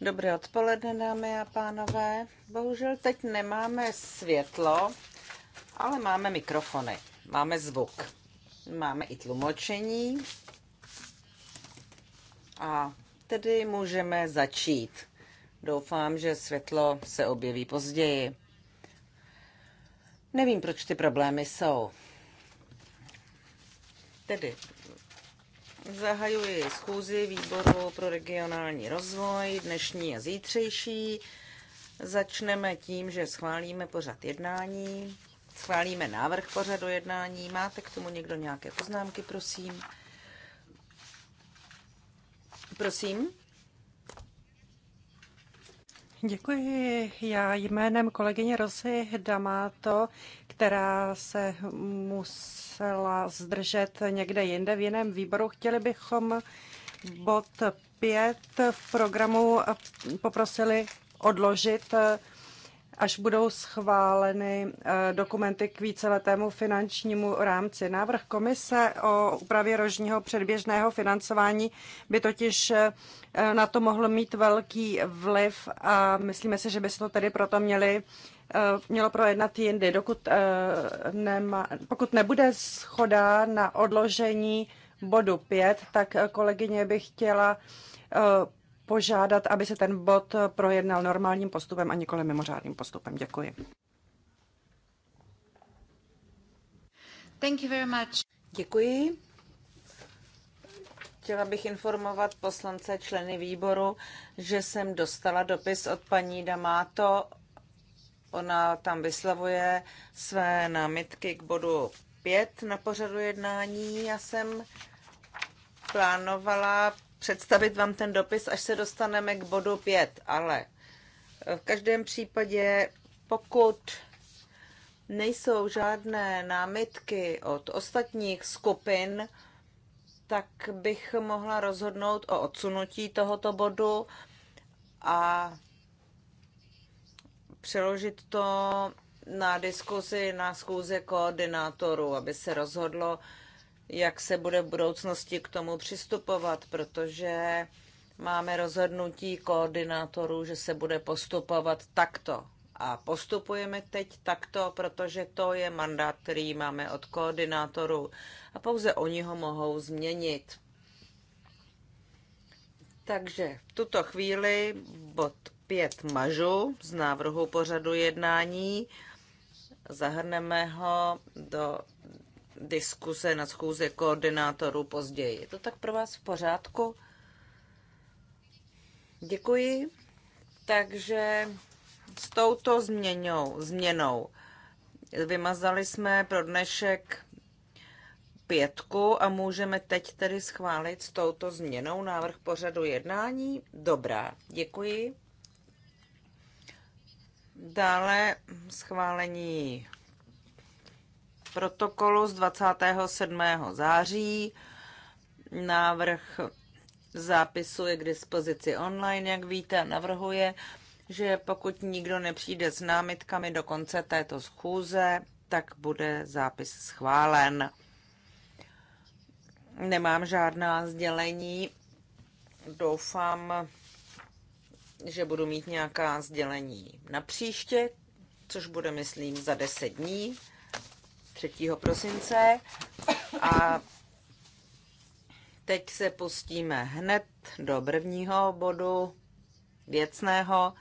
Dobré odpoledne, dámy a pánové. Bohužel teď nemáme světlo, ale máme mikrofony, máme zvuk, máme i tlumočení a tedy můžeme začít. Doufám, že světlo se objeví později. Nevím, proč ty problémy jsou. Tedy Zahajuji schůzi výboru pro regionální rozvoj, dnešní a zítřejší. Začneme tím, že schválíme pořad jednání, schválíme návrh pořadu jednání. Máte k tomu někdo nějaké poznámky, prosím? Prosím? Děkuji. Já jménem kolegyně Rosy Damato, která se musela zdržet někde jinde v jiném výboru, chtěli bychom bod 5 v programu poprosili odložit až budou schváleny eh, dokumenty k víceletému finančnímu rámci. Návrh komise o úpravě rožního předběžného financování by totiž eh, na to mohl mít velký vliv a myslíme si, že by se to tedy proto měli eh, mělo projednat jindy. Dokud, nema, pokud nebude schoda na odložení bodu 5, tak kolegyně bych chtěla požádat, aby se ten bod projednal normálním postupem a nikoli mimořádným postupem. Děkuji. Thank you very much. Děkuji. Chtěla bych informovat poslance členy výboru, že jsem dostala dopis od paní Damáto. Ona tam vyslavuje své námitky k bodu 5 na pořadu jednání. Já jsem plánovala představit vám ten dopis, až se dostaneme k bodu 5, ale eh, v každém případě, pokud nejsou žádné námitky od ostatních skupin, tak bych mohla rozhodnout o odsunutí tohoto bodu a přeložit to na diskuzi na schůze koordinátorů, aby se rozhodlo, jak se bude v budoucnosti k tomu přistupovat, protože máme rozhodnutí koordinátorů, že se bude postupovat takto. A postupujeme teď takto, protože to je mandát, který máme od koordinátorů a pouze oni ho mohou změnit. Takže v tuto chvíli bod 5 mažu z návrhu pořadu jednání. Zahrneme ho do diskuse na schůzi koordinátorů později. Je to tak pro vás v pořádku? Děkuji. Takže s touto změnou, změnou vymazali jsme pro dnešek pětku a můžeme teď tedy schválit s touto změnou návrh pořadu jednání. Dobrá, děkuji. Dále schválení protokolu z 27. září. Návrh zápisu je k dispozici online, jak víte, navrhuje, že pokud nikdo nepřijde s námitkami do konce této schůze, tak bude zápis schválen. Nemám žádná sdělení. Doufám, že budu mít nějaká sdělení na příště, což bude, myslím, za 10 dní. 3. prosince a teď se pustíme hned do prvního bodu věcného,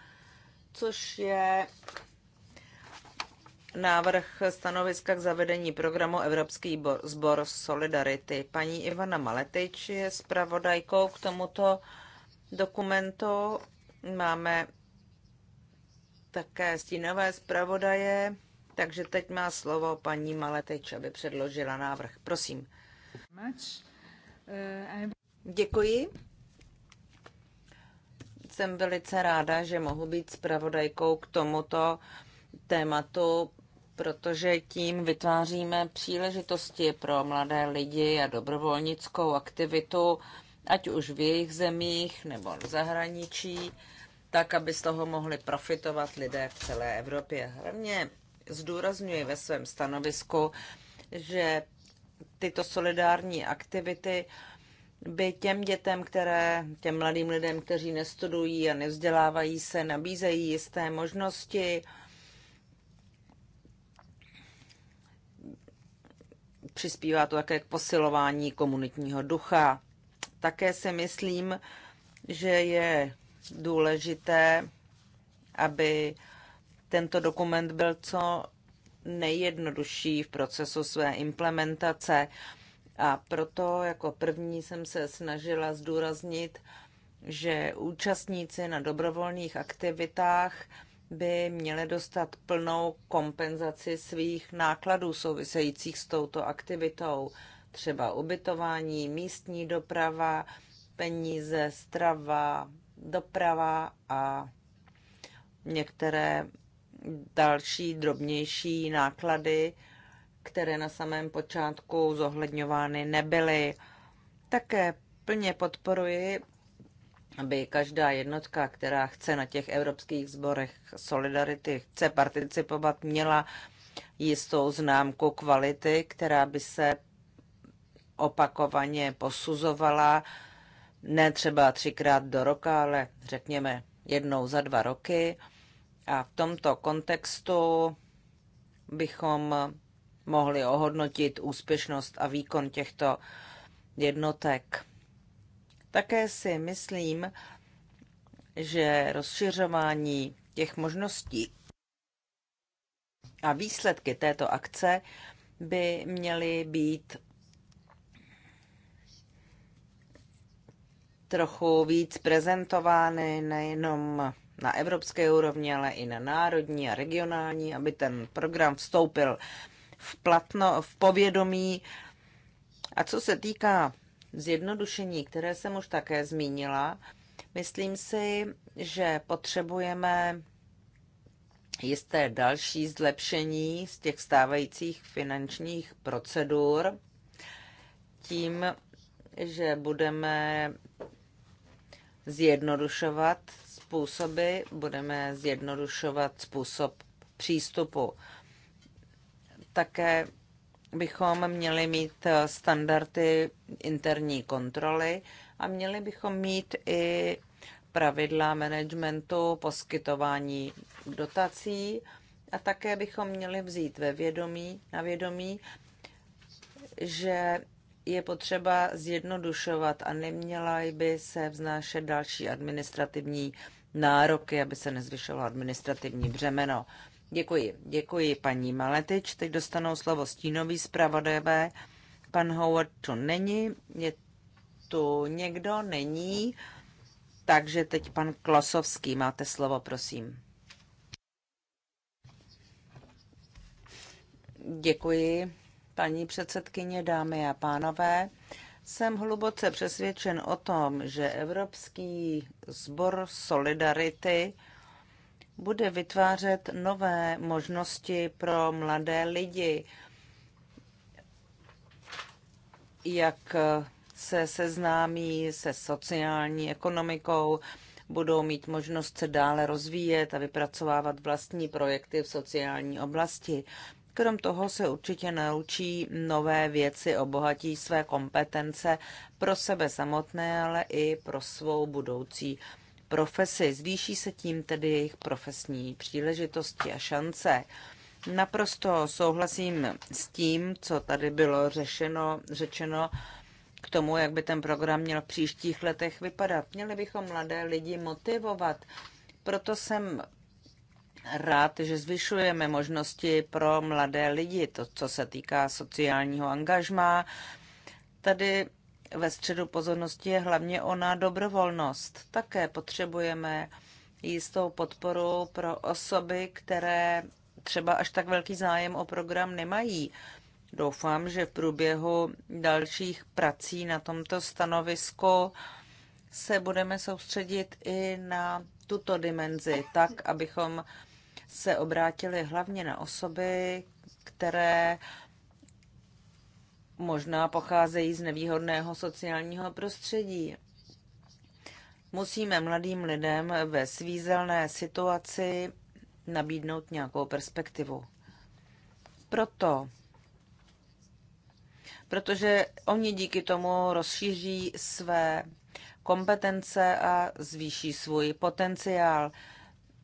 což je návrh stanoviska k zavedení programu Evropský sbor Solidarity. Paní Ivana Maletič je zpravodajkou k tomuto dokumentu. Máme také stínové zpravodaje. Takže teď má slovo paní Maleteč, aby předložila návrh. Prosím. Děkuji. Jsem velice ráda, že mohu být zpravodajkou k tomuto tématu, protože tím vytváříme příležitosti pro mladé lidi a dobrovolnickou aktivitu, ať už v jejich zemích nebo v zahraničí, tak, aby z toho mohli profitovat lidé v celé Evropě. Hlavně zdůrazňuji ve svém stanovisku, že tyto solidární aktivity by těm dětem, které, těm mladým lidem, kteří nestudují a nevzdělávají se, nabízejí jisté možnosti, přispívá to také k posilování komunitního ducha. Také si myslím, že je důležité, aby tento dokument byl co nejjednodušší v procesu své implementace. A proto jako první jsem se snažila zdůraznit, že účastníci na dobrovolných aktivitách by měli dostat plnou kompenzaci svých nákladů souvisejících s touto aktivitou, třeba ubytování, místní doprava, peníze, strava, doprava a některé další drobnější náklady, které na samém počátku zohledňovány nebyly. Také plně podporuji, aby každá jednotka, která chce na těch evropských sborech Solidarity, chce participovat, měla jistou známku kvality, která by se opakovaně posuzovala, ne třeba třikrát do roka, ale řekněme jednou za dva roky. A v tomto kontextu bychom mohli ohodnotit úspěšnost a výkon těchto jednotek. Také si myslím, že rozšiřování těch možností a výsledky této akce by měly být trochu víc prezentovány nejenom na evropské úrovni, ale i na národní a regionální, aby ten program vstoupil v platno, v povědomí. A co se týká zjednodušení, které jsem už také zmínila, myslím si, že potřebujeme jisté další zlepšení z těch stávajících finančních procedur tím, že budeme zjednodušovat způsoby. Budeme zjednodušovat způsob přístupu. Také bychom měli mít standardy interní kontroly a měli bychom mít i pravidla managementu poskytování dotací a také bychom měli vzít ve vědomí, na vědomí, že je potřeba zjednodušovat a neměla by se vznášet další administrativní nároky, aby se nezvyšovalo administrativní břemeno. Děkuji. Děkuji paní Maletič. Teď dostanou slovo stínový zpravodajové. Pan Howard tu není. Je tu někdo? Není. Takže teď pan Klosovský. Máte slovo, prosím. Děkuji, paní předsedkyně, dámy a pánové. Jsem hluboce přesvědčen o tom, že Evropský sbor solidarity bude vytvářet nové možnosti pro mladé lidi, jak se seznámí se sociální ekonomikou, budou mít možnost se dále rozvíjet a vypracovávat vlastní projekty v sociální oblasti. Krom toho se určitě naučí nové věci, obohatí své kompetence pro sebe samotné, ale i pro svou budoucí profesi. Zvýší se tím tedy jejich profesní příležitosti a šance. Naprosto souhlasím s tím, co tady bylo řešeno, řečeno k tomu, jak by ten program měl v příštích letech vypadat. Měli bychom mladé lidi motivovat. Proto jsem rád, že zvyšujeme možnosti pro mladé lidi, to, co se týká sociálního angažmá. Tady ve středu pozornosti je hlavně ona dobrovolnost. Také potřebujeme jistou podporu pro osoby, které třeba až tak velký zájem o program nemají. Doufám, že v průběhu dalších prací na tomto stanovisku se budeme soustředit i na tuto dimenzi, tak, abychom se obrátili hlavně na osoby, které možná pocházejí z nevýhodného sociálního prostředí. Musíme mladým lidem ve svízelné situaci nabídnout nějakou perspektivu. Proto, protože oni díky tomu rozšíří své kompetence a zvýší svůj potenciál.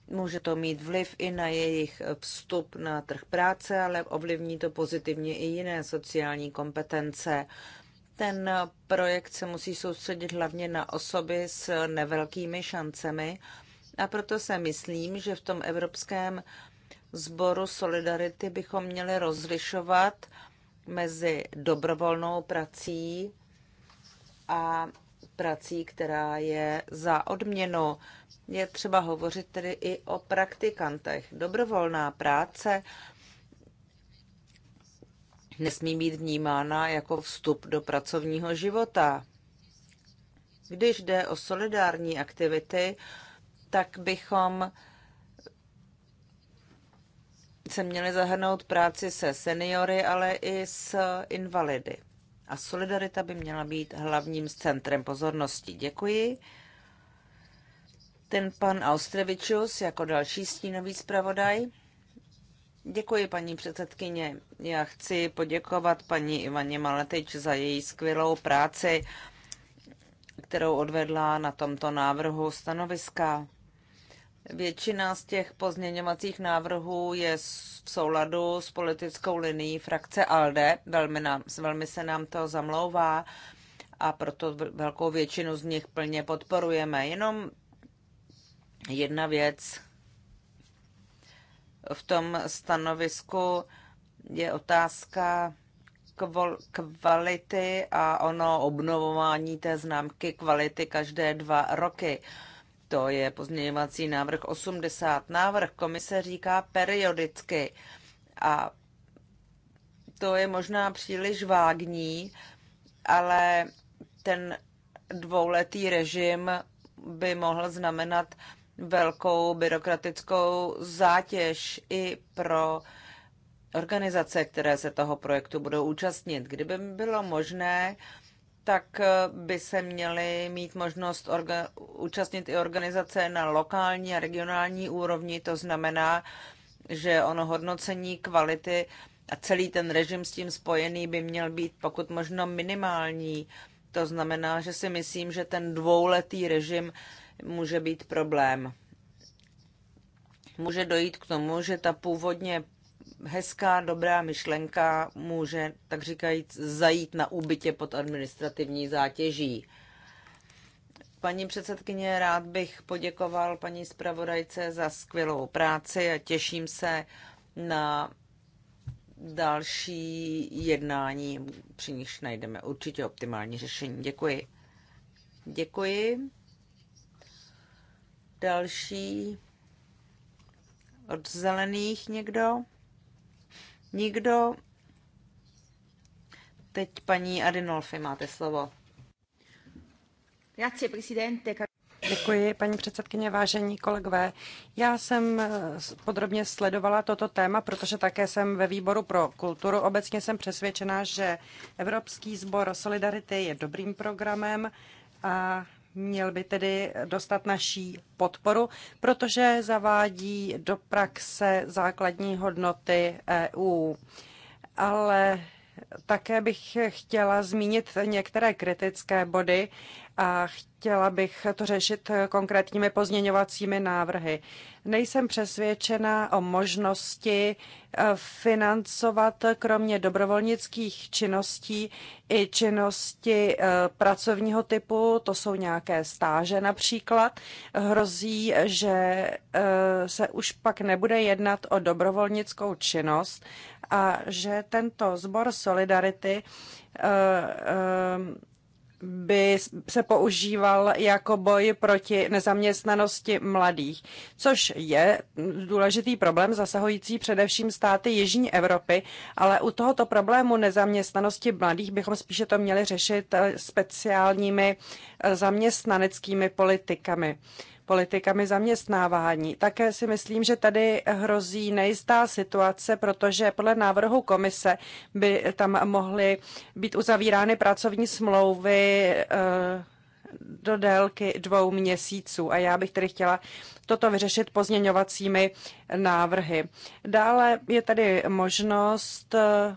Může to mít vliv i na jejich vstup na trh práce, ale ovlivní to pozitivně i jiné sociální kompetence. Ten projekt se musí soustředit hlavně na osoby s nevelkými šancemi a proto se myslím, že v tom Evropském sboru Solidarity bychom měli rozlišovat mezi dobrovolnou prací a prací, která je za odměnu je třeba hovořit tedy i o praktikantech. Dobrovolná práce nesmí být vnímána jako vstup do pracovního života. Když jde o solidární aktivity, tak bychom se měli zahrnout práci se seniory, ale i s invalidy. A solidarita by měla být hlavním centrem pozornosti. Děkuji. Ten pan Austrevičus jako další stínový zpravodaj. Děkuji, paní předsedkyně. Já chci poděkovat paní Ivaně Maletič za její skvělou práci, kterou odvedla na tomto návrhu stanoviska. Většina z těch pozměňovacích návrhů je v souladu s politickou linií frakce ALDE. Velmi, nám, velmi se nám to zamlouvá a proto velkou většinu z nich plně podporujeme. Jenom Jedna věc v tom stanovisku je otázka kvality a ono obnovování té známky kvality každé dva roky. To je pozměňovací návrh 80. Návrh komise říká periodicky a to je možná příliš vágní, ale ten dvouletý režim by mohl znamenat velkou byrokratickou zátěž i pro organizace, které se toho projektu budou účastnit. Kdyby bylo možné, tak eh, by se měly mít možnost orga- účastnit i organizace na lokální a regionální úrovni. To znamená, že ono hodnocení kvality a celý ten režim s tím spojený by měl být pokud možno minimální. To znamená, že si myslím, že ten dvouletý režim může být problém. Může dojít k tomu, že ta původně hezká, dobrá myšlenka může, tak říkajíc, zajít na úbytě pod administrativní zátěží. Paní předsedkyně, rád bych poděkoval paní zpravodajce za skvělou práci a těším se na další jednání, při nichž najdeme určitě optimální řešení. Děkuji. Děkuji. Další od zelených někdo? Nikdo? Teď paní Adinolfi, máte slovo. Grazie, presidente. Děkuji, paní předsedkyně, vážení kolegové. Já jsem eh, podrobně sledovala toto téma, protože také jsem ve výboru pro kulturu. Obecně jsem přesvědčena, že Evropský sbor Solidarity je dobrým programem a měl by tedy dostat naší podporu, protože zavádí do praxe základní hodnoty EU. Ale také bych chtěla zmínit některé kritické body a chtěla bych to řešit konkrétními pozměňovacími návrhy. Nejsem přesvědčena o možnosti eh, financovat kromě dobrovolnických činností i činnosti eh, pracovního typu, to jsou nějaké stáže například. Hrozí, že eh, se už pak nebude jednat o dobrovolnickou činnost a že tento sbor Solidarity by se používal jako boj proti nezaměstnanosti mladých, což je důležitý problém zasahující především státy Jižní Evropy, ale u tohoto problému nezaměstnanosti mladých bychom spíše to měli řešit speciálními zaměstnaneckými politikami politikami zaměstnávání. Také si myslím, že tady hrozí nejistá situace, protože podle návrhu komise by tam mohly být uzavírány pracovní smlouvy eh, do délky dvou měsíců. A já bych tedy chtěla toto vyřešit pozměňovacími návrhy. Dále je tady možnost eh,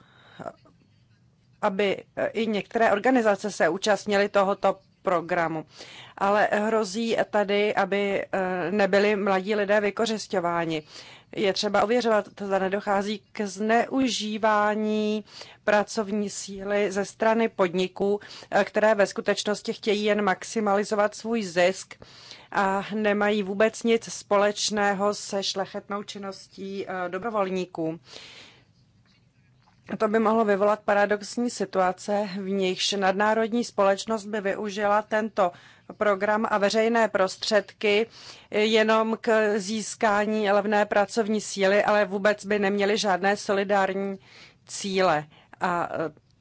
aby i některé organizace se účastnily tohoto programu. Ale hrozí tady, aby eh, nebyli mladí lidé vykořišťováni. Je třeba ověřovat, zda nedochází k zneužívání pracovní síly ze strany podniků, eh, které ve skutečnosti chtějí jen maximalizovat svůj zisk a nemají vůbec nic společného se šlechetnou činností eh, dobrovolníků. To by mohlo vyvolat paradoxní situace, v nichž nadnárodní společnost by využila tento program a veřejné prostředky jenom k získání levné pracovní síly, ale vůbec by neměly žádné solidární cíle. A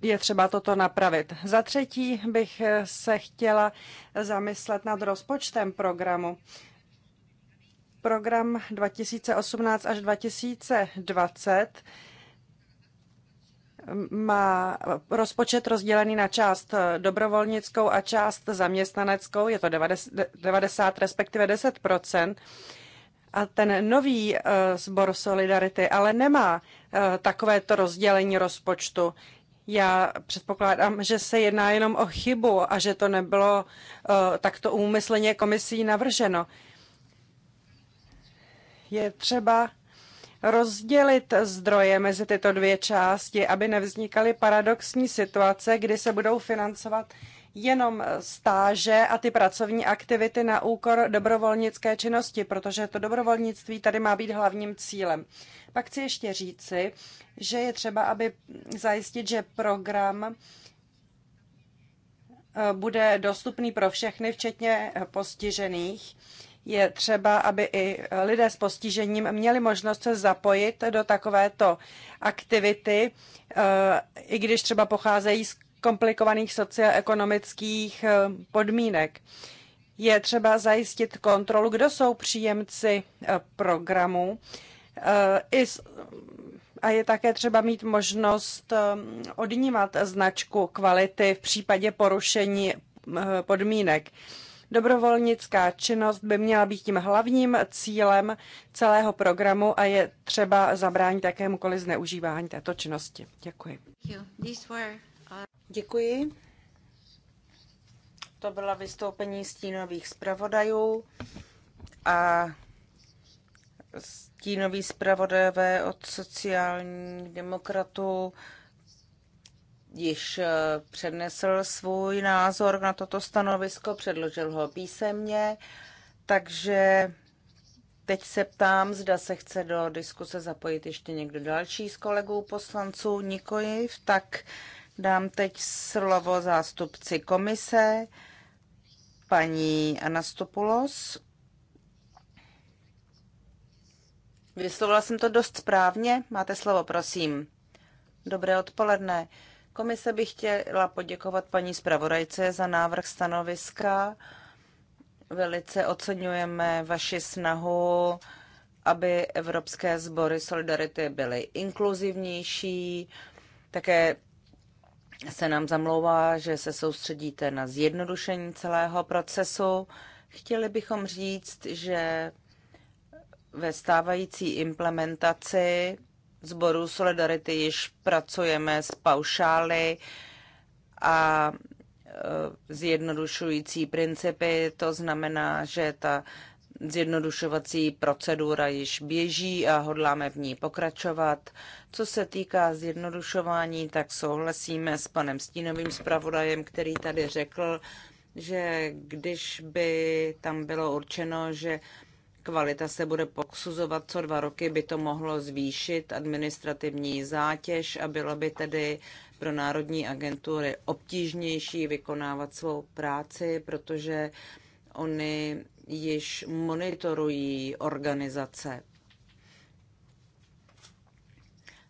e, je třeba toto napravit. Za třetí bych e, se chtěla zamyslet nad rozpočtem programu. Program 2018 až 2020 má rozpočet rozdělený na část dobrovolnickou a část zaměstnaneckou, je to 90, 90 respektive 10 a ten nový eh, sbor Solidarity ale nemá eh, takovéto rozdělení rozpočtu. Já předpokládám, že se jedná jenom o chybu a že to nebylo eh, takto úmyslně komisí navrženo. Je třeba rozdělit zdroje mezi tyto dvě části, aby nevznikaly paradoxní situace, kdy se budou financovat jenom stáže a ty pracovní aktivity na úkor dobrovolnické činnosti, protože to dobrovolnictví tady má být hlavním cílem. Pak chci ještě říci, že je třeba, aby zajistit, že program eh, bude dostupný pro všechny, včetně postižených je třeba, aby i lidé s postižením měli možnost se zapojit do takovéto aktivity, eh, i když třeba pocházejí z komplikovaných socioekonomických eh, podmínek. Je třeba zajistit kontrolu, kdo jsou příjemci eh, programu. A je také třeba mít možnost odnímat značku kvality v případě porušení podmínek. Dobrovolnická činnost by měla být tím hlavním cílem celého programu a je třeba zabránit jakémukoliv zneužívání této činnosti. Děkuji. Děkuji. To byla vystoupení stínových zpravodajů a stínový zpravodajové od sociálních demokratů již eh, přednesl svůj názor na toto stanovisko, předložil ho písemně, takže teď se ptám, zda se chce do diskuse zapojit ještě někdo další z kolegů poslanců, nikoliv, tak dám teď slovo zástupci komise, paní Anastopoulos. Vyslovila jsem to dost správně. Máte slovo, prosím. Dobré odpoledne. Uh, Komise bych chtěla poděkovat paní zpravodajce za návrh stanoviska. Velice oceňujeme vaši snahu, aby evropské sbory Solidarity byly inkluzivnější. Také se nám zamlouvá, že se soustředíte na zjednodušení celého procesu. Chtěli bychom říct, že ve stávající implementaci sboru Solidarity již pracujeme s paušály a e, zjednodušující principy. To znamená, že ta zjednodušovací procedura již běží a hodláme v ní pokračovat. Co se týká zjednodušování, tak souhlasíme s panem Stínovým zpravodajem, který tady řekl, že když by tam bylo určeno, že Kvalita se bude posuzovat co dva roky, by to mohlo zvýšit administrativní zátěž a bylo by tedy pro národní agentury obtížnější vykonávat svou práci, protože oni již monitorují organizace.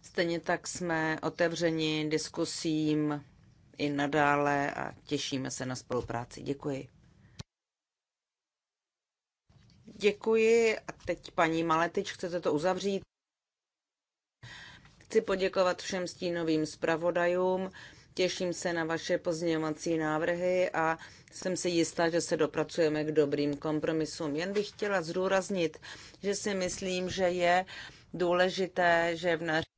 Stejně tak jsme otevřeni diskusím i nadále a těšíme se na spolupráci. Děkuji. Děkuji. A teď paní Maletič, chcete to uzavřít? Chci poděkovat všem stínovým zpravodajům. Těším se na vaše pozměňovací návrhy a jsem si jistá, že se dopracujeme k dobrým kompromisům. Jen bych chtěla zdůraznit, že si myslím, že je důležité, že v nařízení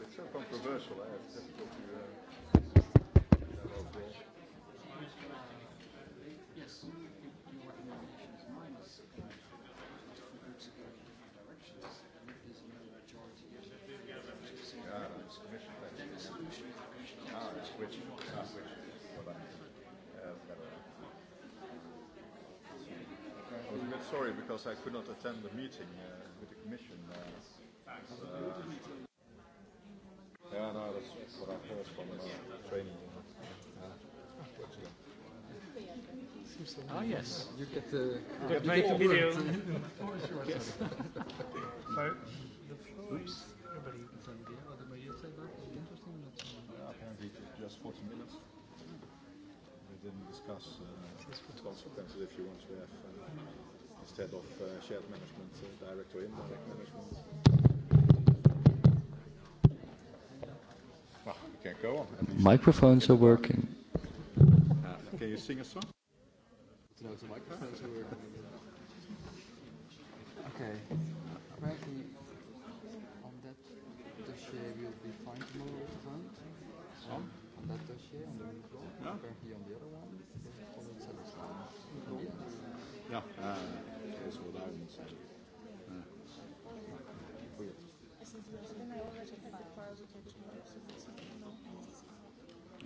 It's controversial, eh? Uh, because I could not attend the meeting uh, with the Commission. Uh, uh, yeah, no, that's what I heard from uh, training. Uh, Ah, oh, yes. You get the, you get make a video. yes. so, the floor Oops. is everybody. Yeah, apparently, just 40 minutes We didn't discuss uh, consequences if you want to have uh, instead of uh, shared management uh, direct or indirect management. Well, we can go on. Microphones are working. Uh, can you sing a song? No, the microphones are working. Okay. Apparently, on that dossier we'll be fine tomorrow at the front. Um, on that dossier, on the main floor. Yeah. Apparently on the other one, on the cellar slide. Yeah. Uh,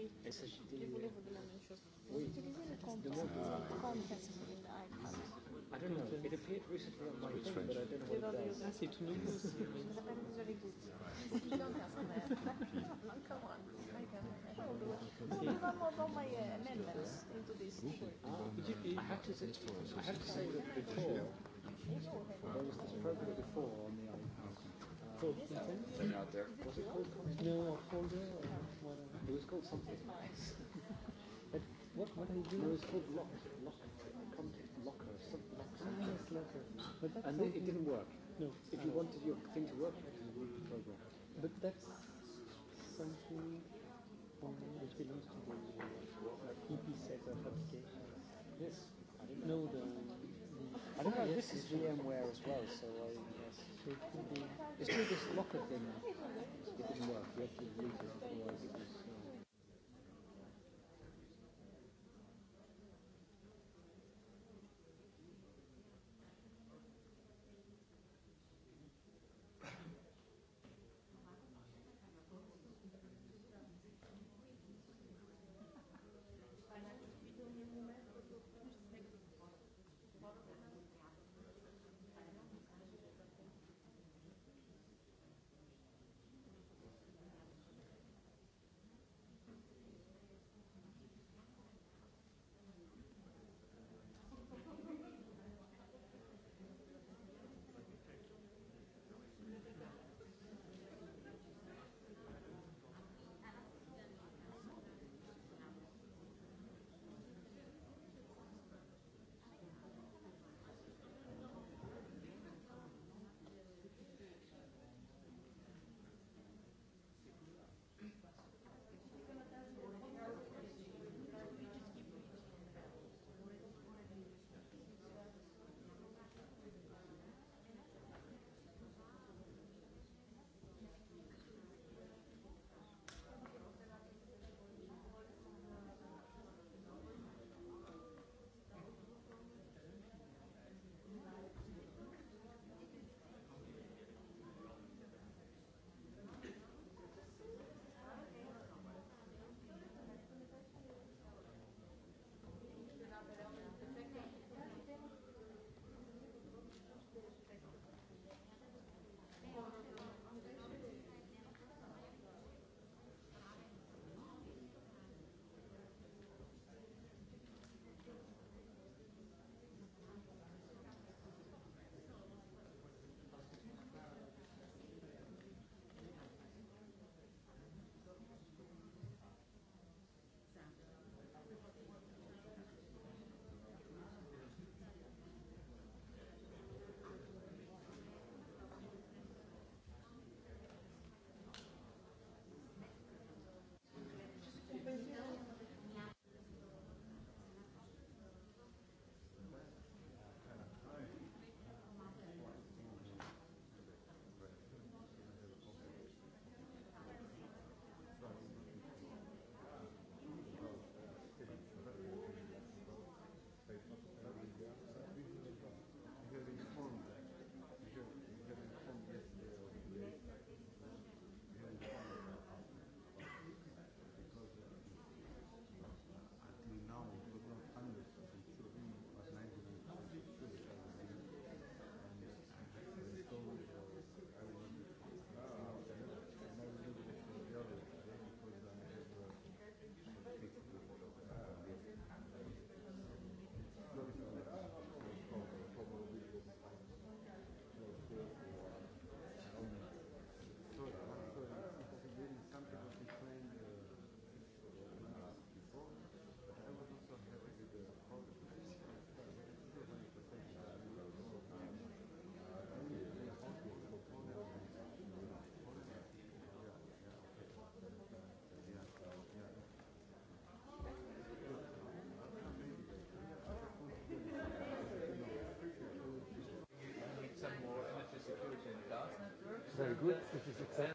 Oui. Et ça, I don't know. It appeared recently on my phone, but I don't know No, come on. it called something. but what, what are you doing? No, it's called lock, lock, context locker, something like something. Ah, yes, locker. But that's and it, didn't work. No. If you wanted your thing to work, you had to the program. But that's something which belongs to the uh, e EP set of applications. Yes. I don't know. No, the, the I don't know. Yes, this is VMware as well, so I guess. So it could be. It's still This locker thing. It didn't work. You have to use it otherwise it was. Uh, good, which is exciting.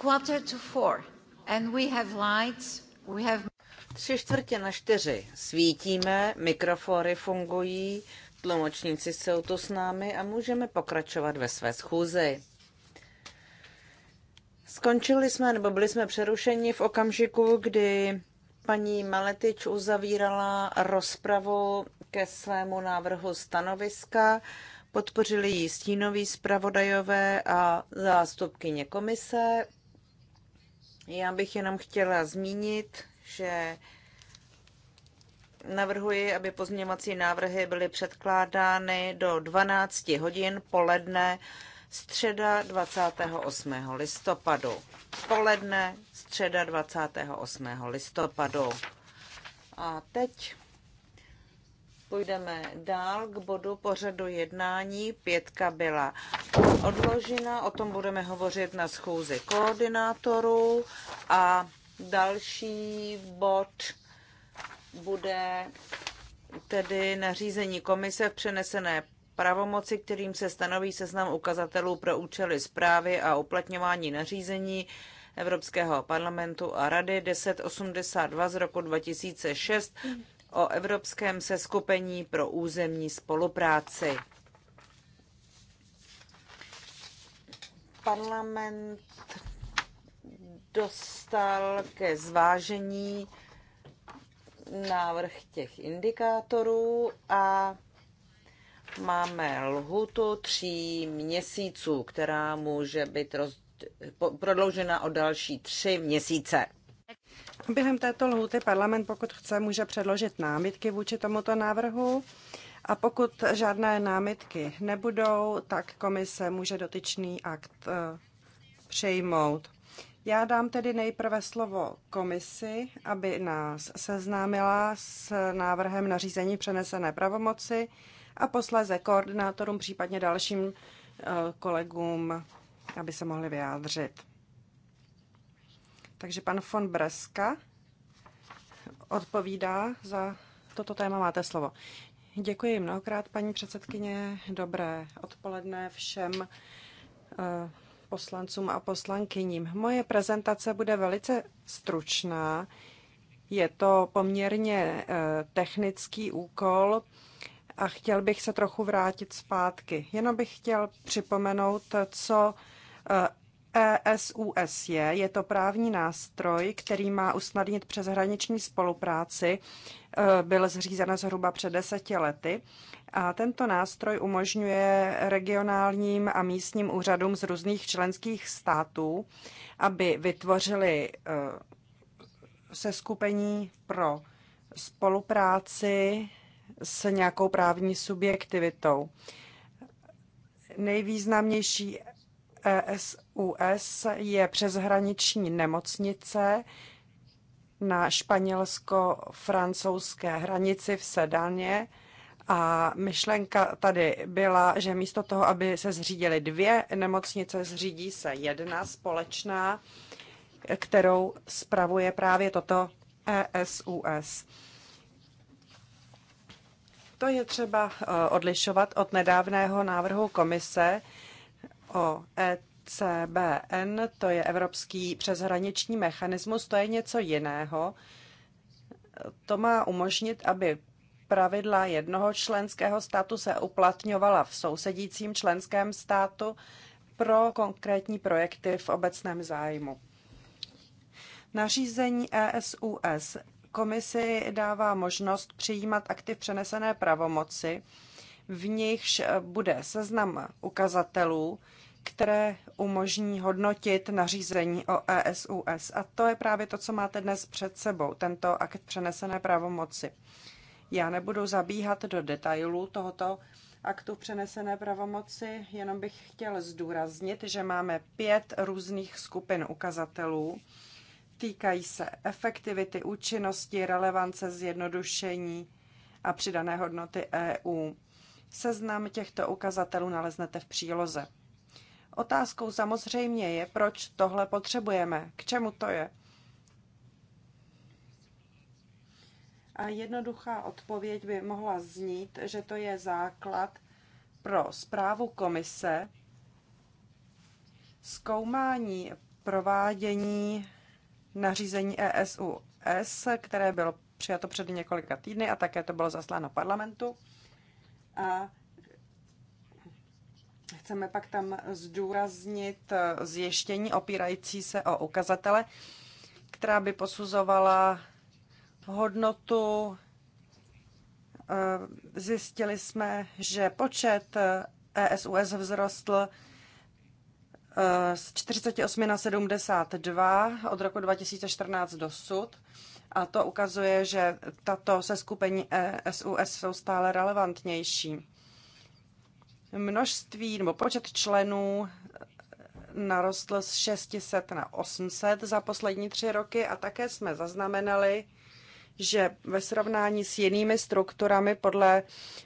quarter to four and we have lights, we have... Tři čtvrtě na čtyři svítíme, mikrofory fungují, tlumočníci jsou tu s námi a můžeme pokračovat ve své schůzi. Skončili jsme, nebo byli jsme přerušeni v okamžiku, kdy paní Maletič uzavírala rozpravu ke svému návrhu stanoviska. Podpořili ji stínoví zpravodajové a zástupkyně komise. Já bych jenom chtěla zmínit, že navrhuji, aby pozměňovací návrhy byly předkládány do 12 hodin poledne středa 28. listopadu. Poledne středa 28. listopadu. A teď Půjdeme dál k bodu pořadu jednání. Pětka byla odložena, o tom budeme hovořit na schůzi koordinátorů a další bod bude tedy nařízení komise v přenesené pravomoci, kterým se stanoví seznam ukazatelů pro účely zprávy a uplatňování nařízení Evropského parlamentu a Rady 1082 z roku 2006 o Evropském seskupení pro územní spolupráci. Parlament dostal ke zvážení návrh těch indikátorů a máme lhutu tří měsíců, která může být roz... prodloužena o další tři měsíce. Během této lhuty parlament, pokud chce, může předložit námitky vůči tomuto návrhu. A pokud žádné námitky nebudou, tak komise může dotyčný akt eh, přejmout. Já dám tedy nejprve slovo komisi, aby nás seznámila s návrhem nařízení přenesené pravomoci a posléze koordinátorům, případně dalším eh, kolegům, aby se mohli vyjádřit. Takže pan von Breska odpovídá za toto téma. Máte slovo. Děkuji mnohokrát, paní předsedkyně. Dobré odpoledne všem eh, poslancům a poslankyním. Moje prezentace bude velice stručná. Je to poměrně eh, technický úkol a chtěl bych se trochu vrátit zpátky. Jenom bych chtěl připomenout, co eh, ESUSJ je to právní nástroj, který má usnadnit přeshraniční spolupráci. E, byl zřízen zhruba před deseti lety. A tento nástroj umožňuje regionálním a místním úřadům z různých členských států, aby vytvořili e, seskupení pro spolupráci s nějakou právní subjektivitou. Nejvýznamnější PSUS e je přeshraniční nemocnice na španělsko-francouzské hranici v Sedaně. A myšlenka tady byla, že místo toho, aby se zřídily dvě nemocnice, zřídí se jedna společná, kterou spravuje právě toto ESUS. To je třeba eh, odlišovat od nedávného návrhu komise, o ECBN, to je Evropský přeshraniční mechanismus, to je něco jiného. To má umožnit, aby pravidla jednoho členského státu se uplatňovala v sousedícím členském státu pro konkrétní projekty v obecném zájmu. Nařízení ESUS komisi dává možnost přijímat aktiv přenesené pravomoci, v nichž eh, bude seznam ukazatelů, které umožní hodnotit nařízení o ESUS. A to je právě to, co máte dnes před sebou, tento akt přenesené pravomoci. Já nebudu zabíhat do detailů tohoto aktu přenesené pravomoci, jenom bych chtěl zdůraznit, že máme pět různých skupin ukazatelů. Týkají se efektivity, účinnosti, relevance, zjednodušení a přidané hodnoty EU. Seznam těchto ukazatelů naleznete v příloze. Otázkou samozřejmě je, proč tohle potřebujeme, k čemu to je. A jednoduchá odpověď by mohla znít, že to je základ pro zprávu komise, zkoumání provádění nařízení ESUS, které bylo přijato před několika týdny a také to bylo zasláno parlamentu. A chceme pak tam zdůraznit zjištění opírající se o ukazatele, která by posuzovala hodnotu. Eh, zjistili jsme, že počet ESUS eh, e vzrostl eh, z 48 na 72 od roku 2014 dosud. A to ukazuje, že tato seskupení SUS e jsou stále relevantnější. Množství nebo počet členů narostl z 600 na 800 za poslední tři roky a také jsme zaznamenali, že ve srovnání s jinými strukturami podle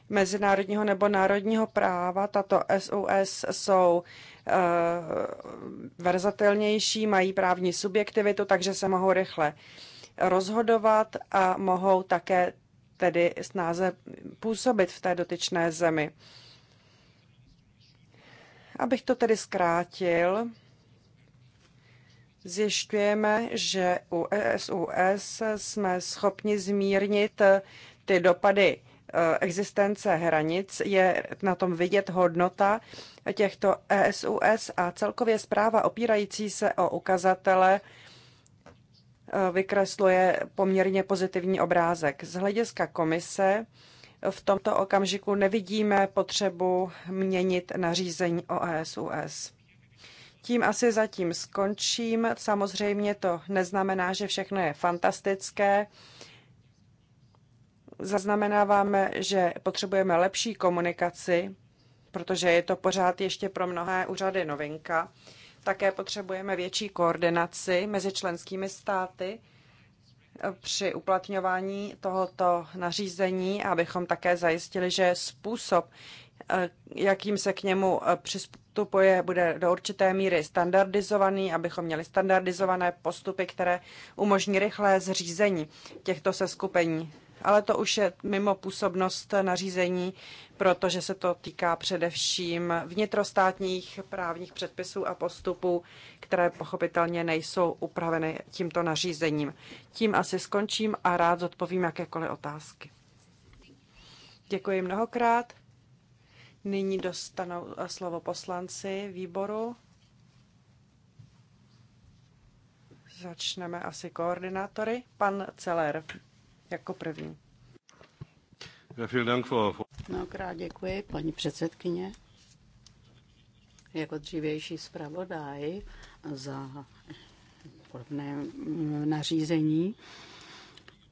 mezinárodního nebo národního práva tato SUS jsou uh, verzatelnější, mají právní subjektivitu, takže se mohou rychle rozhodovat a mohou také tedy snáze působit v té dotyčné zemi. Abych to tedy zkrátil, zjišťujeme, že u ESUS jsme schopni zmírnit ty dopady eh, existence hranic. Je na tom vidět hodnota těchto ESUS a celkově zpráva opírající se o ukazatele vykresluje poměrně pozitivní obrázek. Z hlediska komise v tomto okamžiku nevidíme potřebu měnit nařízení o ASUS. E Tím asi zatím skončím. Samozřejmě to neznamená, že všechno je fantastické. Zaznamenáváme, že potřebujeme lepší komunikaci, protože je to pořád ještě pro mnohé úřady novinka. Také potřebujeme větší koordinaci mezi členskými státy eh, při uplatňování tohoto nařízení, abychom také zajistili, že způsob, eh, jakým se k němu eh, přistupuje, bude do určité míry standardizovaný, abychom měli standardizované postupy, které umožní rychlé zřízení těchto seskupení ale to už je mimo působnost nařízení, protože se to týká především vnitrostátních právních předpisů a postupů, které pochopitelně nejsou upraveny tímto nařízením. Tím asi skončím a rád zodpovím jakékoliv otázky. Děkuji mnohokrát. Nyní dostanou slovo poslanci výboru. Začneme asi koordinátory. Pan Celer, jako první. Mnohokrát děkuji, paní předsedkyně. Jako dřívější zpravodaj za podobné nařízení,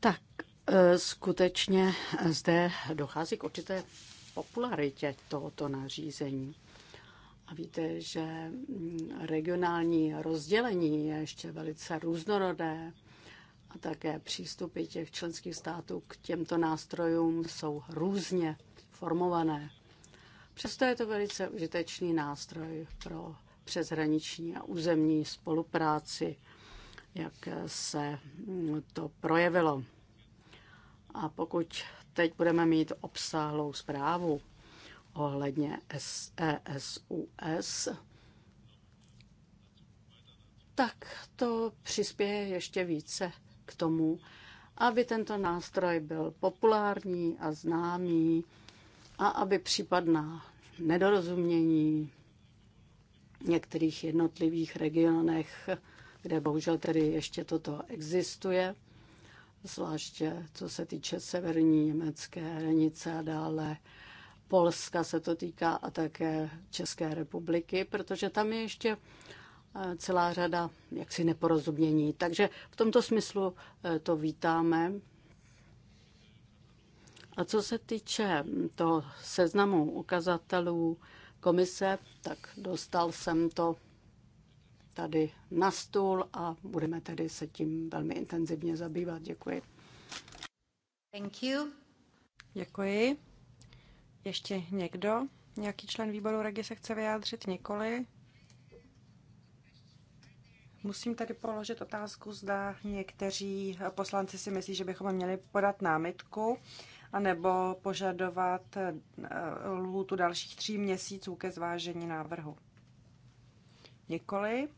tak e, skutečně zde dochází k určité popularitě tohoto nařízení. A víte, že regionální rozdělení je ještě velice různorodé a také přístupy těch členských států k těmto nástrojům jsou různě formované. Přesto je to velice užitečný nástroj pro přeshraniční a územní spolupráci, jak se to projevilo. A pokud teď budeme mít obsáhlou zprávu ohledně SESUS, e tak to přispěje ještě více k tomu, aby tento nástroj byl populární a známý a aby případná nedorozumění v některých jednotlivých regionech, kde bohužel tedy ještě toto existuje, zvláště co se týče severní německé hranice a dále Polska se to týká a také České republiky, protože tam je ještě celá řada jaksi neporozumění. Takže v tomto smyslu e, to vítáme. A co se týče toho seznamu ukazatelů komise, tak dostal jsem to tady na stůl a budeme tedy se tím velmi intenzivně zabývat. Děkuji. Thank you. Děkuji. Ještě někdo? Nějaký člen výboru regi se chce vyjádřit? Nikoli? Musím tady položit otázku, zda někteří poslanci si myslí, že bychom měli podat námitku anebo požadovat eh, lhůtu dalších tří měsíců ke zvážení návrhu. Nikoli.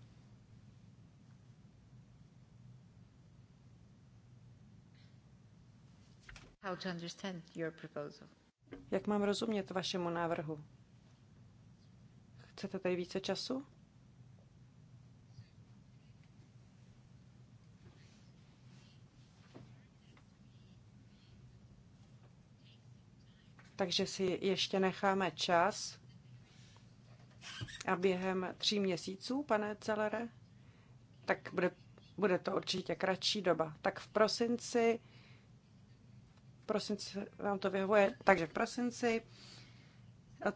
How to understand your proposal. Jak mám rozumět vašemu návrhu? Chcete tady více času? takže si ještě necháme čas. A během tří měsíců, pane Celere, tak bude, bude to určitě kratší doba. Tak v prosinci, v prosinci nám to vyhovuje, takže v prosinci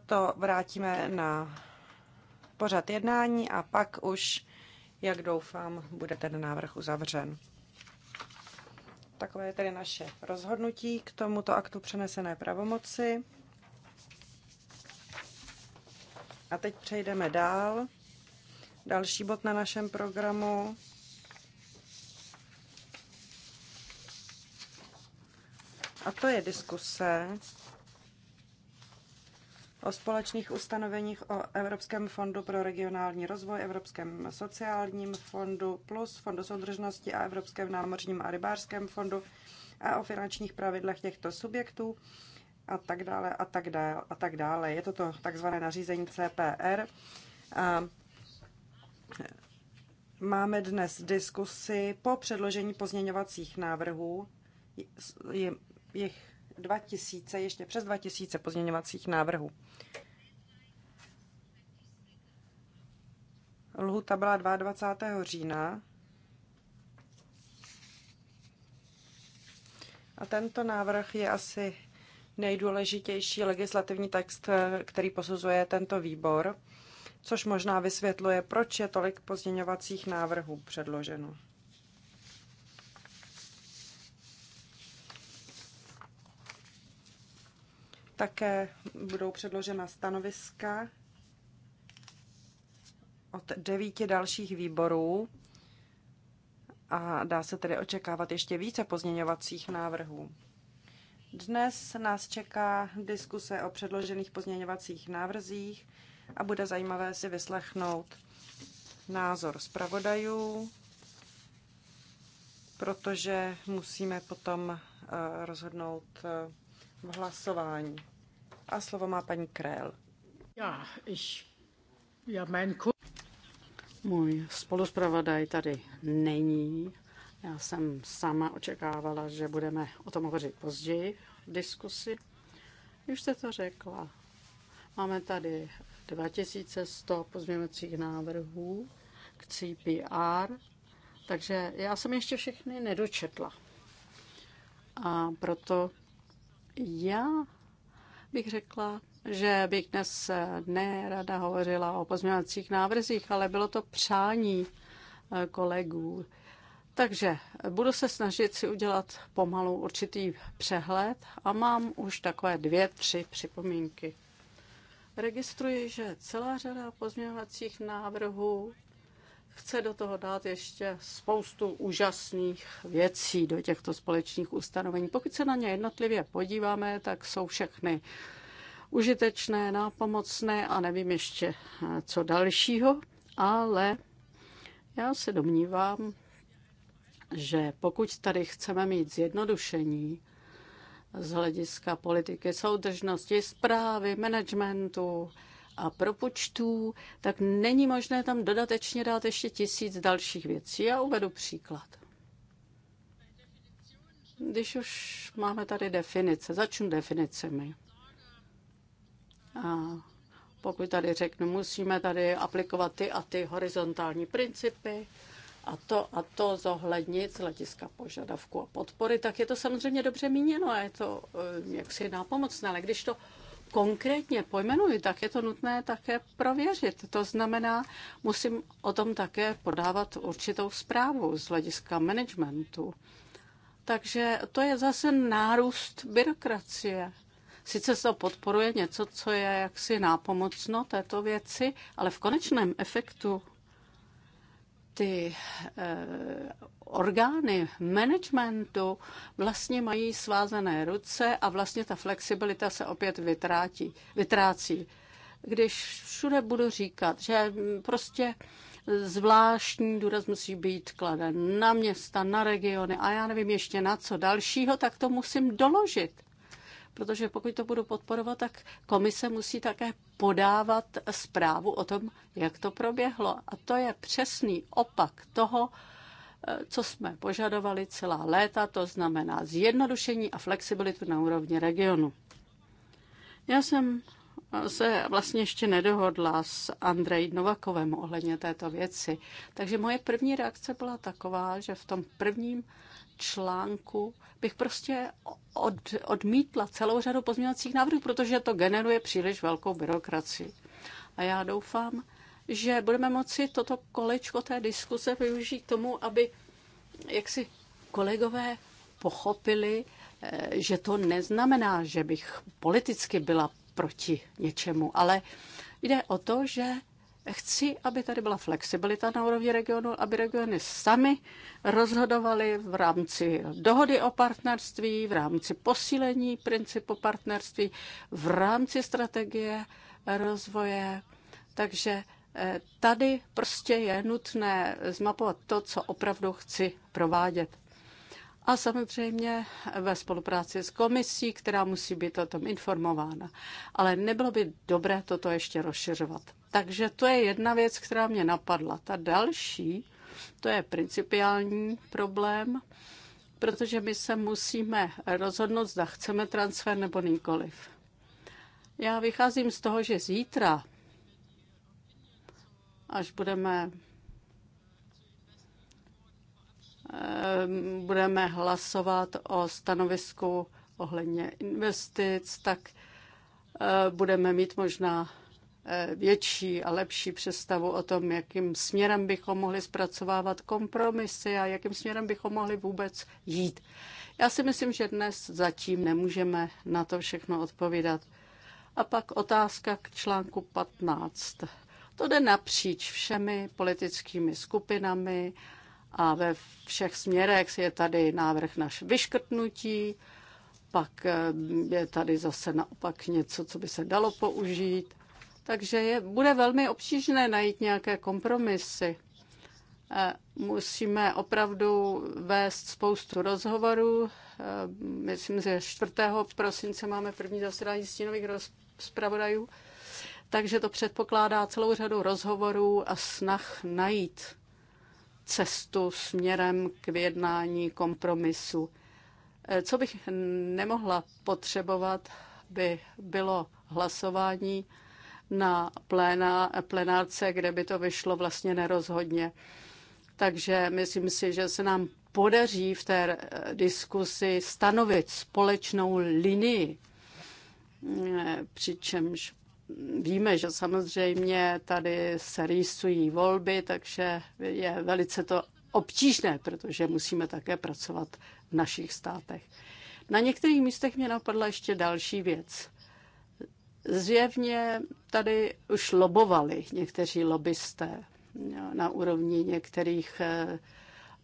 to vrátíme na pořad jednání a pak už, jak doufám, bude ten návrh uzavřen. Takové je tedy naše rozhodnutí k tomuto aktu přenesené pravomoci. A teď přejdeme dál. Další bod na našem programu. A to je diskuse o společných ustanoveních o Evropském fondu pro regionální rozvoj, Evropském sociálním fondu plus Fondu soudržnosti a Evropském námořním a rybářském fondu a o finančních pravidlech těchto subjektů a tak dále a tak dále a tak dále. Je to to takzvané nařízení CPR. A máme dnes diskusi po předložení pozměňovacích návrhů. Je, jich 2000, ještě přes 2000 pozměňovacích návrhů. Lhuta byla 22. října. A tento návrh je asi nejdůležitější legislativní text, který posuzuje tento výbor, což možná vysvětluje, proč je tolik pozměňovacích návrhů předloženo. Také budou předložena stanoviska od devíti dalších výborů a dá se tedy očekávat ještě více pozměňovacích návrhů. Dnes nás čeká diskuse o předložených pozměňovacích návrzích a bude zajímavé si vyslechnout názor zpravodajů, protože musíme potom eh, rozhodnout eh, v hlasování. A slovo má paní Krél. Já, ich, já mein Můj spoluzpravodaj tady není. Já jsem sama očekávala, že budeme o tom hovořit později v diskusi. Už jste to řekla. Máme tady 2100 pozměňovacích návrhů k CPR, takže já jsem ještě všechny nedočetla. A proto já bych řekla, že bych dnes ne hovořila o pozměňovacích návrzích, ale bylo to přání eh, kolegů. Takže budu se snažit si udělat pomalu určitý přehled a mám už takové dvě, tři připomínky. Registruji, že celá řada pozměňovacích návrhů chce do toho dát ještě spoustu úžasných věcí do těchto společných ustanovení. Pokud se na ně jednotlivě podíváme, tak jsou všechny užitečné, nápomocné a nevím ještě co dalšího, ale já se domnívám, že pokud tady chceme mít zjednodušení z hlediska politiky soudržnosti, zprávy, managementu, a propočtů, tak není možné tam dodatečně dát ještě tisíc dalších věcí. Já uvedu příklad. Když už máme tady definice, začnu definicemi. A pokud tady řeknu, musíme tady aplikovat ty a ty horizontální principy a to a to zohlednit z hlediska požadavku a podpory, tak je to samozřejmě dobře míněno a je to eh, jaksi nápomocné, ale když to konkrétně pojmenuji, tak je to nutné také prověřit. To znamená, musím o tom také podávat určitou zprávu z hlediska managementu. Takže to je zase nárůst byrokracie. Sice se to podporuje něco, co je jaksi nápomocno této věci, ale v konečném efektu ty eh, orgány managementu vlastně mají svázané ruce a vlastně ta flexibilita se opět vytrátí, vytrácí. Když všude budu říkat, že prostě zvláštní důraz musí být kladen na města, na regiony a já nevím ještě na co dalšího, tak to musím doložit protože pokud to budu podporovat, tak komise musí také podávat zprávu o tom, jak to proběhlo. A to je přesný opak toho, eh, co jsme požadovali celá léta, to znamená zjednodušení a flexibilitu na úrovni regionu. Já jsem eh, se vlastně ještě nedohodla s Andrej Novakovem ohledně této věci. Takže moje první reakce byla taková, že v tom prvním článku bych prostě od, odmítla celou řadu pozměňovacích návrhů, protože to generuje příliš velkou byrokracii. A já doufám, že budeme moci toto kolečko té diskuse využít k tomu, aby jak si kolegové pochopili, eh, že to neznamená, že bych politicky byla proti něčemu, ale jde o to, že Chci, aby tady byla flexibilita na úrovni regionu, aby regiony sami rozhodovaly v rámci dohody o partnerství, v rámci posílení principu partnerství, v rámci strategie rozvoje. Takže eh, tady prostě je nutné zmapovat to, co opravdu chci provádět a samozřejmě ve spolupráci s komisí, která musí být o tom informována. Ale nebylo by dobré toto ještě rozšiřovat. Takže to je jedna věc, která mě napadla. Ta další, to je principiální problém, protože my se musíme rozhodnout, zda chceme transfer nebo nikoliv. Já vycházím z toho, že zítra, až budeme Ehm, budeme hlasovat o stanovisku ohledně investic, tak eh, budeme mít možná eh, větší a lepší představu o tom, jakým směrem bychom mohli zpracovávat kompromisy a jakým směrem bychom mohli vůbec jít. Já si myslím, že dnes zatím nemůžeme na to všechno odpovídat. A pak otázka k článku 15. To jde napříč všemi politickými skupinami a ve všech směrech je tady návrh na vyškrtnutí, pak eh, je tady zase naopak něco, co by se dalo použít. Takže je, bude velmi obtížné najít nějaké kompromisy. Eh, musíme opravdu vést spoustu rozhovorů. Eh, myslím, že 4. prosince máme první zasedání stínových zpravodajů, takže to předpokládá celou řadu rozhovorů a snah najít cestu směrem k vyjednání kompromisu. Eh, co bych nemohla potřebovat, by bylo hlasování na pléna, plenárce, kde by to vyšlo vlastně nerozhodně. Takže myslím si, že se nám podaří v té eh, diskusi stanovit společnou linii, eh, přičemž Víme, že samozřejmě tady se rýsují volby, takže je velice to obtížné, protože musíme také pracovat v našich státech. Na některých místech mě napadla ještě další věc. Zjevně tady už lobovali někteří lobbysté na úrovni některých eh,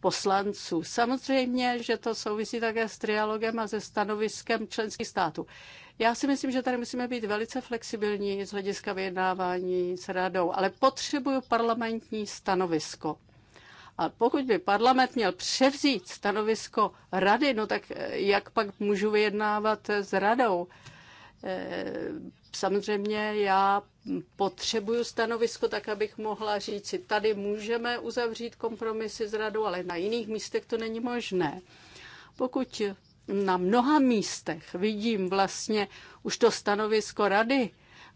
poslanců. Samozřejmě, že to souvisí také s trialogem a se stanoviskem členských států. Já si myslím, že tady musíme být velice flexibilní z hlediska vyjednávání s radou, ale potřebuju parlamentní stanovisko. A pokud by parlament měl převzít stanovisko rady, no tak eh, jak pak můžu vyjednávat s radou? Eh, samozřejmě já potřebuju stanovisko tak, abych mohla říct si, tady můžeme uzavřít kompromisy s radou, ale na jiných místech to není možné. Pokud na mnoha místech vidím vlastně už to stanovisko rady,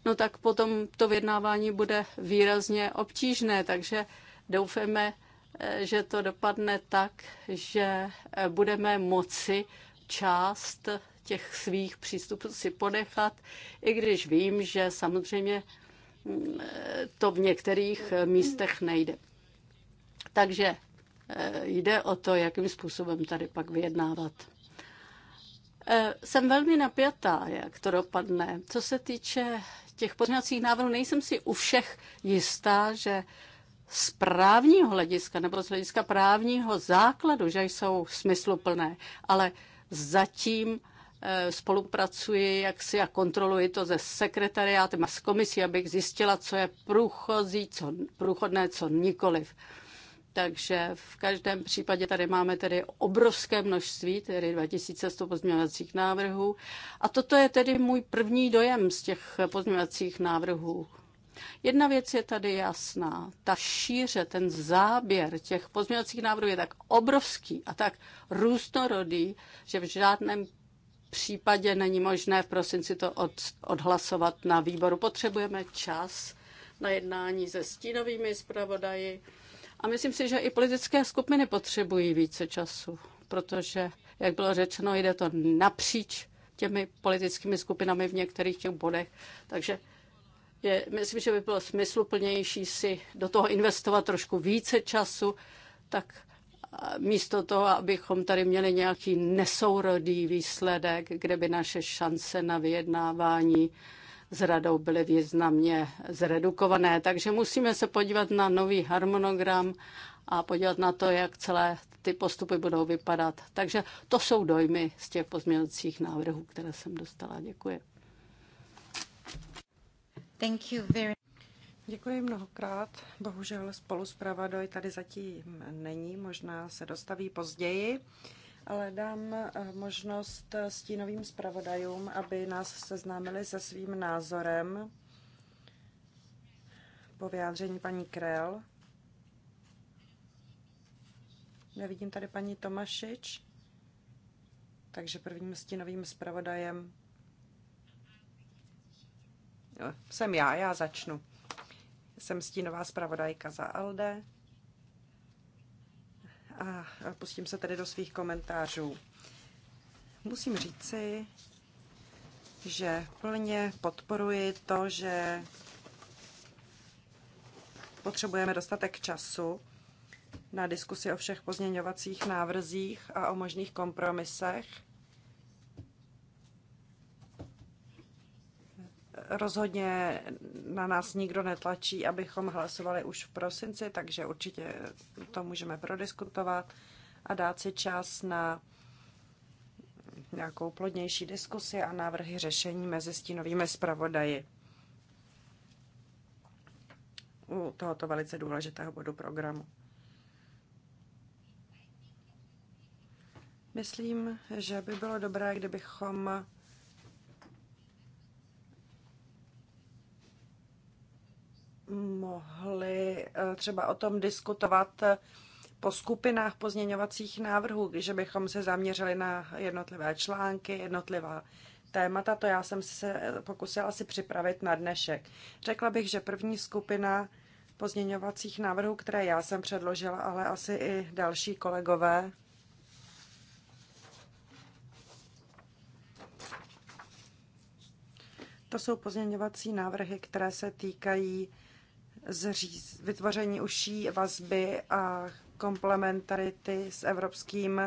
no tak potom to vyjednávání bude výrazně obtížné, takže doufáme, eh, že to dopadne tak, že eh, budeme moci část těch svých přístupů si ponechat, i když vím, že samozřejmě mm, to v některých místech nejde. Takže e, jde o to, jakým způsobem tady pak vyjednávat. E, jsem velmi napjatá, jak to dopadne. Co se týče těch pozměňovacích návrhů, nejsem si u všech jistá, že z právního hlediska nebo z hlediska právního základu, že jsou smysluplné, ale zatím Eh, spolupracuji si a kontroluji to ze sekretariátem a z komisí, abych zjistila, co je průchozí, co průchodné, co nikoliv. Takže v každém případě tady máme tedy obrovské množství, tedy 2100 pozměňovacích návrhů. A toto je tedy můj první dojem z těch pozměňovacích návrhů. Jedna věc je tady jasná. Ta šíře, ten záběr těch pozměňovacích návrhů je tak obrovský a tak různorodý, že v žádném případě není možné v prosinci to od, odhlasovat na výboru. Potřebujeme čas na jednání se stínovými zpravodaji a myslím si, že i politické skupiny potřebují více času, protože, jak bylo řečeno, jde to napříč těmi politickými skupinami v některých těch bodech, takže je, myslím, že by bylo smysluplnější si do toho investovat trošku více času, tak místo toho, abychom tady měli nějaký nesourodý výsledek, kde by naše šance na vyjednávání s radou byly významně zredukované. Takže musíme se podívat na nový harmonogram a podívat na to, jak celé ty postupy budou vypadat. Takže to jsou dojmy z těch pozměňovacích návrhů, které jsem dostala. Děkuji. Thank you very... Děkuji mnohokrát. Bohužel spolu Pravadoj tady zatím není, možná se dostaví později, ale dám eh, možnost stínovým zpravodajům, aby nás seznámili se svým názorem po vyjádření paní Krel. Nevidím tady paní Tomašič, takže prvním stínovým zpravodajem jsem já, já začnu. Jsem stínová zpravodajka za ALDE a pustím se tedy do svých komentářů. Musím říci, že plně podporuji to, že potřebujeme dostatek času na diskusi o všech pozměňovacích návrzích a o možných kompromisech – rozhodně na nás nikdo netlačí, abychom hlasovali už v prosinci, takže určitě to můžeme prodiskutovat a dát si čas na nějakou plodnější diskusi a návrhy řešení mezi stínovými zpravodaji u tohoto velice důležitého bodu programu. Myslím, že by bylo dobré, kdybychom mohli eh, třeba o tom diskutovat eh, po skupinách pozměňovacích návrhů, že bychom se zaměřili na jednotlivé články, jednotlivá témata, to já jsem se pokusila si připravit na dnešek. Řekla bych, že první skupina pozměňovacích návrhů, které já jsem předložila, ale asi i další kolegové, To jsou pozměňovací návrhy, které se týkají zříz, vytvoření uší vazby a komplementarity s Evropským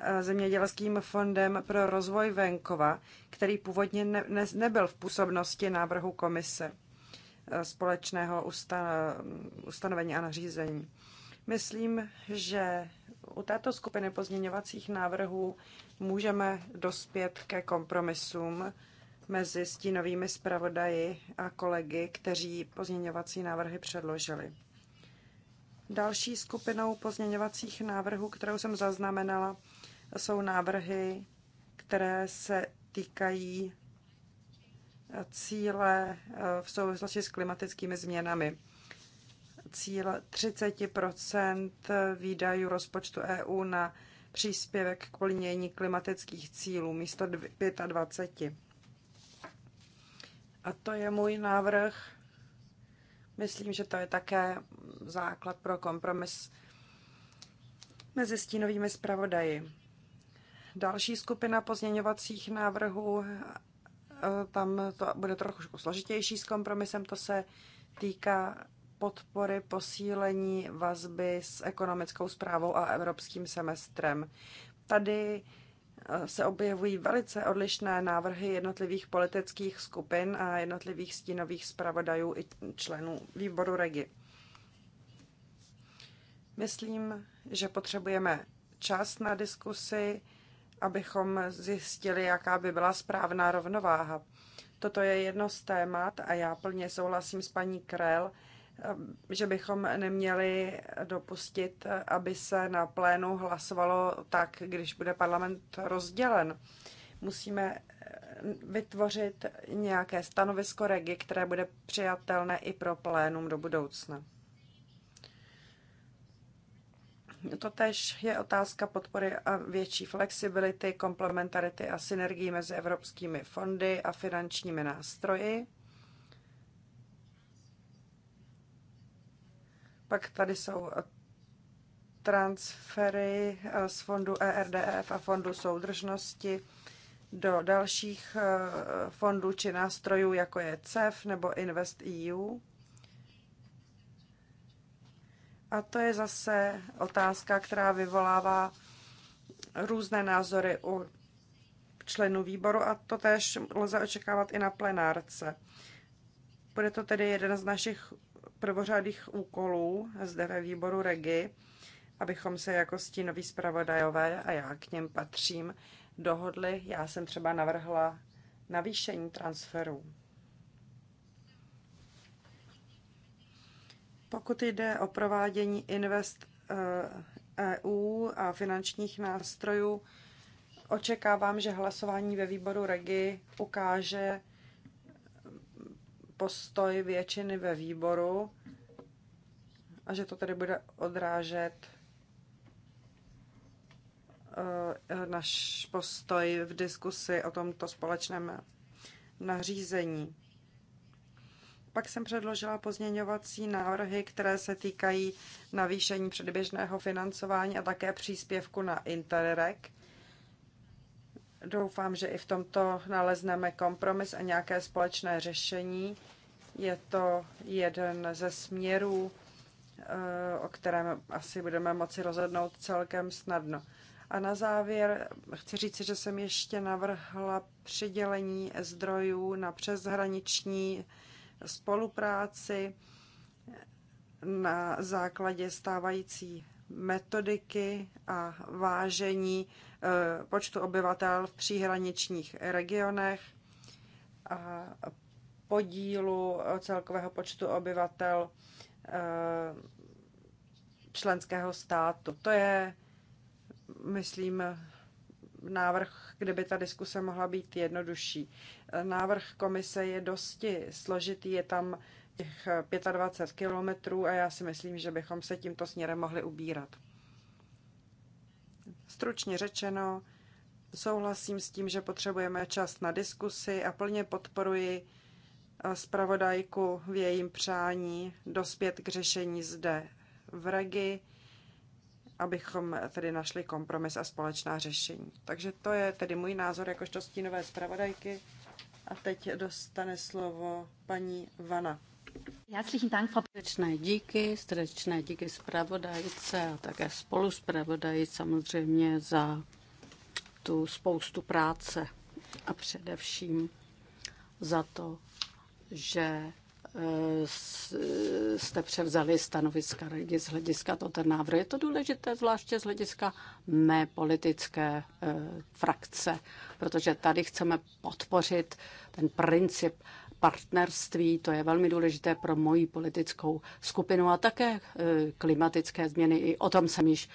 eh, zemědělským fondem pro rozvoj venkova, který původně ne, ne, nebyl v působnosti návrhu komise eh, společného usta, eh, ustanovení a nařízení. Myslím, že u této skupiny pozměňovacích návrhů můžeme dospět ke kompromisům, mezi stínovými zpravodaji a kolegy, kteří pozměňovací návrhy předložili. Další skupinou pozměňovacích návrhů, kterou jsem zaznamenala, jsou návrhy, které se týkají cíle eh, v souvislosti s klimatickými změnami. Cíl 30 výdajů rozpočtu EU na příspěvek k plnění klimatických cílů místo 25. A to je můj návrh. Myslím, že to je také základ pro kompromis mezi stínovými zpravodaji. Další skupina pozměňovacích návrhů, eh, tam to bude trochu složitější s kompromisem, to se týká podpory posílení vazby s ekonomickou zprávou a evropským semestrem. Tady se objevují velice odlišné návrhy jednotlivých politických skupin a jednotlivých stínových zpravodajů i členů výboru REGI. Myslím, že potřebujeme čas na diskusi, abychom zjistili, jaká by byla správná rovnováha. Toto je jedno z témat a já plně souhlasím s paní Krell, Eh, že bychom neměli dopustit, aby se na plénu hlasovalo tak, když bude parlament rozdělen. Musíme eh, vytvořit nějaké stanovisko regi, které bude přijatelné i pro plénum do budoucna. Totež je otázka podpory a větší flexibility, komplementarity a synergii mezi evropskými fondy a finančními nástroji. Pak tady jsou eh, transfery eh, z fondu ERDF a fondu soudržnosti do dalších eh, fondů či nástrojů, jako je CEF nebo Invest EU. A to je zase otázka, která vyvolává různé názory u členů výboru a to tež lze očekávat i na plenárce. Bude to tedy jeden z našich prvořádých úkolů zde ve výboru REGI, abychom se jako stínoví zpravodajové, a já k něm patřím, dohodli. Já jsem třeba navrhla navýšení transferů. Pokud jde o provádění invest EU eh, e a finančních nástrojů, očekávám, že hlasování ve výboru REGI ukáže, postoj většiny ve výboru a že to tedy bude odrážet eh, náš postoj v diskusi o tomto společném nařízení. Pak jsem předložila pozměňovací návrhy, které se týkají navýšení předběžného financování a také příspěvku na Interreg. Doufám, že i v tomto nalezneme kompromis a nějaké společné řešení. Je to jeden ze směrů, eh, o kterém asi budeme moci rozhodnout celkem snadno. A na závěr chci říct, že jsem ještě navrhla přidělení zdrojů na přeshraniční spolupráci na základě stávající metodiky a vážení Eh, počtu obyvatel v příhraničních regionech a podílu celkového počtu obyvatel eh, členského státu. To je, myslím, návrh, kdyby ta diskuse mohla být jednodušší. Návrh komise je dosti složitý, je tam těch 25 kilometrů a já si myslím, že bychom se tímto směrem mohli ubírat. Stručně řečeno, souhlasím s tím, že potřebujeme čas na diskusi a plně podporuji eh, zpravodajku v jejím přání dospět k řešení zde v regi, abychom tedy našli kompromis a společná řešení. Takže to je tedy můj názor jakožto stínové zpravodajky. A teď dostane slovo paní Vana. Frau Srdečné díky, srdečné díky zpravodajce a také spolu zpravodajic samozřejmě za tu spoustu práce a především za to, že eh, jste převzali stanoviska lidi z hlediska tohoto návrh. Je to důležité zvláště z hlediska mé politické eh, frakce, protože tady chceme podpořit ten princip partnerství, to je velmi důležité pro moji politickou skupinu a také eh, klimatické změny, i o tom jsem již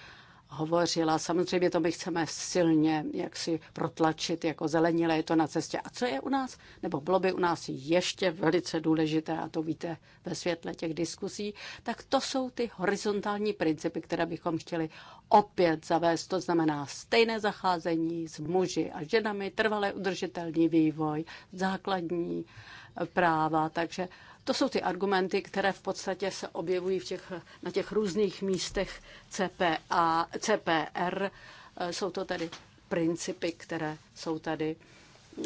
hovořila. Samozřejmě to my chceme silně jaksi protlačit jako zelenile, je to na cestě. A co je u nás, nebo bylo by u nás ještě velice důležité, a to víte ve světle těch diskusí, tak to jsou ty horizontální principy, které bychom chtěli opět zavést. To znamená stejné zacházení s muži a ženami, trvalé udržitelný vývoj, základní práva, takže to jsou ty argumenty, které v podstatě se objevují v těch, na těch různých místech CPA, CPR. E, jsou to tedy principy, které jsou tady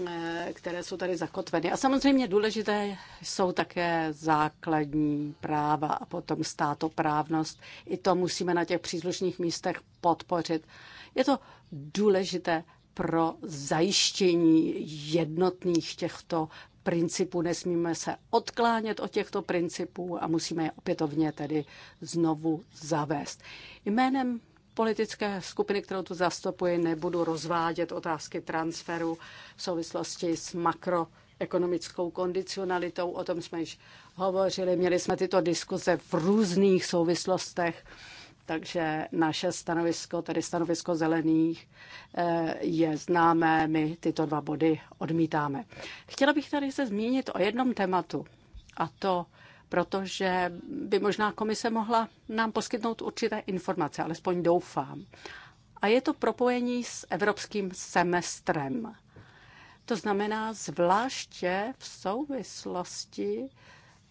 e, které jsou tady zakotveny. A samozřejmě důležité jsou také základní práva a potom státoprávnost. I to musíme na těch příslušných místech podpořit. Je to důležité pro zajištění jednotných těchto principů, nesmíme se odklánět od těchto principů a musíme je opětovně tedy znovu zavést. Jménem politické skupiny, kterou tu zastupuji, nebudu rozvádět otázky transferu v souvislosti s makro ekonomickou kondicionalitou, o tom jsme již hovořili, měli jsme tyto diskuze v různých souvislostech takže naše stanovisko, tedy stanovisko zelených, eh, je známé, my tyto dva body odmítáme. Chtěla bych tady se zmínit o jednom tématu, a to protože by možná komise mohla nám poskytnout určité informace, alespoň doufám. A je to propojení s evropským semestrem. To znamená zvláště v souvislosti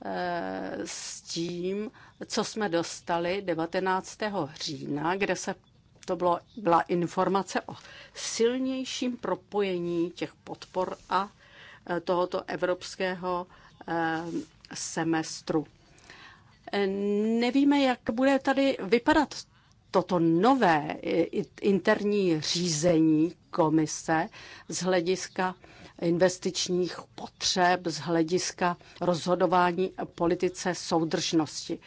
Eh, s tím, co jsme dostali 19. října, kde se to bylo, byla informace o silnějším propojení těch podpor a eh, tohoto evropského eh, semestru. Nevíme, jak bude tady vypadat toto nové interní řízení komise z hlediska investičních potřeb z hlediska rozhodování politice soudržnosti.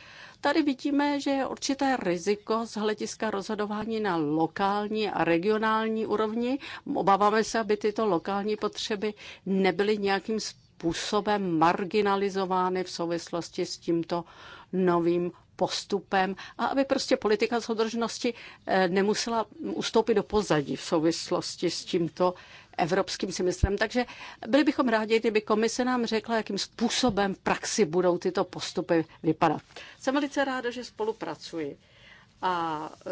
Tady vidíme, že je určité riziko z hlediska rozhodování na lokální a regionální úrovni. Obáváme se, aby tyto lokální potřeby nebyly nějakým způsobem marginalizovány v souvislosti s tímto novým postupem a aby prostě politika soudržnosti eh, nemusela ustoupit do pozadí v souvislosti s tímto evropským semestrem. Takže byli bychom rádi, kdyby komise nám řekla, jakým způsobem v praxi budou tyto postupy vypadat. Jsem velice ráda, že spolupracuji. A e,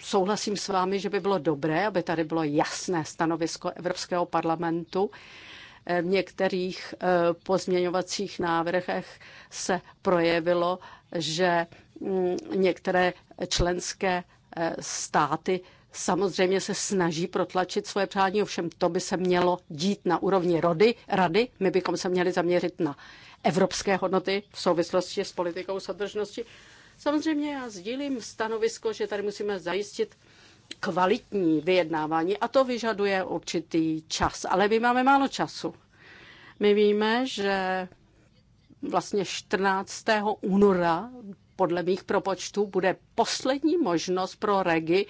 souhlasím s vámi, že by bylo dobré, aby tady bylo jasné stanovisko Evropského parlamentu. E, v některých e, pozměňovacích návrhech se projevilo, že mm, některé členské e, státy samozřejmě se snaží protlačit svoje přání, ovšem to by se mělo dít na úrovni rody, rady. My bychom se měli zaměřit na evropské hodnoty v souvislosti s politikou soudržnosti. Samozřejmě já sdílím stanovisko, že tady musíme zajistit kvalitní vyjednávání a to vyžaduje určitý čas. Ale my máme málo času. My víme, že vlastně 14. února podle mých propočtů bude poslední možnost pro Regi,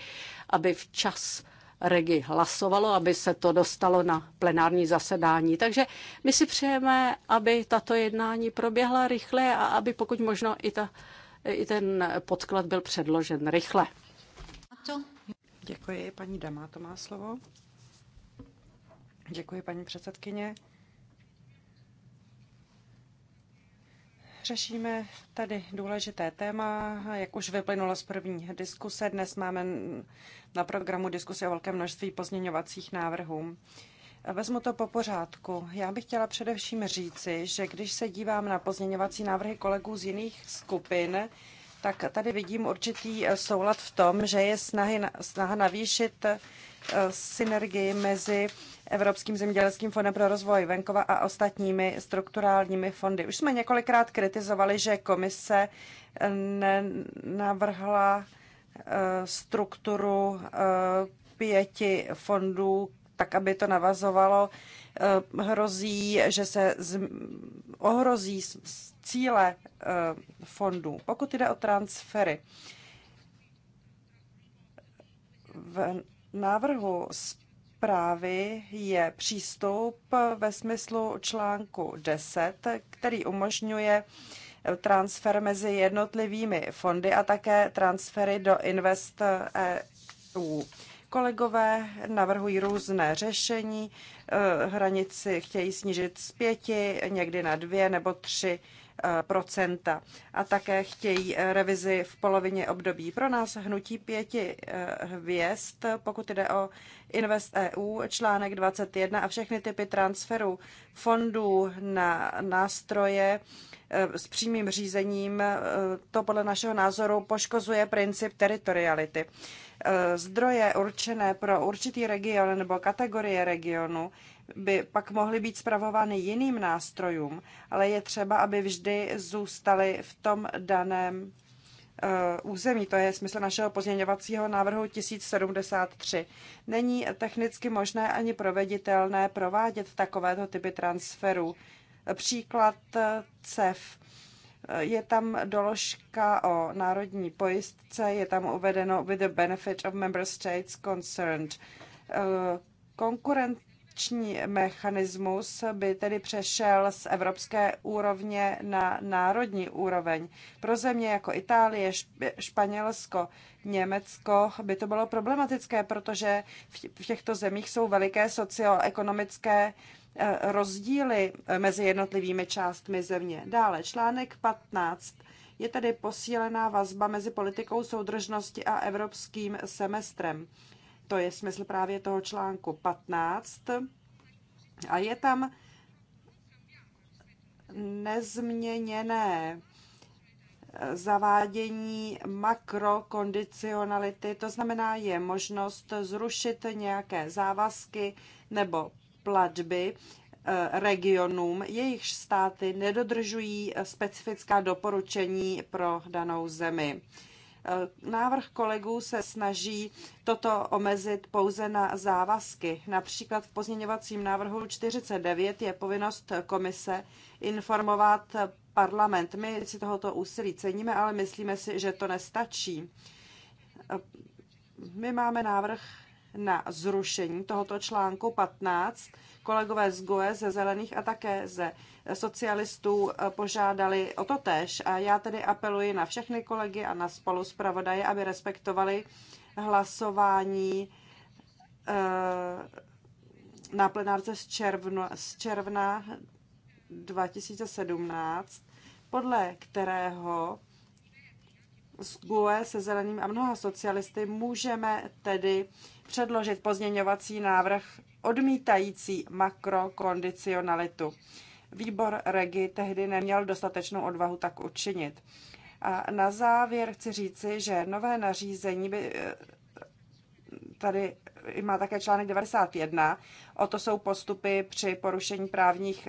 aby včas Regi hlasovalo, aby se to dostalo na plenární zasedání. Takže my si přejeme, aby tato jednání proběhla rychle a aby pokud možno i, ta, i ten podklad byl předložen rychle. Děkuji, paní Dama, to má slovo. Děkuji, paní předsedkyně. Řešíme tady důležité téma, jak už vyplynulo z první diskuse. Dnes máme na programu diskuse o velké množství pozměňovacích návrhů. Vezmu to po pořádku. Já bych chtěla především říci, že když se dívám na pozměňovací návrhy kolegů z jiných skupin, tak tady vidím určitý soulad v tom, že je snahy, snaha navýšit eh, synergii mezi Evropským zemědělským fondem pro rozvoj venkova a ostatními strukturálními fondy. Už jsme několikrát kritizovali, že komise eh, navrhla eh, strukturu eh, pěti fondů tak, aby to navazovalo. Hrozí, že se ohrozí cíle fondů. Pokud jde o transfery, v návrhu zprávy je přístup ve smyslu článku 10, který umožňuje transfer mezi jednotlivými fondy a také transfery do Invest EU. Kolegové navrhují různé řešení, eh, hranici chtějí snížit z pěti, někdy na dvě nebo tři a také chtějí revizi v polovině období. Pro nás hnutí pěti eh, hvězd, pokud jde o Invest EU, článek 21 a všechny typy transferu fondů na nástroje eh, s přímým řízením, eh, to podle našeho názoru poškozuje princip teritoriality. Zdroje určené pro určitý region nebo kategorie regionu by pak mohly být spravovány jiným nástrojům, ale je třeba, aby vždy zůstaly v tom daném eh, území. To je smysl našeho pozměňovacího návrhu 1073. Není technicky možné ani proveditelné provádět takovéto typy transferů. Příklad eh, CEF. Eh, je tam doložka o národní pojistce, je tam uvedeno with the benefit of member states concerned. Konkurent koordinační mechanismus by tedy přešel z evropské úrovně na národní úroveň. Pro země jako Itálie, Španělsko, Německo by to bylo problematické, protože v těchto zemích jsou veliké socioekonomické eh, rozdíly eh, mezi jednotlivými částmi země. Dále článek 15 je tedy posílená vazba mezi politikou soudržnosti a evropským semestrem. To je smysl právě toho článku 15. A je tam nezměněné zavádění makrokondicionality, to znamená, je možnost zrušit nějaké závazky nebo platby eh, regionům, jejichž státy nedodržují specifická doporučení pro danou zemi. Eh, návrh kolegů se snaží toto omezit pouze na závazky. Například v pozměňovacím návrhu 49 je povinnost komise informovat parlament. My si tohoto úsilí ceníme, ale myslíme si, že to nestačí. Eh, my máme návrh na zrušení tohoto článku 15. Kolegové z GUE, ze Zelených a také ze socialistů eh, požádali o to tež. A já tedy apeluji na všechny kolegy a na spolu zpravodaje, aby respektovali hlasování eh, na plenárce z června, z června 2017, podle kterého z GUE, se zeleným a mnoha socialisty můžeme tedy předložit pozměňovací návrh odmítající makrokondicionalitu. Výbor Regi tehdy neměl dostatečnou odvahu tak učinit. A na závěr chci říci, že nové nařízení by eh, tady má také článek 91, o to jsou postupy při porušení právních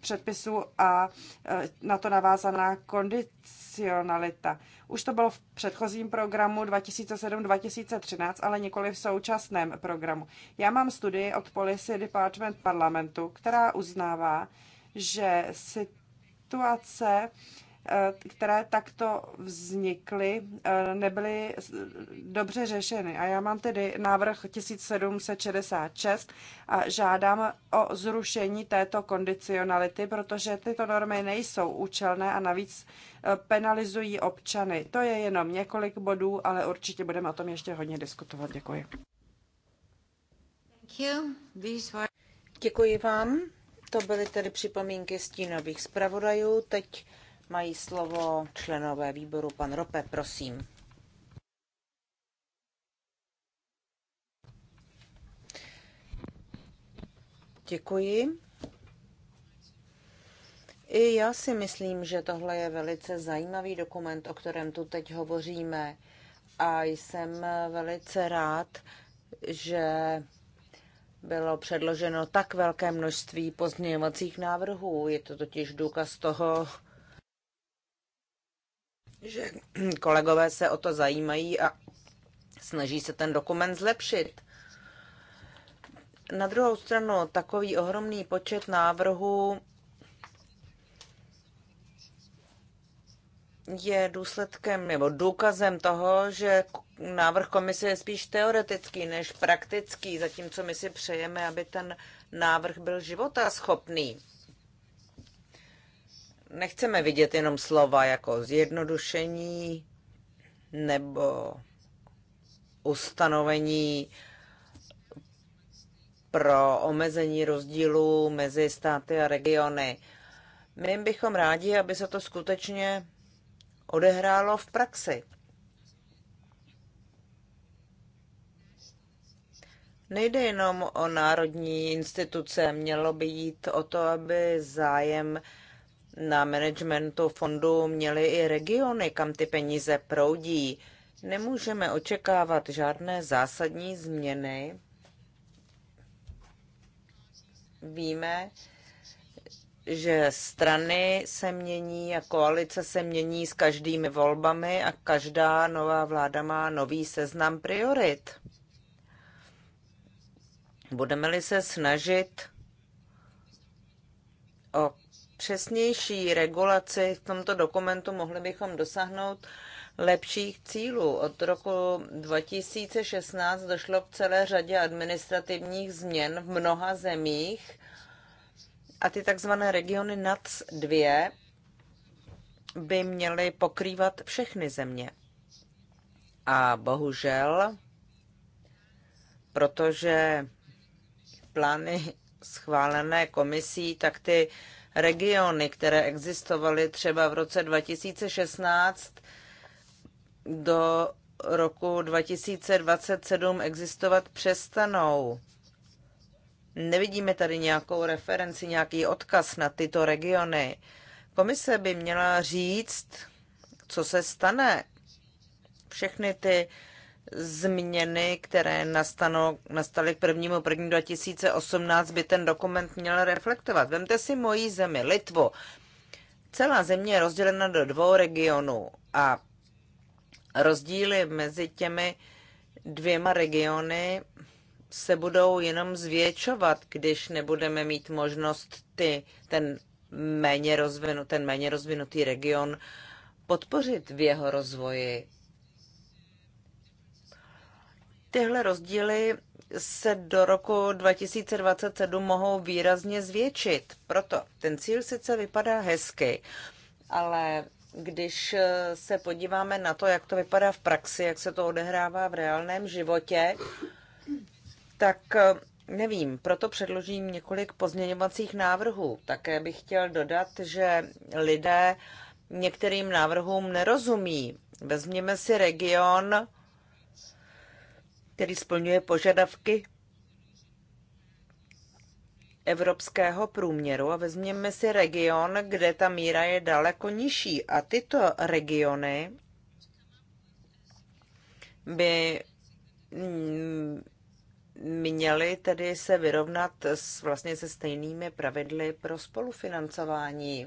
předpisů a eh, na to navázaná kondicionalita. Už to bylo v předchozím programu 2007-2013, ale nikoli v současném programu. Já mám studii od Policy Department parlamentu, která uznává, že situace, eh, které takto vznikly, eh, nebyly dobře řešeny. A já mám tedy návrh 1766 a žádám o zrušení této kondicionality, protože tyto normy nejsou účelné a navíc eh, penalizují občany. To je jenom několik bodů, ale určitě budeme o tom ještě hodně diskutovat. Děkuji. Děkuji vám. To byly tedy připomínky stínových zpravodajů. Teď mají slovo členové výboru. Pan Rope, prosím. Děkuji. I já si myslím, že tohle je velice zajímavý dokument, o kterém tu teď hovoříme. A jsem velice rád, že bylo předloženo tak velké množství pozměňovacích návrhů. Je to totiž důkaz toho, že kolegové se o to zajímají a snaží se ten dokument zlepšit. Na druhou stranu, takový ohromný počet návrhů je důsledkem nebo důkazem toho, že návrh komise je spíš teoretický než praktický, zatímco my si přejeme, aby ten návrh byl životaschopný. Nechceme vidět jenom slova jako zjednodušení nebo ustanovení pro omezení rozdílů mezi státy a regiony. My bychom rádi, aby se to skutečně odehrálo v praxi. Nejde jenom o národní instituce, mělo by jít o to, aby zájem na managementu fondu měly i regiony, kam ty peníze proudí. Nemůžeme očekávat žádné zásadní změny. Víme, že strany se mění a koalice se mění s každými volbami a každá nová vláda má nový seznam priorit. Budeme-li se snažit o přesnější regulaci v tomto dokumentu, mohli bychom dosáhnout lepších cílů. Od roku 2016 došlo k celé řadě administrativních změn v mnoha zemích a ty takzvané regiony NAC 2 by měly pokrývat všechny země. A bohužel, protože plány schválené komisí, tak ty regiony, které existovaly třeba v roce 2016 do roku 2027 existovat přestanou. Nevidíme tady nějakou referenci, nějaký odkaz na tyto regiony. Komise by měla říct, co se stane. Všechny ty změny, které nastanou, nastaly k prvnímu první 2018, by ten dokument měl reflektovat. Vemte si moji zemi, Litvu. Celá země je rozdělena do dvou regionů a rozdíly mezi těmi dvěma regiony se budou jenom zvětšovat, když nebudeme mít možnost ty, ten, méně rozvinu, ten méně rozvinutý region podpořit v jeho rozvoji. Tyhle rozdíly se do roku 2027 mohou výrazně zvětšit. Proto ten cíl sice vypadá hezky, ale když se podíváme na to, jak to vypadá v praxi, jak se to odehrává v reálném životě, tak eh, nevím, proto předložím několik pozměňovacích návrhů. Také bych chtěl dodat, že lidé některým návrhům nerozumí. Vezměme si region, který splňuje požadavky evropského průměru a vezměme si region, kde ta míra je daleko nižší. A tyto regiony by měli tedy se vyrovnat s, vlastně se stejnými pravidly pro spolufinancování.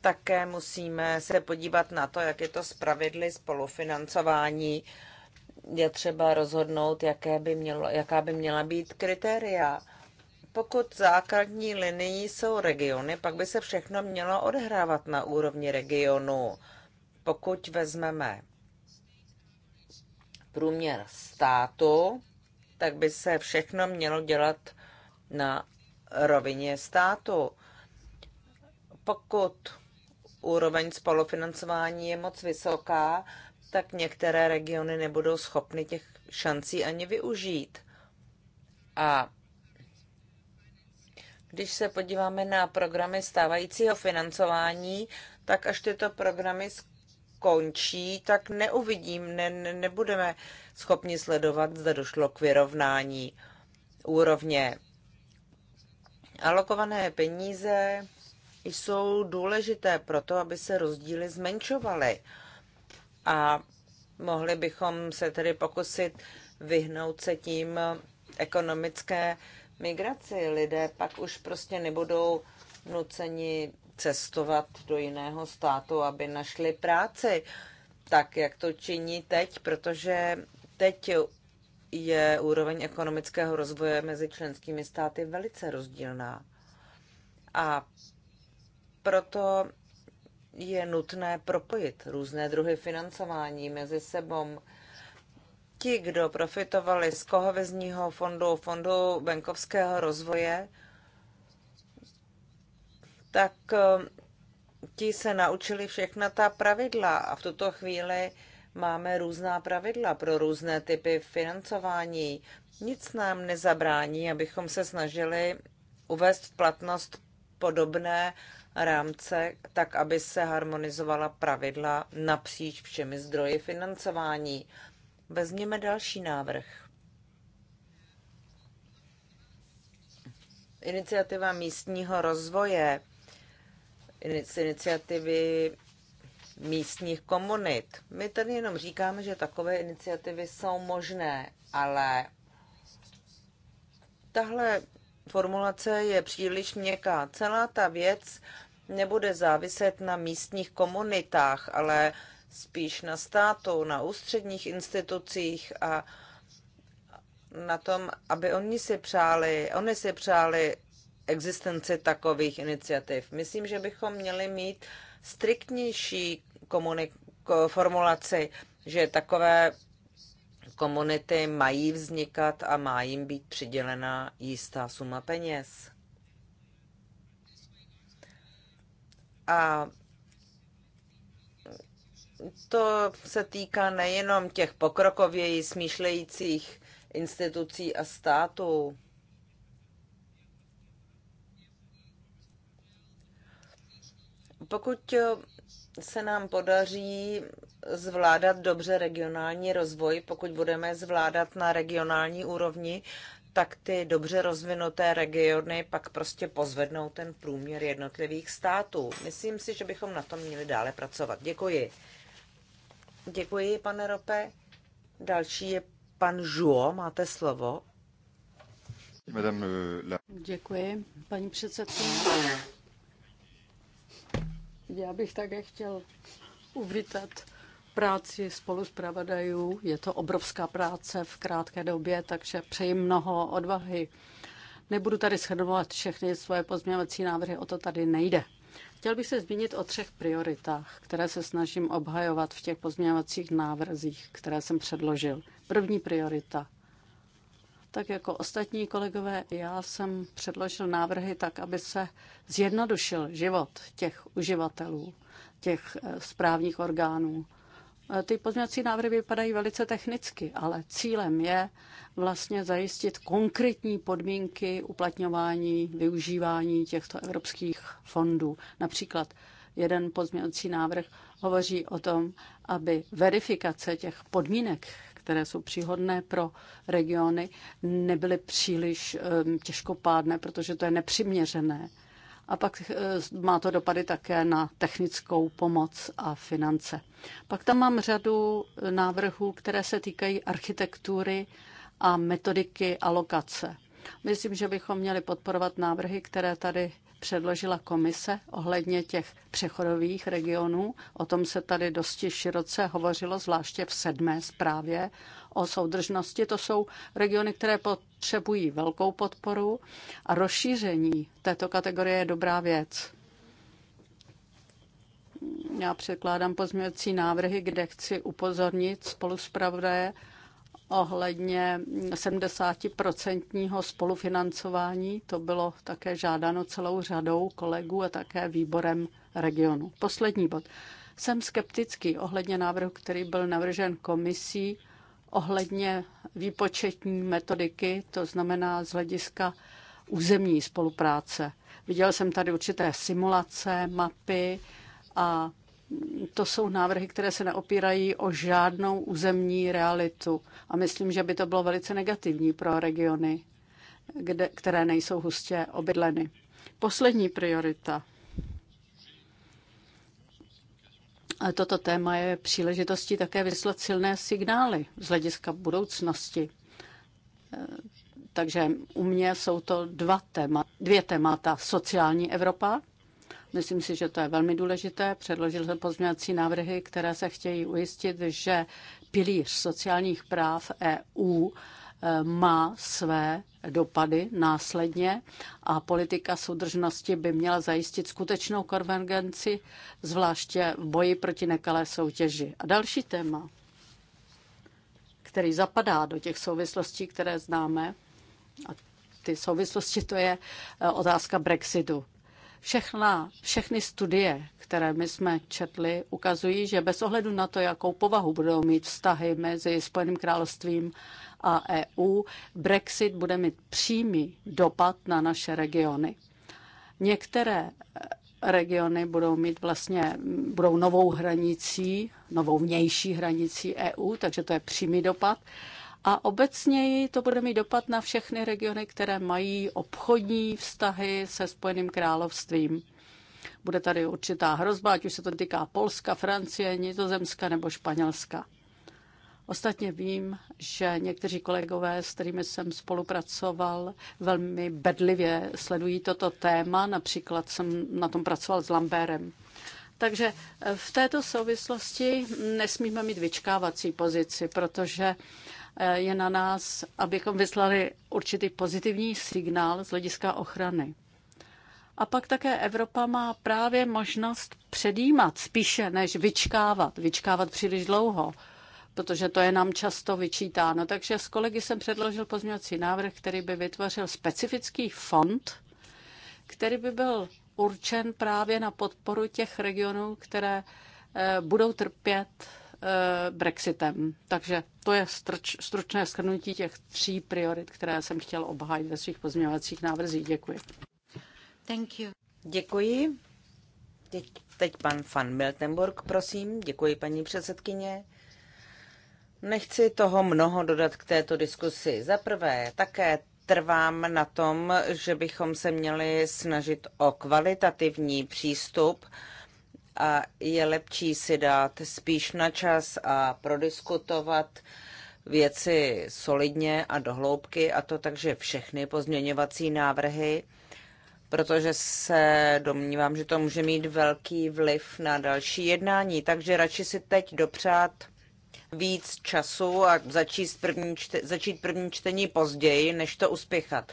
Také musíme se podívat na to, jak je to s pravidly spolufinancování. Je třeba rozhodnout, jaké by mělo, jaká by měla být kritéria. Pokud základní linií jsou regiony, pak by se všechno mělo odehrávat na úrovni regionu. Pokud vezmeme průměr státu, tak by se všechno mělo dělat na rovině státu. Pokud úroveň spolufinancování je moc vysoká, tak některé regiony nebudou schopny těch šancí ani využít. A když se podíváme na programy stávajícího financování, tak až tyto programy skončí, tak neuvidím, ne, ne, nebudeme schopni sledovat, zda došlo k vyrovnání úrovně. Alokované peníze jsou důležité pro to, aby se rozdíly zmenšovaly. A mohli bychom se tedy pokusit vyhnout se tím ekonomické migraci. Lidé pak už prostě nebudou nuceni cestovat do jiného státu, aby našli práci, tak jak to činí teď, protože Teď je úroveň ekonomického rozvoje mezi členskými státy velice rozdílná. A proto je nutné propojit různé druhy financování mezi sebou. Ti, kdo profitovali z kohovezního fondu, fondu venkovského rozvoje, tak eh, ti se naučili všechna ta pravidla a v tuto chvíli máme různá pravidla pro různé typy financování. Nic nám nezabrání, abychom se snažili uvést v platnost podobné rámce, tak aby se harmonizovala pravidla napříč všemi zdroji financování. Vezměme další návrh. Iniciativa místního rozvoje z iniciativy místních komunit. My tady jenom říkáme, že takové iniciativy jsou možné, ale tahle formulace je příliš měkká. Celá ta věc nebude záviset na místních komunitách, ale spíš na státu, na ústředních institucích a na tom, aby oni si přáli, oni si přáli existenci takových iniciativ. Myslím, že bychom měli mít striktnější komunik- formulaci, že takové komunity mají vznikat a má jim být přidělena jistá suma peněz. A to se týká nejenom těch pokrokověji smýšlejících institucí a států. Pokud se nám podaří zvládat dobře regionální rozvoj, pokud budeme zvládat na regionální úrovni, tak ty dobře rozvinuté regiony pak prostě pozvednou ten průměr jednotlivých států. Myslím si, že bychom na tom měli dále pracovat. Děkuji. Děkuji, pane Rope. Další je pan Žuo, máte slovo. Euh, Děkuji, paní předsedkyně. Já bych také chtěl uvítat práci spolu s pravodajů. Je to obrovská práce v krátké době, takže přeji mnoho odvahy. Nebudu tady shrnovat všechny svoje pozměňovací návrhy, o to tady nejde. Chtěl bych se zmínit o třech prioritách, které se snažím obhajovat v těch pozměňovacích návrzích, které jsem předložil. První priorita tak jako ostatní kolegové, já jsem předložil návrhy tak, aby se zjednodušil život těch uživatelů, těch eh, správních orgánů. Eh, ty pozměňovací návrhy vypadají velice technicky, ale cílem je vlastně zajistit konkrétní podmínky uplatňování, využívání těchto evropských fondů. Například jeden pozměňovací návrh hovoří o tom, aby verifikace těch podmínek, které jsou příhodné pro regiony, nebyly příliš těžkopádné, protože to je nepřiměřené. A pak eh, má to dopady také na technickou pomoc a finance. Pak tam mám řadu návrhů, které se týkají architektury a metodiky alokace. Myslím, že bychom měli podporovat návrhy, které tady předložila komise ohledně těch přechodových regionů. O tom se tady dosti široce hovořilo, zvláště v sedmé zprávě o soudržnosti. To jsou regiony, které potřebují velkou podporu a rozšíření této kategorie je dobrá věc. Já překládám pozměňovací návrhy, kde chci upozornit spolu s ohledně 70% spolufinancování. To bylo také žádáno celou řadou kolegů a také výborem regionu. Poslední bod. Jsem skeptický ohledně návrhu, který byl navržen komisí ohledně výpočetní metodiky, to znamená z hlediska územní spolupráce. Viděl jsem tady určité simulace, mapy a to jsou návrhy, které se neopírají o žádnou územní realitu. A myslím, že by to bylo velice negativní pro regiony, kde, které nejsou hustě obydleny. Poslední priorita. A toto téma je příležitostí také vyslat silné signály z hlediska budoucnosti. Takže u mě jsou to dva téma, dvě témata. Sociální Evropa Myslím si, že to je velmi důležité. Předložil jsem pozměňovací návrhy, které se chtějí ujistit, že pilíř sociálních práv EU eh, má své dopady následně a politika soudržnosti by měla zajistit skutečnou konvergenci, zvláště v boji proti nekalé soutěži. A další téma, který zapadá do těch souvislostí, které známe, a ty souvislosti to je eh, otázka Brexitu. Všechna, všechny studie, které my jsme četli, ukazují, že bez ohledu na to, jakou povahu budou mít vztahy mezi Spojeným královstvím a EU, Brexit bude mít přímý dopad na naše regiony. Některé eh, regiony budou mít vlastně, budou novou hranicí, novou vnější hranicí EU, takže to je přímý dopad a obecněji to bude mít dopad na všechny regiony, které mají obchodní vztahy se Spojeným královstvím. Bude tady určitá hrozba, ať už se to týká Polska, Francie, Nizozemska nebo Španělska. Ostatně vím, že někteří kolegové, s kterými jsem spolupracoval, velmi bedlivě sledují toto téma. Například jsem na tom pracoval s Lambérem. Takže eh, v této souvislosti nesmíme mít vyčkávací pozici, protože Eh, je na nás, abychom vyslali určitý pozitivní signál z hlediska ochrany. A pak také Evropa má právě možnost předjímat spíše než vyčkávat, vyčkávat příliš dlouho, protože to je nám často vyčítáno. Takže s kolegy jsem předložil pozměňovací návrh, který by vytvořil specifický fond, který by byl určen právě na podporu těch regionů, které eh, budou trpět Eh, Brexitem. Takže to je stručné shrnutí těch tří priorit, které jsem chtěl obhájit ve svých pozměňovacích návrzích. Děkuji. Thank you. Děkuji. Teď, teď pan van Miltenburg, prosím. Děkuji, paní předsedkyně. Nechci toho mnoho dodat k této diskusi. Za prvé, také trvám na tom, že bychom se měli snažit o kvalitativní přístup a je lepší si dát spíš na čas a prodiskutovat věci solidně a dohloubky a to takže všechny pozměňovací návrhy, protože se domnívám, že to může mít velký vliv na další jednání, takže radši si teď dopřát víc času a začít první, čte, začít první čtení později, než to uspěchat.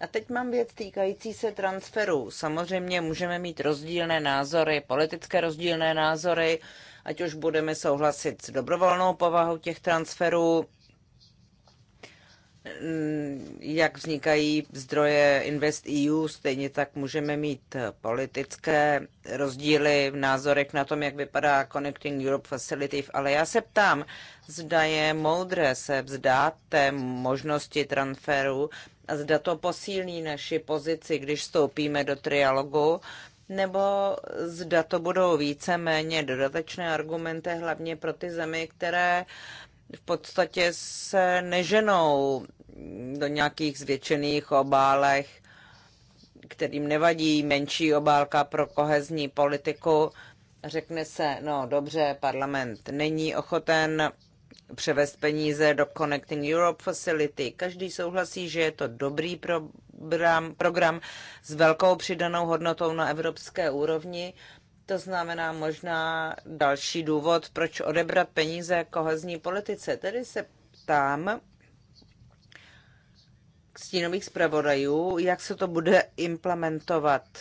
A teď mám věc týkající se transferů. Samozřejmě můžeme mít rozdílné názory, politické rozdílné názory, ať už budeme souhlasit s dobrovolnou povahou těch transferů, Mm, jak vznikají zdroje Invest EU, stejně tak můžeme mít politické rozdíly v názorech na tom, jak vypadá Connecting Europe Facility, ale já se ptám, zda je moudré se vzdát té možnosti transferu a zda to posílí naši pozici, když vstoupíme do trialogu, nebo zda to budou více méně dodatečné argumenty, hlavně pro ty zemi, které uh, v podstatě se neženou do nějakých zvětšených obálech, kterým nevadí menší obálka pro kohezní politiku. Řekne se, no dobře, parlament není ochoten převést peníze do Connecting Europe Facility. Každý souhlasí, že je to dobrý program, program s velkou přidanou hodnotou na evropské úrovni, to znamená možná další důvod, proč odebrat peníze kohezní politice. Tedy se ptám stínových zpravodajů, jak se to bude implementovat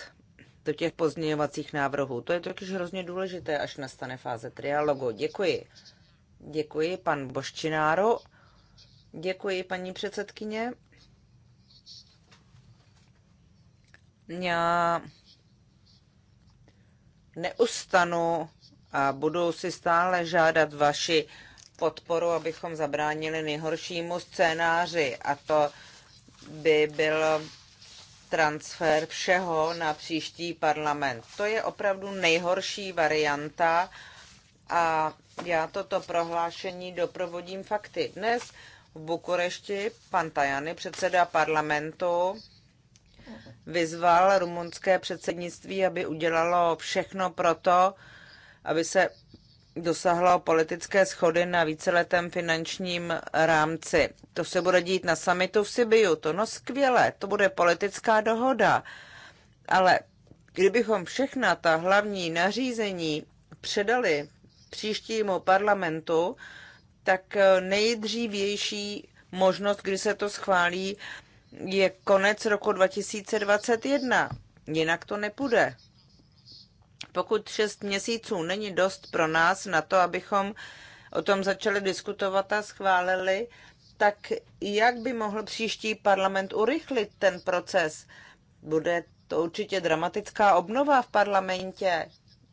do těch pozměňovacích návrhů. To je totiž hrozně důležité, až nastane fáze trialogu. Děkuji. Děkuji, pan Boščináru. Děkuji, paní předsedkyně. Já neustanu a budu si stále žádat vaši podporu, abychom zabránili nejhoršímu scénáři a to by byl transfer všeho na příští parlament. To je opravdu nejhorší varianta a já toto prohlášení doprovodím fakty. Dnes v Bukurešti pan Tajany, předseda parlamentu, vyzval rumunské předsednictví, aby udělalo všechno pro to, aby se dosáhlo politické schody na víceletém finančním rámci. To se bude dít na samitu v Sibiu. To no skvěle, to bude politická dohoda. Ale kdybychom všechna ta hlavní nařízení předali příštímu parlamentu, tak nejdřívější možnost, kdy se to schválí, je konec roku 2021. Jinak to nepůjde. Pokud šest měsíců není dost pro nás na to, abychom o tom začali diskutovat a schválili, tak jak by mohl příští parlament urychlit ten proces? Bude to určitě dramatická obnova v parlamentě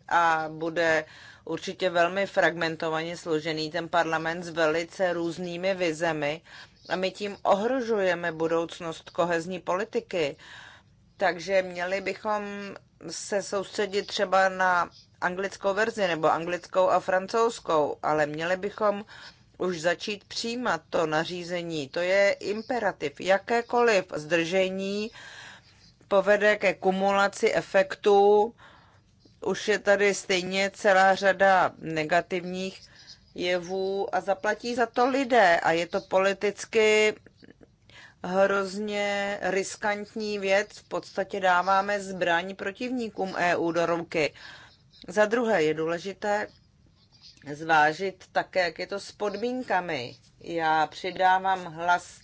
a bude určitě velmi fragmentovaně složený ten parlament s velice různými vizemi. A my tím ohrožujeme budoucnost kohezní politiky. Takže měli bychom se soustředit třeba na anglickou verzi nebo anglickou a francouzskou, ale měli bychom už začít přijímat to nařízení. To je imperativ. Jakékoliv zdržení povede ke kumulaci efektů. Už je tady stejně celá řada negativních jevů a zaplatí za to lidé. A je to politicky hrozně riskantní věc. V podstatě dáváme zbraň protivníkům EU do ruky. Za druhé je důležité zvážit také, jak je to s podmínkami. Já přidávám hlas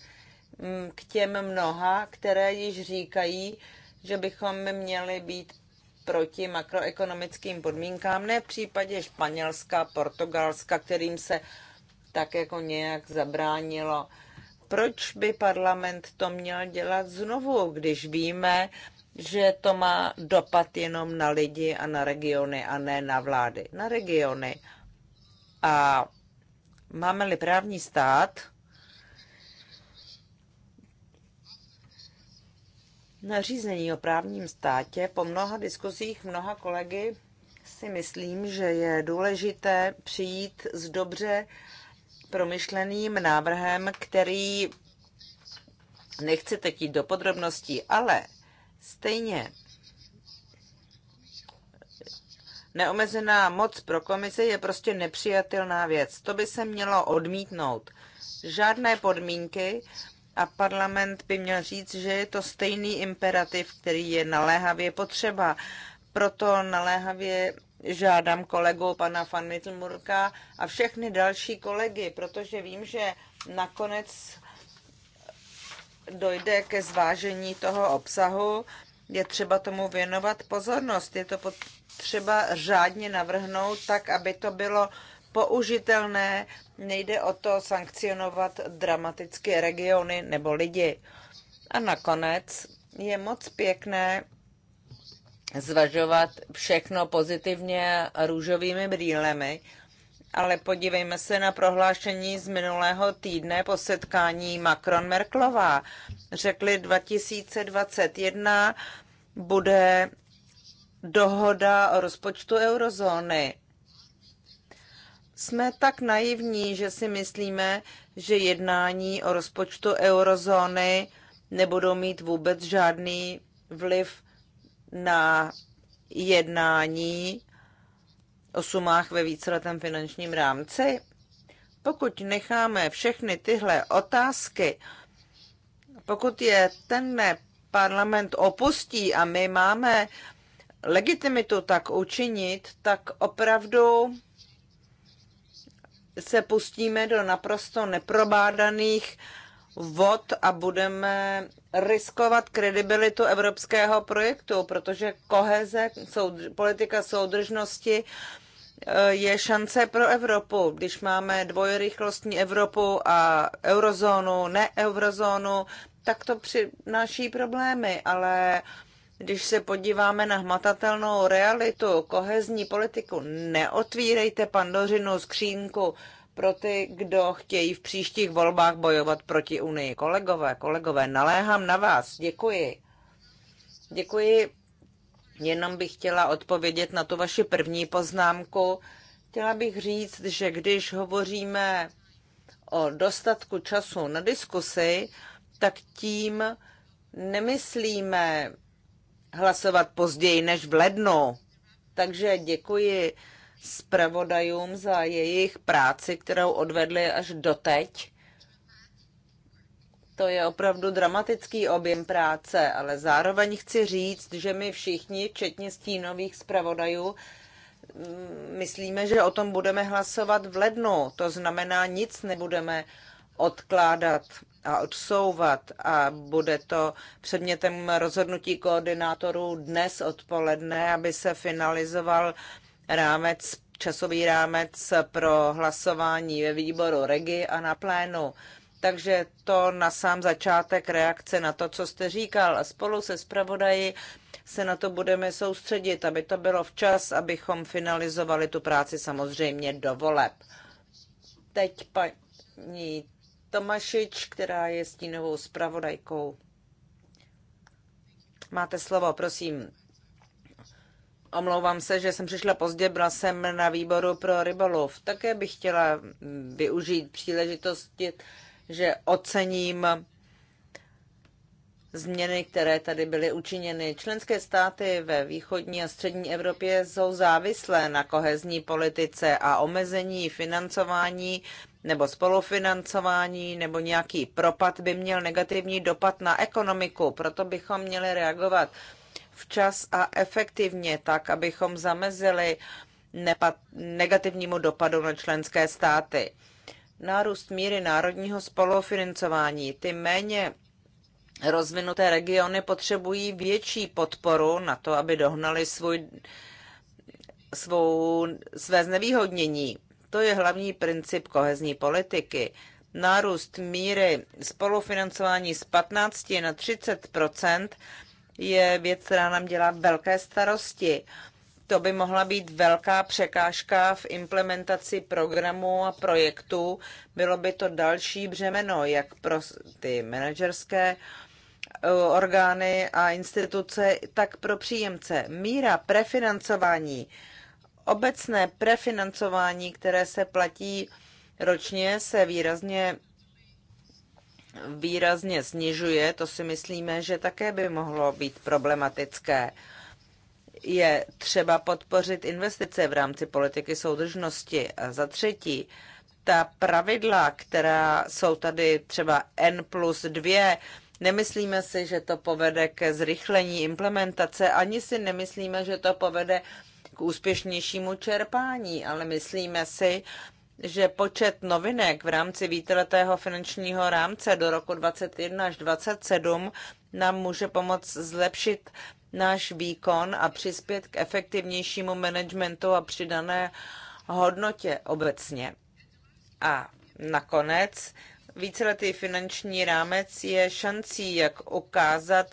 mm, k těm mnoha, které již říkají, že bychom měli být proti makroekonomickým podmínkám, ne v případě Španělska, Portugalska, kterým se tak jako nějak zabránilo. Proč by parlament to měl dělat znovu, když víme, že to má dopad jenom na lidi a na regiony a ne na vlády? Na regiony. A máme-li právní stát, nařízení o právním státě po mnoha diskuzích mnoha kolegy si myslím, že je důležité přijít s dobře promyšleným návrhem, který nechci teď jít do podrobností, ale stejně neomezená moc pro komise je prostě nepřijatelná věc. To by se mělo odmítnout. Žádné podmínky, a parlament by měl říct, že je to stejný imperativ, který je naléhavě potřeba. Proto naléhavě žádám kolegu pana van Mittelmurka a všechny další kolegy, protože vím, že nakonec dojde ke zvážení toho obsahu. Je třeba tomu věnovat pozornost. Je to potřeba řádně navrhnout tak, aby to bylo použitelné. Nejde o to sankcionovat dramaticky regiony nebo lidi. A nakonec je moc pěkné zvažovat všechno pozitivně růžovými brýlemi, ale podívejme se na prohlášení z minulého týdne po setkání Macron-Merklová. Řekli 2021 bude dohoda o rozpočtu eurozóny. Jsme tak naivní, že si myslíme, že jednání o rozpočtu eurozóny nebudou mít vůbec žádný vliv na jednání o sumách ve víceletém finančním rámci? Pokud necháme všechny tyhle otázky, pokud je ten parlament opustí a my máme legitimitu tak učinit, tak opravdu se pustíme do naprosto neprobádaných vod a budeme riskovat kredibilitu evropského projektu, protože koheze, soudr- politika soudržnosti e, je šance pro Evropu. Když máme dvojrychlostní Evropu a eurozónu, ne eurozónu, tak to přináší problémy, ale když se podíváme na hmatatelnou realitu, kohezní politiku, neotvírejte pandořinu skřínku pro ty, kdo chtějí v příštích volbách bojovat proti Unii. Kolegové, kolegové, naléhám na vás. Děkuji. Děkuji. Jenom bych chtěla odpovědět na tu vaši první poznámku. Chtěla bych říct, že když hovoříme o dostatku času na diskusi, tak tím nemyslíme hlasovat později než v lednu. Takže děkuji zpravodajům za jejich práci, kterou odvedli až doteď. To je opravdu dramatický objem práce, ale zároveň chci říct, že my všichni, včetně stínových zpravodajů, mm, myslíme, že o tom budeme hlasovat v lednu. To znamená, nic nebudeme odkládat a odsouvat a bude to předmětem rozhodnutí koordinátorů dnes odpoledne, aby se finalizoval rámec, časový rámec pro hlasování ve výboru Regi a na plénu. Takže to na sám začátek reakce na to, co jste říkal. A spolu se zpravodaji se na to budeme soustředit, aby to bylo včas, abychom finalizovali tu práci samozřejmě do voleb. Teď paní Tomašič, která je stínovou zpravodajkou. Máte slovo, prosím. Omlouvám se, že jsem přišla pozdě, byla jsem na výboru pro rybolov. Také bych chtěla využít příležitosti, že ocením změny, které tady byly učiněny. Členské státy ve východní a střední Evropě jsou závislé na kohezní politice a omezení financování nebo spolufinancování nebo nějaký propad by měl negativní dopad na ekonomiku. Proto bychom měli reagovat včas a efektivně tak, abychom zamezili negativnímu dopadu na členské státy. Nárůst míry národního spolufinancování. Ty méně rozvinuté regiony potřebují větší podporu na to, aby dohnali svůj, svou, své znevýhodnění to je hlavní princip kohezní politiky. Nárůst míry spolufinancování z 15 na 30 je věc, která nám dělá velké starosti. To by mohla být velká překážka v implementaci programů a projektů. Bylo by to další břemeno, jak pro ty manažerské eh, orgány a instituce, tak pro příjemce. Míra prefinancování Obecné prefinancování, které se platí ročně, se výrazně výrazně snižuje, to si myslíme, že také by mohlo být problematické. Je třeba podpořit investice v rámci politiky soudržnosti. A za třetí, ta pravidla, která jsou tady třeba N plus 2, nemyslíme si, že to povede ke zrychlení implementace, ani si nemyslíme, že to povede úspěšnějšímu čerpání, ale myslíme si, že počet novinek v rámci víteletého finančního rámce do roku 2021 až 2027 nám může pomoct zlepšit náš výkon a přispět k efektivnějšímu managementu a přidané hodnotě obecně. A nakonec víceletý finanční rámec je šancí, jak ukázat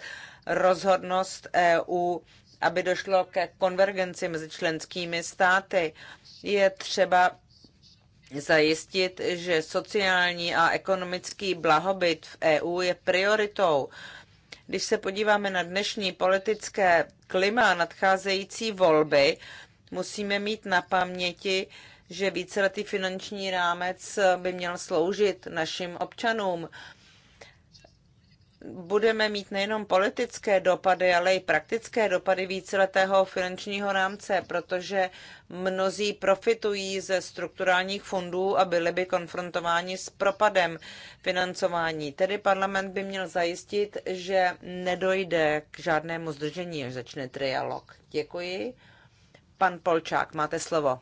rozhodnost EU aby došlo ke konvergenci mezi členskými státy. Je třeba zajistit, že sociální a ekonomický blahobyt v EU je prioritou. Když se podíváme na dnešní politické klima a nadcházející volby, musíme mít na paměti, že víceletý finanční rámec by měl sloužit našim občanům budeme mít nejenom politické dopady, ale i praktické dopady víceletého finančního rámce, protože mnozí profitují ze strukturálních fondů a byli by konfrontováni s propadem financování. Tedy parlament by měl zajistit, že nedojde k žádnému zdržení, až začne trialog. Děkuji. Pan Polčák, máte slovo.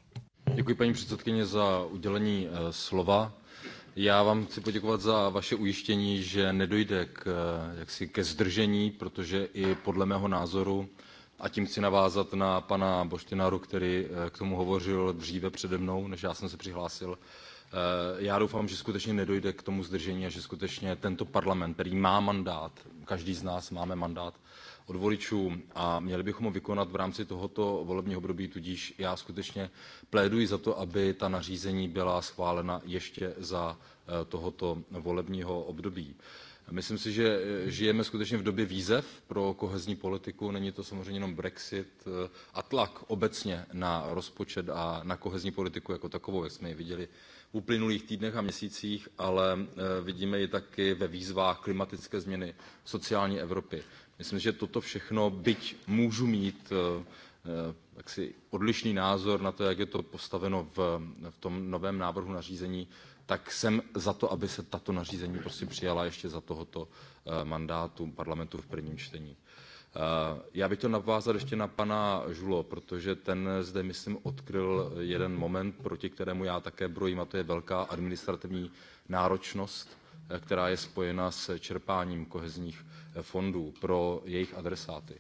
Děkuji paní předsedkyně za udělení eh, slova. Já vám chci poděkovat za vaše ujištění, že nedojde k, eh, jaksi ke zdržení, protože i podle mého názoru, a tím chci navázat na pana Boštinaru, který eh, k tomu hovořil dříve přede mnou, než já jsem se přihlásil, eh, já doufám, že skutečně nedojde k tomu zdržení a že skutečně tento parlament, který má mandát, každý z nás máme mandát, od voličů a měli bychom ho vykonat v rámci tohoto volebního období tudíž já skutečně pléduji za to aby ta nařízení byla schválena ještě za eh, tohoto volebního období. myslím si že eh, žijeme skutečně v době výzev pro kohezní politiku není to samozřejmě jenom brexit eh, a tlak obecně na rozpočet a na kohezní politiku jako takovou jak jsme ji viděli v uplynulých týdnech a měsících ale vidíme ji taky ve výzvách klimatické změny sociální evropy myslím že toto všechno byť můžu mít eh, eh, jaksi odlišný názor na to jak je to postaveno v, v tom novém návrhu nařízení tak jsem za to aby se tato nařízení prostě přijala ještě za tohoto eh, mandátu parlamentu v prvním čtení. já bych chtěl navázat ještě na pana Žulo, protože ten zde myslím odkryl jeden moment proti kterému já také brojím a to je velká administrativní náročnost která je spojena s čerpáním kohezních fondů pro jejich adresáty.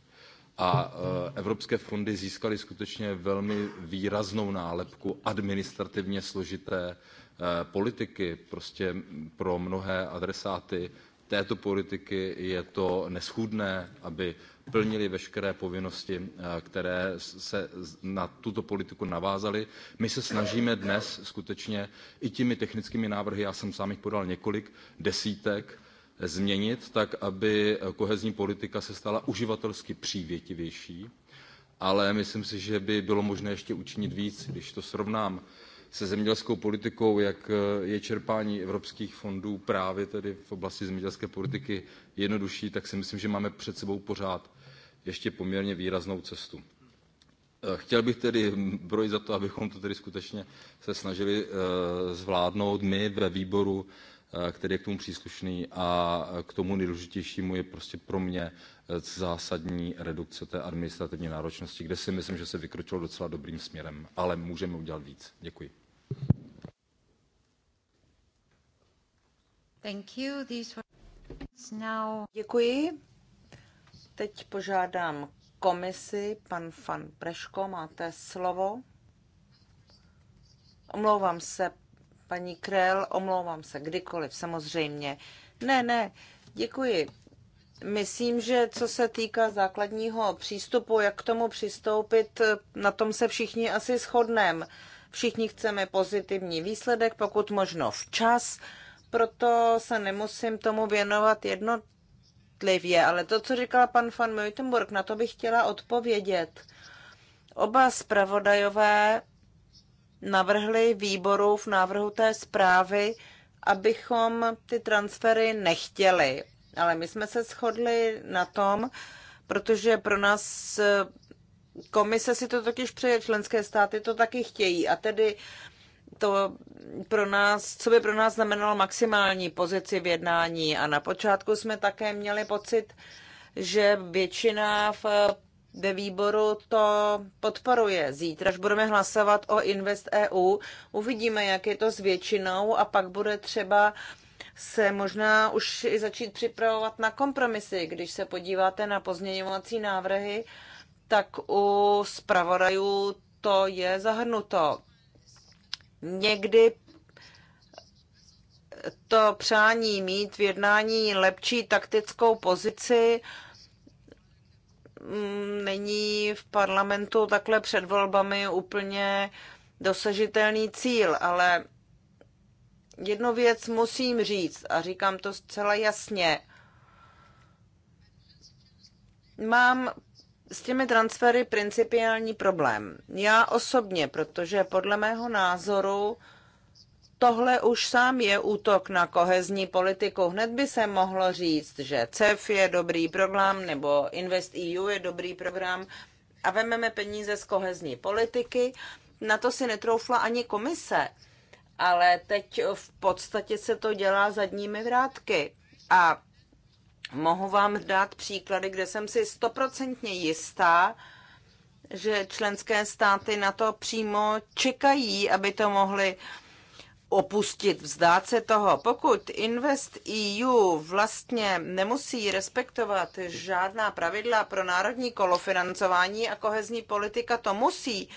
A eh, evropské fondy získaly skutečně velmi výraznou nálepku administrativně složité eh, politiky. Prostě pro mnohé adresáty této politiky je to neschůdné, aby plnili veškeré povinnosti, eh, které se na tuto politiku navázaly. My se snažíme dnes skutečně i těmi technickými návrhy, já jsem sám jich podal několik desítek, změnit tak aby kohezní politika se stala uživatelsky přívětivější ale myslím si že by bylo možné ještě učinit víc když to srovnám se zemědělskou politikou jak je čerpání evropských fondů právě tedy v oblasti zemědělské politiky jednodušší tak si myslím že máme před sebou pořád ještě poměrně výraznou cestu. Chtěl bych tedy brojit za to, abychom to tedy skutečně se snažili eh, zvládnout my ve výboru Eh, který je k tomu příslušný a eh, k tomu nejdůležitějšímu je prostě pro mě eh, zásadní redukce té administrativní náročnosti kde si myslím že se vykročilo docela dobrým směrem ale můžeme udělat víc. děkuji. Now... Děkuji. Teď požádám komisi, pan Fan Preško, máte slovo. Omlouvám se, Paní Krell, omlouvám se, kdykoliv, samozřejmě. Ne, ne, děkuji. Myslím, že co se týká základního přístupu, jak k tomu přistoupit, na tom se všichni asi shodneme. Všichni chceme pozitivní výsledek, pokud možno včas, proto se nemusím tomu věnovat jednotlivě. Ale to, co říkal pan van Meutenburg, na to bych chtěla odpovědět. Oba zpravodajové navrhli výboru v návrhu té zprávy, abychom ty transfery nechtěli. Ale my jsme se shodli na tom, protože pro nás eh, komise si to totiž přeje, členské státy to taky chtějí. A tedy to pro nás, co by pro nás znamenalo maximální pozici v jednání. A na počátku jsme také měli pocit, že většina v eh, ve výboru to podporuje. Zítra, až budeme hlasovat o Invest EU, uvidíme, jak je to s většinou a pak bude třeba se možná už i začít připravovat na kompromisy. Když se podíváte na pozměňovací návrhy, tak u zpravodajů to je zahrnuto. Někdy to přání mít v jednání lepší taktickou pozici Mm, není v parlamentu takhle před volbami úplně dosažitelný cíl, ale jednu věc musím říct a říkám to zcela jasně. Mám s těmi transfery principiální problém. Já osobně, protože podle mého názoru tohle už sám je útok na kohezní politiku. Hned by se mohlo říct, že CEF je dobrý program nebo Invest EU je dobrý program a vememe peníze z kohezní politiky. Na to si netroufla ani komise, ale teď v podstatě se to dělá zadními vrátky. A mohu vám dát příklady, kde jsem si stoprocentně jistá, že členské státy na to přímo čekají, aby to mohly opustit, vzdát se toho. Pokud Invest EU vlastně nemusí respektovat žádná pravidla pro národní kolofinancování a kohezní politika to musí,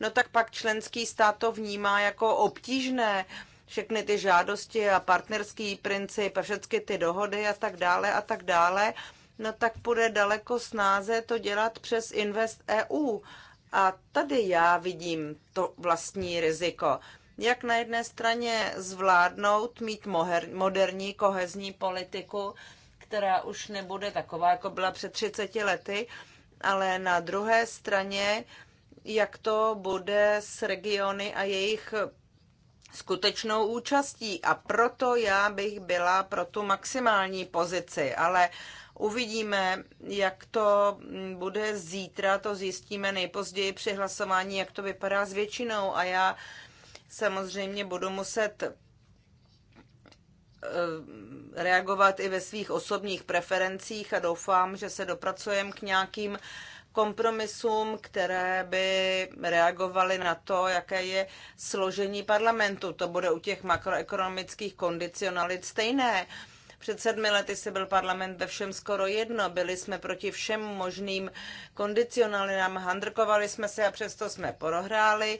no tak pak členský stát to vnímá jako obtížné všechny ty žádosti a partnerský princip a všechny ty dohody a tak dále a tak dále, no tak bude daleko snáze to dělat přes Invest EU. A tady já vidím to vlastní riziko jak na jedné straně zvládnout, mít moderní kohezní politiku, která už nebude taková, jako byla před 30 lety, ale na druhé straně, jak to bude s regiony a jejich skutečnou účastí. A proto já bych byla pro tu maximální pozici, ale uvidíme, jak to bude zítra, to zjistíme nejpozději při hlasování, jak to vypadá s většinou. A já samozřejmě budu muset eh, reagovat i ve svých osobních preferencích a doufám, že se dopracujeme k nějakým kompromisům, které by reagovaly na to, jaké je složení parlamentu. To bude u těch makroekonomických kondicionalit stejné. Před sedmi lety se byl parlament ve všem skoro jedno. Byli jsme proti všem možným kondicionalinám, handrkovali jsme se a přesto jsme prohráli.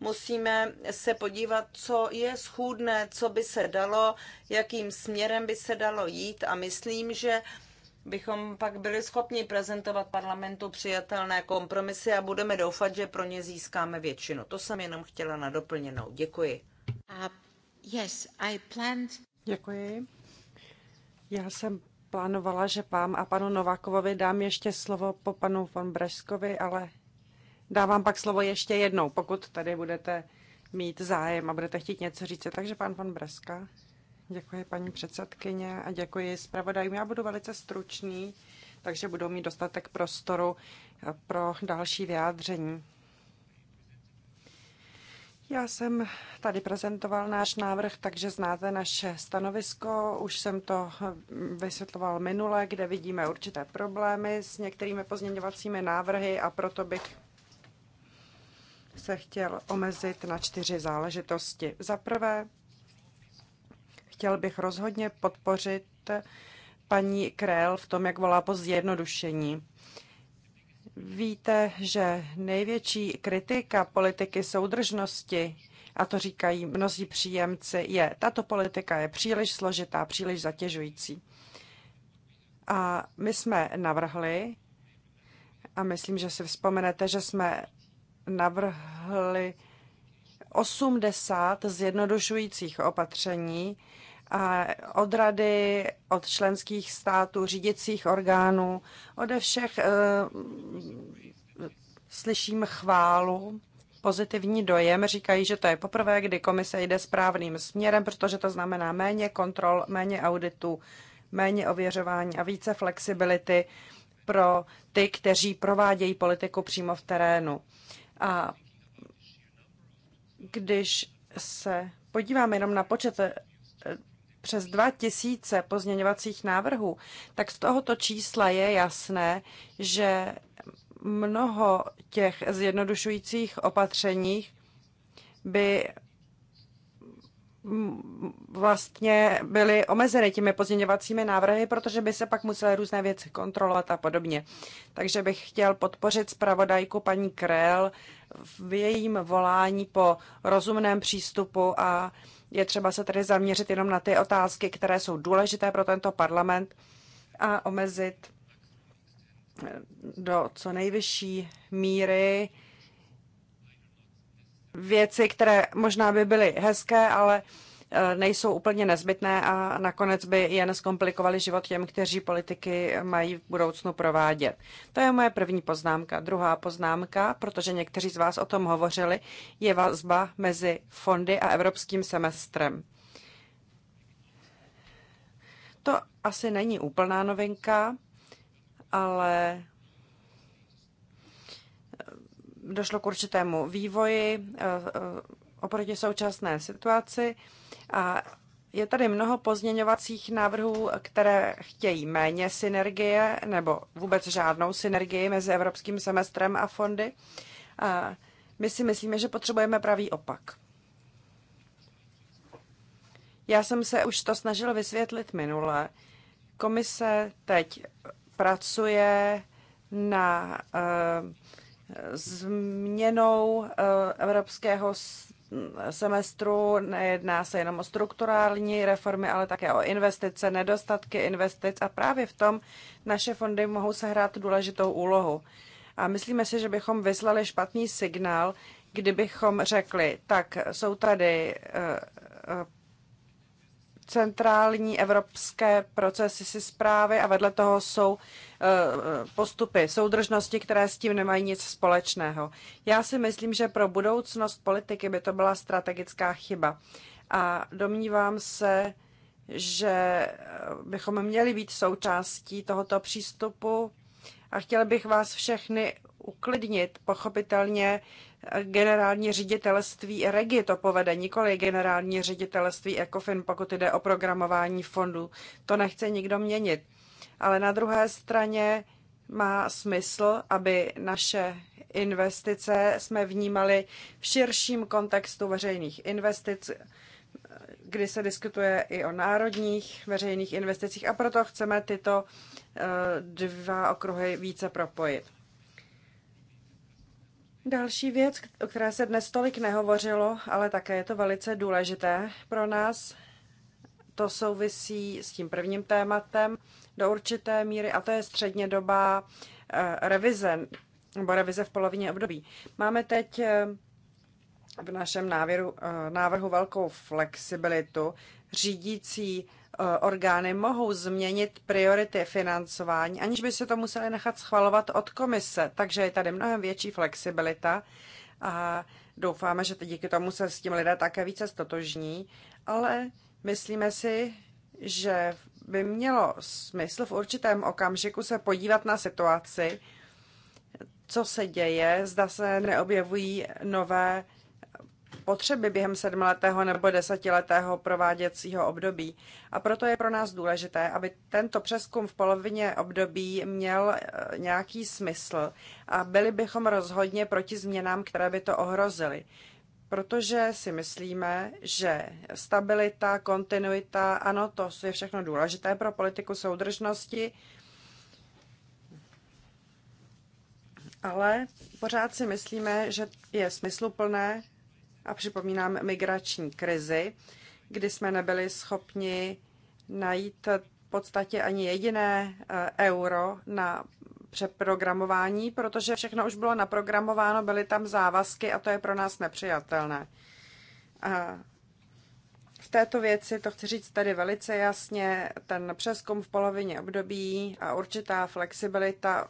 Musíme se podívat, co je schůdné, co by se dalo, jakým směrem by se dalo jít a myslím, že bychom pak byli schopni prezentovat parlamentu přijatelné kompromisy a budeme doufat, že pro ně získáme většinu. To jsem jenom chtěla na doplněnou. Děkuji. Uh, yes, I planned... Děkuji. Já jsem plánovala, že vám a panu Novákovovi dám ještě slovo po panu von Breskovi, ale Dávám pak slovo ještě jednou, pokud tady budete mít zájem a budete chtít něco říct. Takže pan von Breska. Děkuji paní předsedkyně a děkuji zpravodajům. Já budu velice stručný, takže budou mít dostatek prostoru pro další vyjádření. Já jsem tady prezentoval náš návrh, takže znáte naše stanovisko. Už jsem to vysvětloval minule, kde vidíme určité problémy s některými pozměňovacími návrhy a proto bych se chtěl omezit na čtyři záležitosti. Za prvé, chtěl bych rozhodně podpořit paní Krell v tom, jak volá po zjednodušení. Víte, že největší kritika politiky soudržnosti, a to říkají mnozí příjemci, je, tato politika je příliš složitá, příliš zatěžující. A my jsme navrhli, a myslím, že si vzpomenete, že jsme navrhli 80 zjednodušujících opatření a od rady, od členských států, řídicích orgánů, ode všech e, slyším chválu, pozitivní dojem. Říkají, že to je poprvé, kdy komise jde správným směrem, protože to znamená méně kontrol, méně auditů, méně ověřování a více flexibility pro ty, kteří provádějí politiku přímo v terénu. A když se podíváme jenom na počet eh, přes 2000 pozměňovacích návrhů, tak z tohoto čísla je jasné, že mnoho těch zjednodušujících opatřeních by vlastně byly omezeny těmi pozměňovacími návrhy, protože by se pak musely různé věci kontrolovat a podobně. Takže bych chtěl podpořit zpravodajku paní Krell v jejím volání po rozumném přístupu a je třeba se tedy zaměřit jenom na ty otázky, které jsou důležité pro tento parlament a omezit do co nejvyšší míry věci, které možná by byly hezké, ale e, nejsou úplně nezbytné a nakonec by jen zkomplikovali život těm, kteří politiky mají v budoucnu provádět. To je moje první poznámka. Druhá poznámka, protože někteří z vás o tom hovořili, je vazba mezi fondy a evropským semestrem. To asi není úplná novinka, ale došlo k určitému vývoji eh, eh, oproti současné situaci a je tady mnoho pozměňovacích návrhů, které chtějí méně synergie nebo vůbec žádnou synergii mezi evropským semestrem a fondy. A my si myslíme, že potřebujeme pravý opak. Já jsem se už to snažil vysvětlit minule. Komise teď pracuje na uh, změnou eh, evropského semestru nejedná se jenom o strukturální reformy, ale také o investice, nedostatky investic a právě v tom naše fondy mohou sehrát důležitou úlohu. A myslíme si, že bychom vyslali špatný signál, kdybychom řekli, tak jsou tady eh, eh, centrální evropské procesy si zprávy a vedle toho jsou eh, postupy soudržnosti, které s tím nemají nic společného. Já si myslím, že pro budoucnost politiky by to byla strategická chyba. A domnívám se, že bychom měli být součástí tohoto přístupu, a chtěla bych vás všechny uklidnit. Pochopitelně eh, generální ředitelství Regi to povede, nikoli generální ředitelství ECOFIN, pokud jde o programování fondů. To nechce nikdo měnit. Ale na druhé straně má smysl, aby naše investice jsme vnímali v širším kontextu veřejných investic, kdy se diskutuje i o národních veřejných investicích a proto chceme tyto eh, dva okruhy více propojit. Další věc, o které se dnes tolik nehovořilo, ale také je to velice důležité pro nás, to souvisí s tím prvním tématem do určité míry a to je střednědobá eh, revize nebo revize v polovině období. Máme teď eh, v našem návěru, eh, návrhu velkou flexibilitu. Řídící eh, orgány mohou změnit priority financování, aniž by se to museli nechat schvalovat od komise. Takže je tady mnohem větší flexibilita a doufáme, že díky tomu se s tím lidé také více stotožní, ale myslíme si, že by mělo smysl v určitém okamžiku se podívat na situaci, co se děje, zda se neobjevují nové potřeby během sedmiletého nebo desetiletého prováděcího období. A proto je pro nás důležité, aby tento přeskum v polovině období měl eh, nějaký smysl a byli bychom rozhodně proti změnám, které by to ohrozily. Protože si myslíme, že stabilita, kontinuita, ano, to je všechno důležité pro politiku soudržnosti, ale pořád si myslíme, že je smysluplné a připomínám migrační krizi, kdy jsme nebyli schopni najít v podstatě ani jediné eh, euro na přeprogramování, protože všechno už bylo naprogramováno, byly tam závazky a to je pro nás nepřijatelné. A v této věci, to chci říct tady velice jasně, ten přeskum v polovině období a určitá flexibilita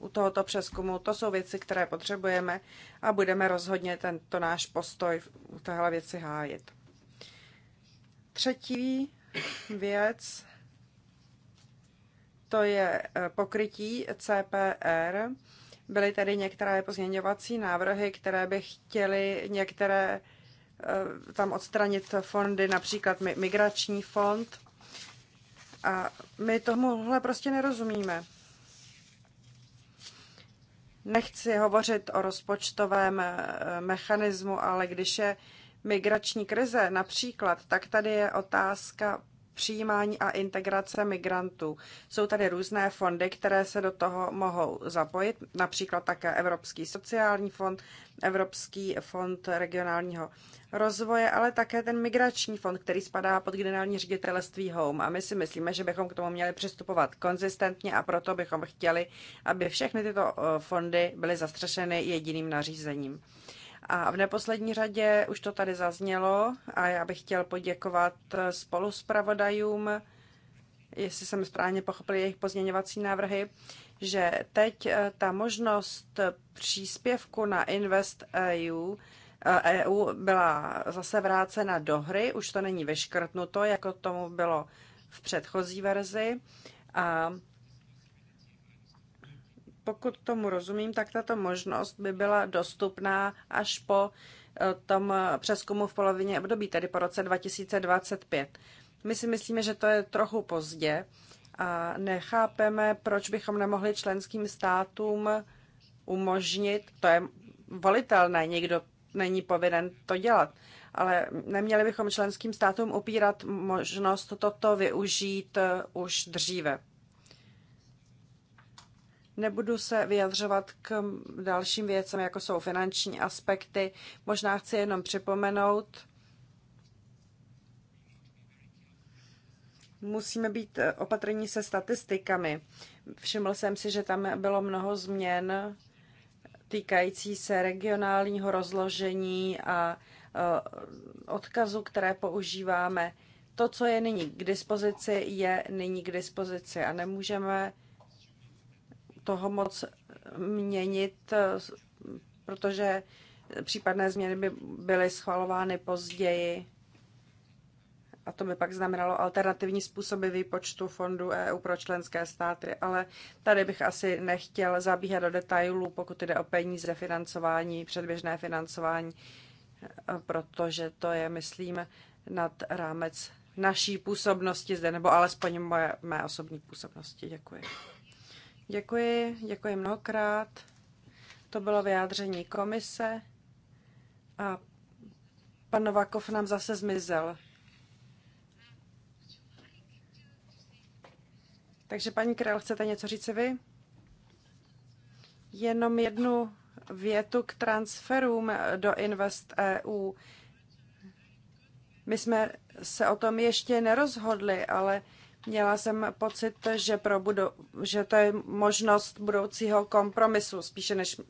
u tohoto přeskumu. To jsou věci, které potřebujeme a budeme rozhodně tento náš postoj u téhle věci hájit. Třetí věc, to je eh, pokrytí CPR. Byly tady některé pozměňovací návrhy, které by chtěly některé eh, tam odstranit fondy, například migrační fond. A my tomuhle prostě nerozumíme. Nechci hovořit o rozpočtovém eh, mechanismu, ale když je migrační krize například, tak tady je otázka přijímání a integrace migrantů. Jsou tady různé fondy, které se do toho mohou zapojit, například také Evropský sociální fond, Evropský fond regionálního rozvoje, ale také ten migrační fond, který spadá pod generální ředitelství Home. A my si myslíme, že bychom k tomu měli přistupovat konzistentně a proto bychom chtěli, aby všechny tyto eh, fondy byly zastřešeny jediným nařízením. A v neposlední řadě už to tady zaznělo a já bych chtěl poděkovat eh, spolu s pravodajům, jestli jsem správně pochopil jejich pozměňovací návrhy, že teď eh, ta možnost příspěvku na Invest EU EU eh, e byla zase vrácena do hry, už to není vyškrtnuto, jako tomu bylo v předchozí verzi. A pokud tomu rozumím, tak tato možnost by byla dostupná až po eh, tom eh, přeskumu v polovině období, tedy po roce 2025. My si myslíme, že to je trochu pozdě a nechápeme, proč bychom nemohli členským státům umožnit, to je volitelné, někdo není povinen to dělat, ale neměli bychom členským státům upírat možnost toto využít eh, už dříve. Nebudu se vyjadřovat k dalším věcem, jako jsou finanční aspekty. Možná chci jenom připomenout, musíme být opatrní se statistikami. Všiml jsem si, že tam bylo mnoho změn týkající se regionálního rozložení a e, odkazu, které používáme. To, co je nyní k dispozici, je nyní k dispozici a nemůžeme toho moc měnit, protože případné změny by byly schvalovány později. A to by pak znamenalo alternativní způsoby výpočtu fondu e EU pro členské státy. Ale tady bych asi nechtěl zabíhat do detailů, pokud jde o peníze, financování, předběžné financování, protože to je, myslím, nad rámec naší působnosti zde, nebo alespoň moje, mé osobní působnosti. Děkuji. Děkuji, děkuji mnohokrát. To bylo vyjádření komise a pan Novakov nám zase zmizel. Takže paní Král, chcete něco říci vy? Jenom jednu větu k transferům do Invest EU. My jsme se o tom ještě nerozhodli, ale Měla jsem pocit, že, pro budu, že to je možnost budoucího kompromisu, spíše než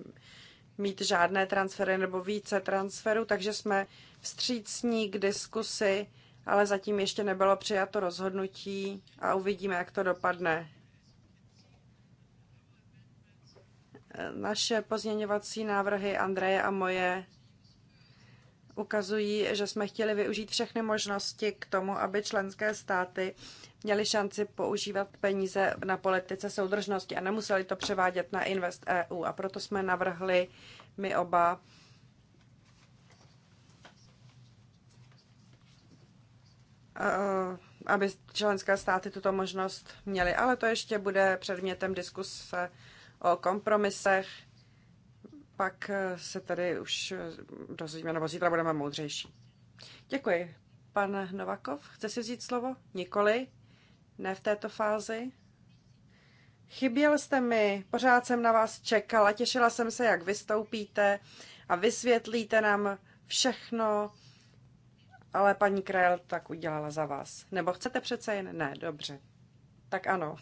mít žádné transfery nebo více transferů, takže jsme vstřícní k diskusi, ale zatím ještě nebylo přijato rozhodnutí a uvidíme, jak to dopadne. Naše pozměňovací návrhy Andreje a moje ukazují, že jsme chtěli využít všechny možnosti k tomu, aby členské státy měly šanci používat peníze na politice soudržnosti a nemuseli to převádět na Invest EU. A proto jsme navrhli my oba eh, aby členské státy tuto možnost měly. Ale to ještě bude předmětem diskuse o kompromisech pak eh, se tady už eh, dozvíme, nebo zítra budeme moudřejší. Děkuji. Pan Novakov, chce si vzít slovo? Nikoli? Ne v této fázi? Chyběl jste mi, pořád jsem na vás čekala, těšila jsem se, jak vystoupíte a vysvětlíte nám všechno, ale paní Krajel tak udělala za vás. Nebo chcete přece jen? Ne, dobře. Tak ano.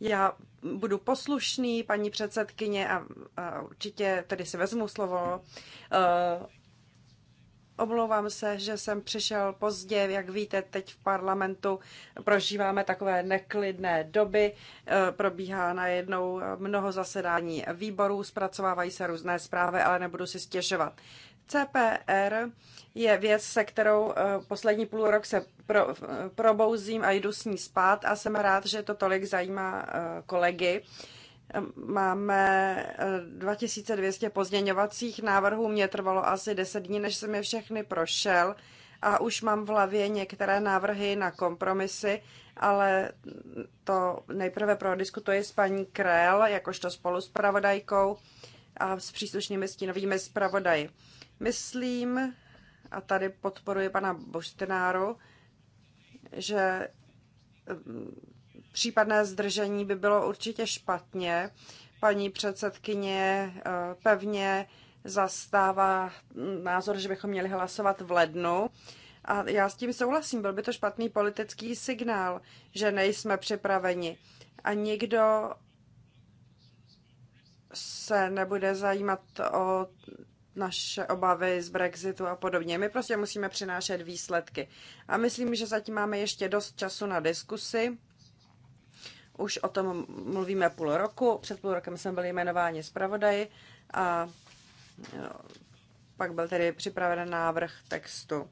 Já budu poslušný, paní předsedkyně, a, a určitě tedy si vezmu slovo. Uh, Omlouvám se, že jsem přišel pozdě. Jak víte, teď v parlamentu prožíváme takové neklidné doby. Eh, probíhá najednou mnoho zasedání výborů, zpracovávají se různé zprávy, ale nebudu si stěžovat. CPR je věc, se kterou eh, poslední půl rok se pro, eh, probouzím a jdu s ní spát a jsem rád, že to tolik zajímá eh, kolegy. Máme 2200 pozměňovacích návrhů, mě trvalo asi 10 dní, než jsem je všechny prošel a už mám v hlavě některé návrhy na kompromisy, ale to nejprve prodiskutuji s paní Krel, jakožto spolu s pravodajkou a s příslušnými stínovými zpravodaji. Myslím, a tady podporuje pana Boštenáru, že mm, případné zdržení by bylo určitě špatně. Paní předsedkyně eh, pevně zastává mm, názor, že bychom měli hlasovat v lednu. A já s tím souhlasím, byl by to špatný politický signál, že nejsme připraveni. A nikdo se nebude zajímat o naše obavy z Brexitu a podobně. My prostě musíme přinášet výsledky. A myslím, že zatím máme ještě dost času na diskusy. Už o tom mluvíme půl roku. Před půl rokem jsem byl jmenováni zpravodaji a pak byl tedy připraven návrh textu.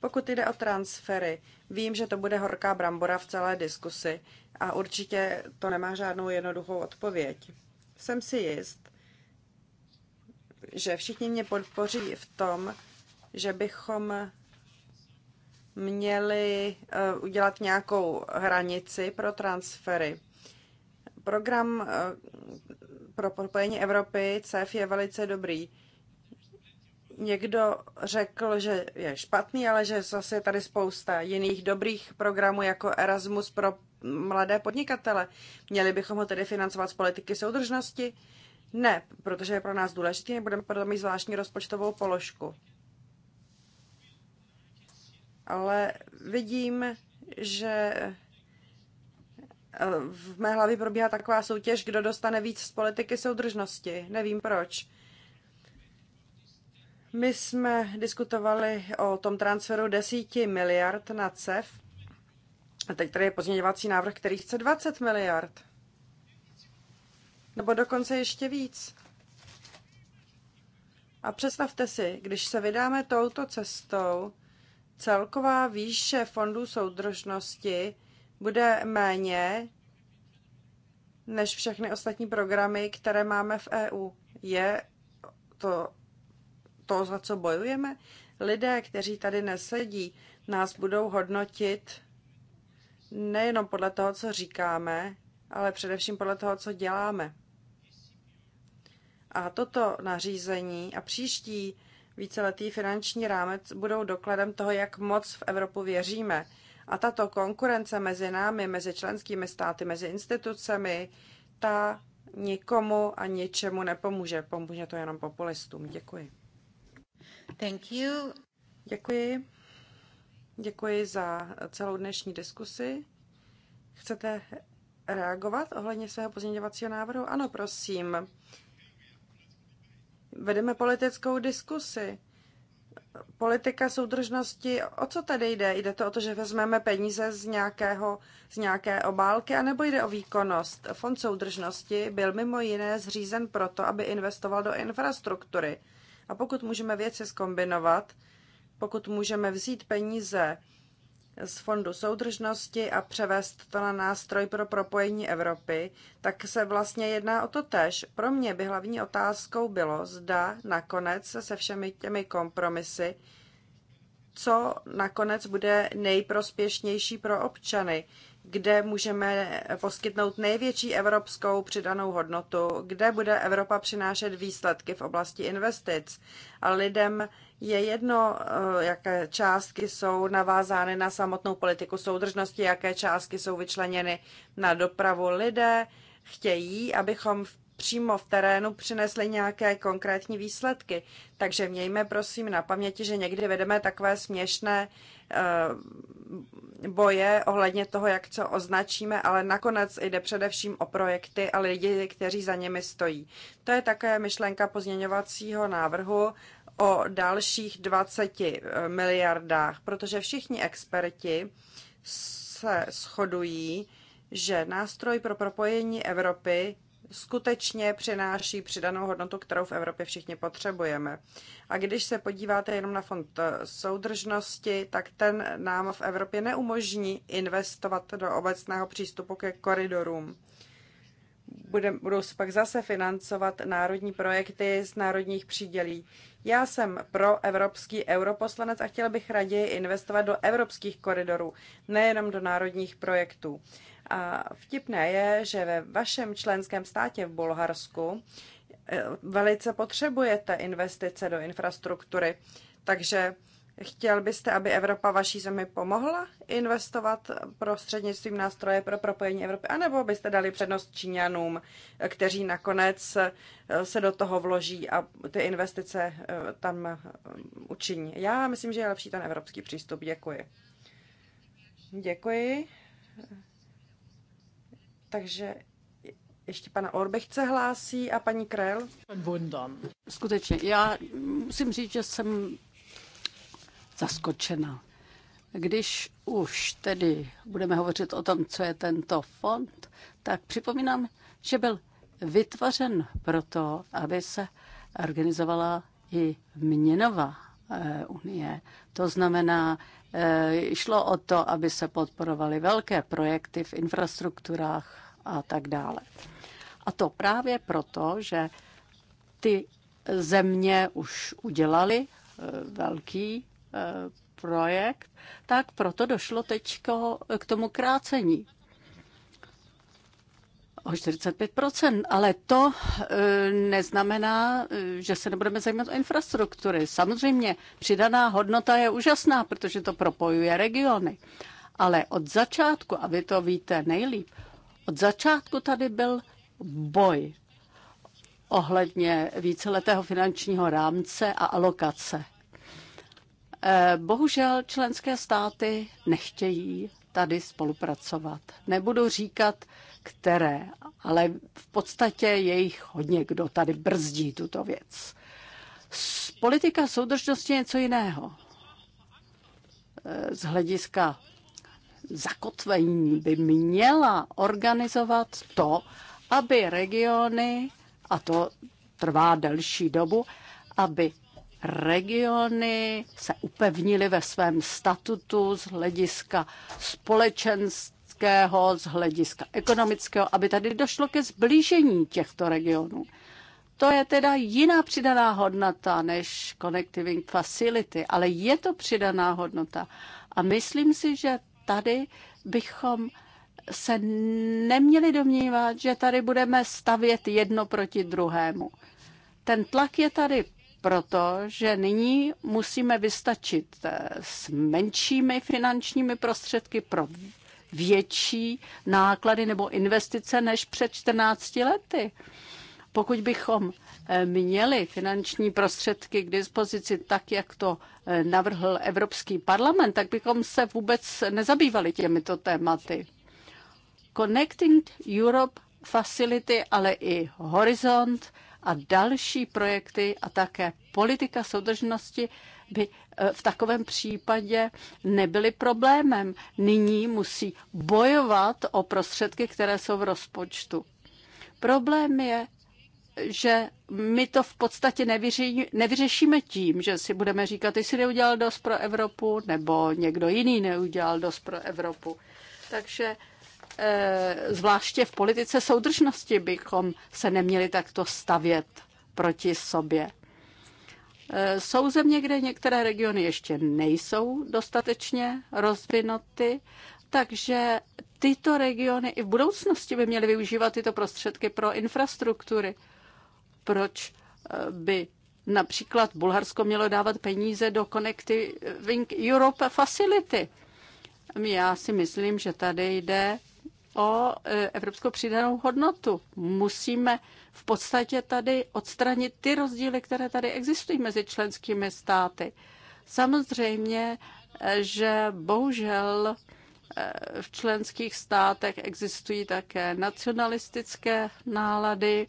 Pokud jde o transfery, vím, že to bude horká brambora v celé diskusi a určitě to nemá žádnou jednoduchou odpověď. Jsem si jist, že všichni mě podpoří v tom, že bychom měli eh, udělat nějakou hranici pro transfery. Program eh, pro propojení Evropy CEF je velice dobrý. Někdo řekl, že je špatný, ale že zase je tady spousta jiných dobrých programů jako Erasmus pro mladé podnikatele. Měli bychom ho tedy financovat z politiky soudržnosti. Ne, protože je pro nás důležitý, nebudeme proto mít zvláštní rozpočtovou položku. Ale vidím, že eh, v mé hlavě probíhá taková soutěž, kdo dostane víc z politiky soudržnosti. Nevím proč. My jsme diskutovali o tom transferu 10 miliard na CEF. A teď tady je pozměňovací návrh, který chce 20 miliard nebo dokonce ještě víc. A představte si, když se vydáme touto cestou, celková výše fondů soudržnosti bude méně než všechny ostatní programy, které máme v EU. Je to to, za co bojujeme? Lidé, kteří tady nesedí, nás budou hodnotit nejenom podle toho, co říkáme, ale především podle toho, co děláme. A toto nařízení a příští víceletý finanční rámec budou dokladem toho, jak moc v Evropu věříme. A tato konkurence mezi námi, mezi členskými státy, mezi institucemi, ta nikomu a ničemu nepomůže. Pomůže to jenom populistům. Děkuji. Thank you. Děkuji. Děkuji za celou dnešní diskusi. Chcete reagovat ohledně svého pozměňovacího návrhu? Ano, prosím. Vedeme politickou diskusi. Politika soudržnosti, o co tady jde? Jde to o to, že vezmeme peníze z, nějakého, z nějaké obálky, anebo jde o výkonnost? Fond soudržnosti byl mimo jiné zřízen proto, aby investoval do infrastruktury. A pokud můžeme věci skombinovat, pokud můžeme vzít peníze z Fondu soudržnosti a převést to na nástroj pro propojení Evropy, tak se vlastně jedná o to tež. Pro mě by hlavní otázkou bylo, zda nakonec se všemi těmi kompromisy, co nakonec bude nejprospěšnější pro občany kde můžeme poskytnout největší evropskou přidanou hodnotu, kde bude Evropa přinášet výsledky v oblasti investic. A lidem je jedno, eh, jaké částky jsou navázány na samotnou politiku soudržnosti, jaké částky jsou vyčleněny na dopravu lidé. Chtějí, abychom v přímo v terénu přinesly nějaké konkrétní výsledky. Takže mějme prosím na paměti, že někdy vedeme takové směšné eh, boje ohledně toho, jak co označíme, ale nakonec jde především o projekty a lidi, kteří za nimi stojí. To je také myšlenka pozměňovacího návrhu o dalších 20 eh, miliardách, protože všichni experti se shodují, že nástroj pro propojení Evropy skutečně přináší přidanou hodnotu, kterou v Evropě všichni potřebujeme. A když se podíváte jenom na fond eh, soudržnosti, tak ten nám v Evropě neumožní investovat do obecného přístupu ke koridorům. Budou se pak zase financovat národní projekty z národních přídělí. Já jsem pro evropský europoslanec a chtěl bych raději investovat do evropských koridorů, nejenom do národních projektů. A vtipné je, že ve vašem členském státě v Bulharsku eh, velice potřebujete investice do infrastruktury. Takže chtěl byste, aby Evropa vaší zemi pomohla investovat prostřednictvím nástroje pro propojení Evropy, anebo byste dali přednost Číňanům, kteří nakonec eh, se do toho vloží a ty investice eh, tam učiní. Já myslím, že je lepší ten evropský přístup. Děkuji. Děkuji. Takže ještě pana Orbech se hlásí a paní Krel. Skutečně, já musím říct, že jsem zaskočena. Když už tedy budeme hovořit o tom, co je tento fond, tak připomínám, že byl vytvořen proto, aby se organizovala i měnová eh, unie. To znamená, eh, šlo o to, aby se podporovaly velké projekty v infrastrukturách, a tak dále. A to právě proto, že ty země už udělali eh, velký eh, projekt, tak proto došlo teď k tomu krácení o 45%, ale to eh, neznamená, že se nebudeme zajímat o infrastruktury. Samozřejmě přidaná hodnota je úžasná, protože to propojuje regiony. Ale od začátku, a vy to víte nejlíp, od začátku tady byl boj ohledně víceletého finančního rámce a alokace. Eh, bohužel členské státy nechtějí tady spolupracovat. Nebudu říkat, které, ale v podstatě je jich hodně, kdo tady brzdí tuto věc. Politika soudržnosti je něco jiného. Eh, z hlediska zakotvení by měla organizovat to, aby regiony, a to trvá delší dobu, aby regiony se upevnily ve svém statutu z hlediska společenského, z hlediska ekonomického, aby tady došlo ke zblížení těchto regionů. To je teda jiná přidaná hodnota než Connecting Facility, ale je to přidaná hodnota. A myslím si, že tady bychom se neměli domnívat, že tady budeme stavět jedno proti druhému. Ten tlak je tady proto, že nyní musíme vystačit eh, s menšími finančními prostředky pro větší náklady nebo investice než před 14 lety. Pokud bychom eh, měli finanční prostředky k dispozici tak, jak to eh, navrhl Evropský parlament, tak bychom se vůbec nezabývali těmito tématy. Connecting Europe Facility, ale i Horizont a další projekty a také politika soudržnosti by eh, v takovém případě nebyly problémem. Nyní musí bojovat o prostředky, které jsou v rozpočtu. Problém je že my to v podstatě nevyři, nevyřešíme tím, že si budeme říkat, ty neudělal dost pro Evropu, nebo někdo jiný neudělal dost pro Evropu. Takže eh, zvláště v politice soudržnosti bychom se neměli takto stavět proti sobě. Eh, jsou země, kde některé regiony ještě nejsou dostatečně rozvinuty, takže tyto regiony i v budoucnosti by měly využívat tyto prostředky pro infrastruktury proč eh, by například Bulharsko mělo dávat peníze do Connecting Europe Facility. Já si myslím, že tady jde o eh, evropskou přidanou hodnotu. Musíme v podstatě tady odstranit ty rozdíly, které tady existují mezi členskými státy. Samozřejmě, eh, že bohužel Eh, v členských státech existují také nacionalistické nálady,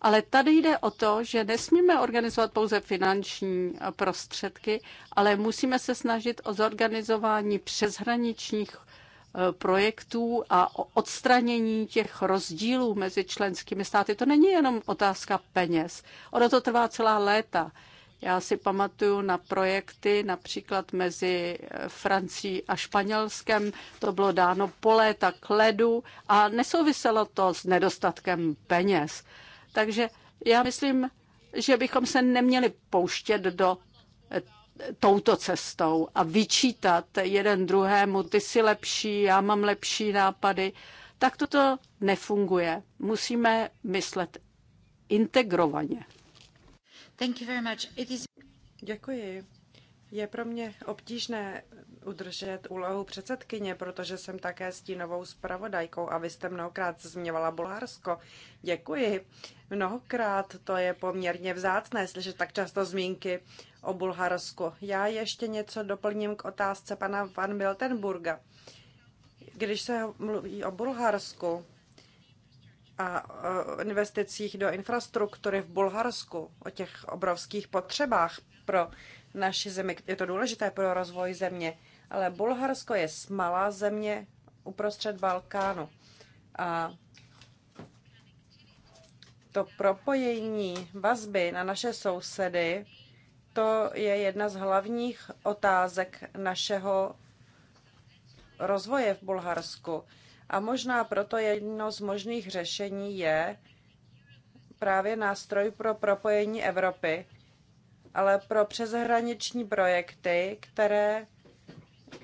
ale tady jde o to, že nesmíme organizovat pouze finanční eh, prostředky, ale musíme se snažit o zorganizování přeshraničních eh, projektů a o odstranění těch rozdílů mezi členskými státy. To není jenom otázka peněz. Ono to trvá celá léta. Já si pamatuju na projekty například mezi Francií a Španělskem. To bylo dáno po léta k ledu a nesouviselo to s nedostatkem peněz. Takže já myslím, že bychom se neměli pouštět do touto cestou a vyčítat jeden druhému, ty jsi lepší, já mám lepší nápady, tak toto nefunguje. Musíme myslet integrovaně. Děkuji. Je pro mě obtížné udržet úlohu předsedkyně, protože jsem také stínovou zpravodajkou a vy jste mnohokrát zmiňovala Bulharsko. Děkuji. Mnohokrát to je poměrně vzácné slyšet tak často zmínky o Bulharsku. Já ještě něco doplním k otázce pana Van Miltenburga. Když se mluví o Bulharsku, a o e, investicích do infrastruktury v Bulharsku, o těch obrovských potřebách pro naši zemi. Je to důležité pro rozvoj země, ale Bulharsko je malá země uprostřed Balkánu. A to propojení vazby na naše sousedy, to je jedna z hlavních otázek našeho rozvoje v Bulharsku. A možná proto jedno z možných řešení je právě nástroj pro propojení Evropy, ale pro přeshraniční projekty, které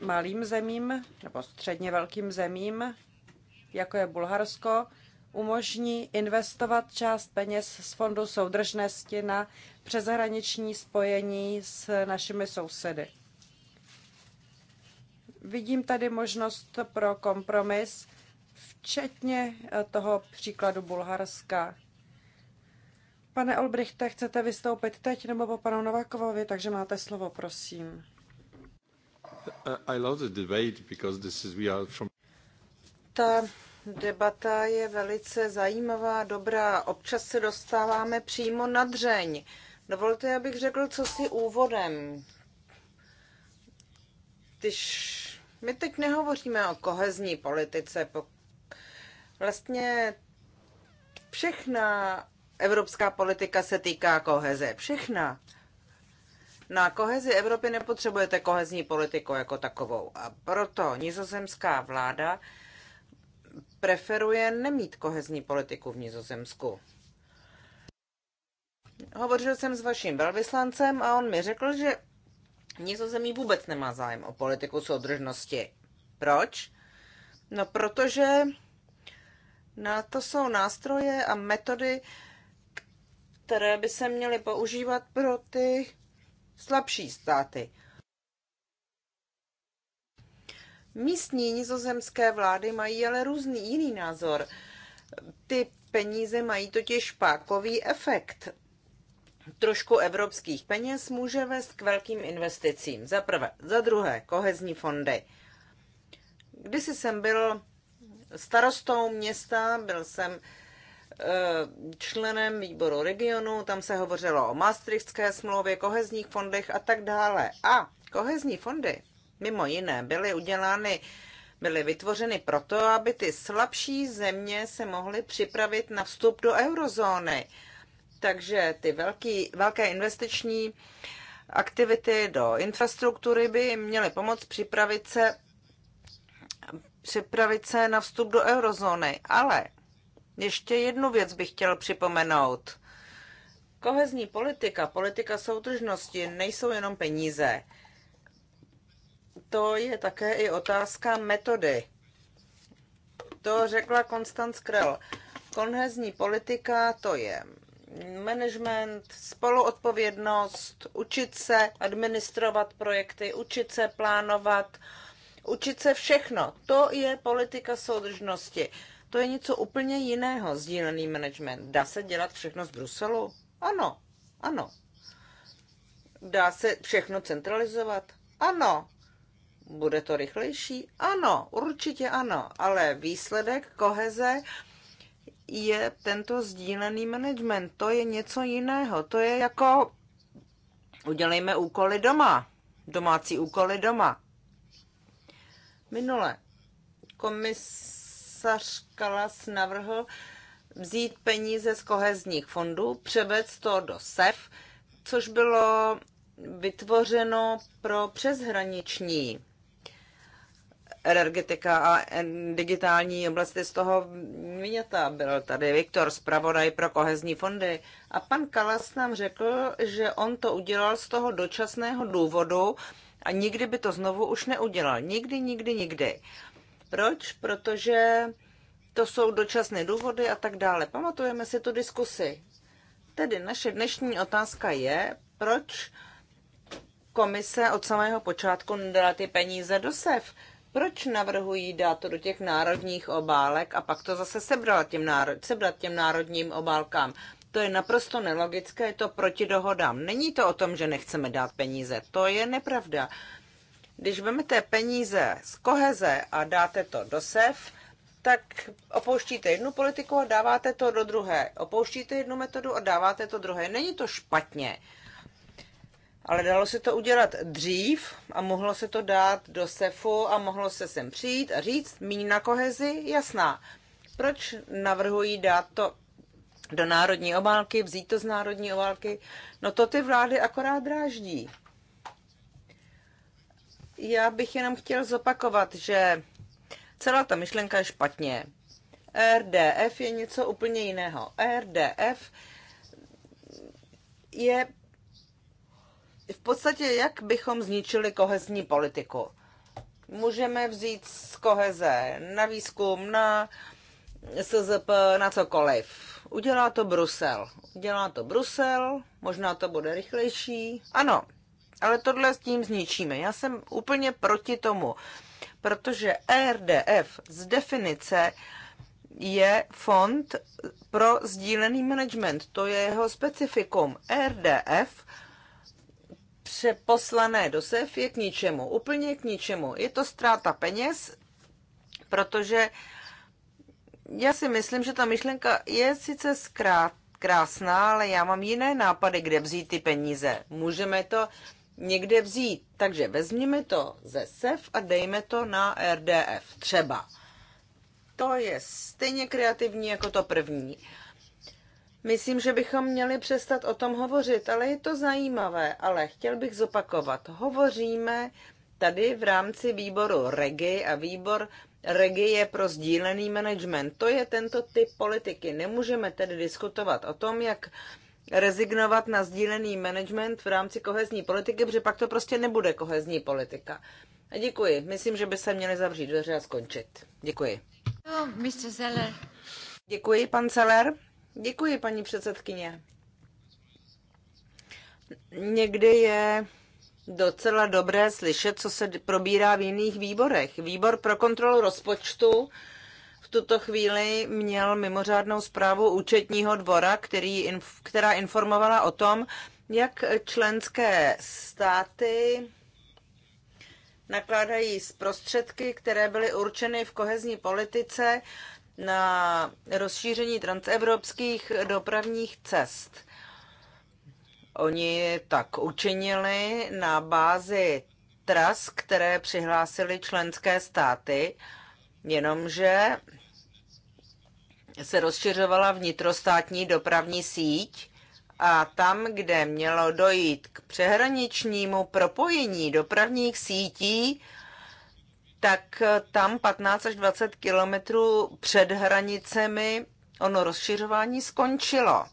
malým zemím nebo středně velkým zemím, jako je Bulharsko, umožní investovat část peněz z Fondu soudržnosti na přeshraniční spojení s našimi sousedy. Vidím tady možnost pro kompromis, včetně eh, toho příkladu Bulharska. Pane Olbrichte, chcete vystoupit teď nebo po panu Novakovovi, takže máte slovo, prosím. I love the debate because this is we are from... Ta debata je velice zajímavá, dobrá. Občas se dostáváme přímo na dřeň. Dovolte, abych řekl, co si úvodem. Když my teď nehovoříme o kohezní politice, Vlastně všechna evropská politika se týká koheze. Všechna. Na kohezi Evropy nepotřebujete kohezní politiku jako takovou. A proto nizozemská vláda preferuje nemít kohezní politiku v Nizozemsku. Hovořil jsem s vaším velvyslancem a on mi řekl, že Nizozemí vůbec nemá zájem o politiku soudržnosti. Proč? No protože na to jsou nástroje a metody, které by se měly používat pro ty slabší státy. Místní nizozemské vlády mají ale různý jiný názor. Ty peníze mají totiž pákový efekt. Trošku evropských peněz může vést k velkým investicím. Za prvé. Za druhé, kohezní fondy. Kdysi jsem byl starostou města, byl jsem e, členem výboru regionu, tam se hovořilo o Maastrichtské smlouvě, kohezních fondech a tak dále. A kohezní fondy, mimo jiné, byly udělány, byly vytvořeny proto, aby ty slabší země se mohly připravit na vstup do eurozóny. Takže ty velký, velké investiční aktivity do infrastruktury by měly pomoct připravit se připravit se na vstup do eurozóny. Ale ještě jednu věc bych chtěl připomenout. Kohezní politika, politika soudržnosti nejsou jenom peníze. To je také i otázka metody. To řekla Konstanc Krell. Kohezní politika to je management, spoluodpovědnost, učit se administrovat projekty, učit se plánovat, Učit se všechno. To je politika soudržnosti. To je něco úplně jiného, sdílený management. Dá se dělat všechno z Bruselu? Ano, ano. Dá se všechno centralizovat? Ano. Bude to rychlejší? Ano, určitě ano. Ale výsledek koheze je tento sdílený management. To je něco jiného. To je jako udělejme úkoly doma. Domácí úkoly doma. Minule komisař Kalas navrhl vzít peníze z kohezních fondů, převést to do SEF, což bylo vytvořeno pro přeshraniční energetika a digitální oblasti z toho vyněta. Byl tady Viktor, zpravodaj pro kohezní fondy. A pan Kalas nám řekl, že on to udělal z toho dočasného důvodu, a nikdy by to znovu už neudělal. Nikdy, nikdy, nikdy. Proč? Protože to jsou dočasné důvody a tak dále. Pamatujeme si tu diskusi. Tedy naše dnešní otázka je, proč komise od samého počátku nedala ty peníze do SEF? Proč navrhují dát to do těch národních obálek a pak to zase sebrat těm, náro- sebrat těm národním obálkám? To je naprosto nelogické, je to proti dohodám. Není to o tom, že nechceme dát peníze, to je nepravda. Když vezmete peníze z koheze a dáte to do SEF, tak opouštíte jednu politiku a dáváte to do druhé. Opouštíte jednu metodu a dáváte to druhé. Není to špatně, ale dalo se to udělat dřív a mohlo se to dát do SEFu a mohlo se sem přijít a říct, míň na kohezi, jasná. Proč navrhuji dát to do národní obálky, vzít to z národní obálky, no to ty vlády akorát dráždí. Já bych jenom chtěl zopakovat, že celá ta myšlenka je špatně. RDF je něco úplně jiného. RDF je v podstatě, jak bychom zničili kohezní politiku. Můžeme vzít z koheze na výzkum, na SZP, na cokoliv Udělá to Brusel. Udělá to Brusel, možná to bude rychlejší. Ano, ale tohle s tím zničíme. Já jsem úplně proti tomu, protože RDF z definice je fond pro sdílený management. To je jeho specifikum. RDF přeposlané do SEF je k ničemu, úplně k ničemu. Je to ztráta peněz, protože uh, já si myslím, že ta myšlenka je sice zkrát, krásná, ale já mám jiné nápady, kde vzít ty peníze. Můžeme to někde vzít. Takže vezměme to ze SEF a dejme to na RDF třeba. To je stejně kreativní jako to první. Myslím, že bychom měli přestat o tom hovořit, ale je to zajímavé. Ale chtěl bych zopakovat. Hovoříme tady v rámci výboru REGI a výbor Regie je pro sdílený management. To je tento typ politiky. Nemůžeme tedy diskutovat o tom, jak rezignovat na sdílený management v rámci kohezní politiky, protože pak to prostě nebude kohezní politika. A děkuji. Myslím, že by se měly zavřít dveře a skončit. Děkuji. No, Mr. Zeller. Děkuji, pan Zeller. Děkuji, paní předsedkyně. Někdy je docela dobré slyšet, co se probírá v jiných výborech. Výbor pro kontrolu rozpočtu v tuto chvíli měl mimořádnou zprávu účetního dvora, který, která informovala o tom, jak členské státy nakládají z prostředky, které byly určeny v kohezní politice na rozšíření transevropských dopravních cest. Oni tak učinili na bázi tras, které přihlásili členské státy, jenomže se rozšiřovala vnitrostátní dopravní síť a tam, kde mělo dojít k přehraničnímu propojení dopravních sítí, tak tam 15 až 20 kilometrů před hranicemi ono rozšiřování skončilo.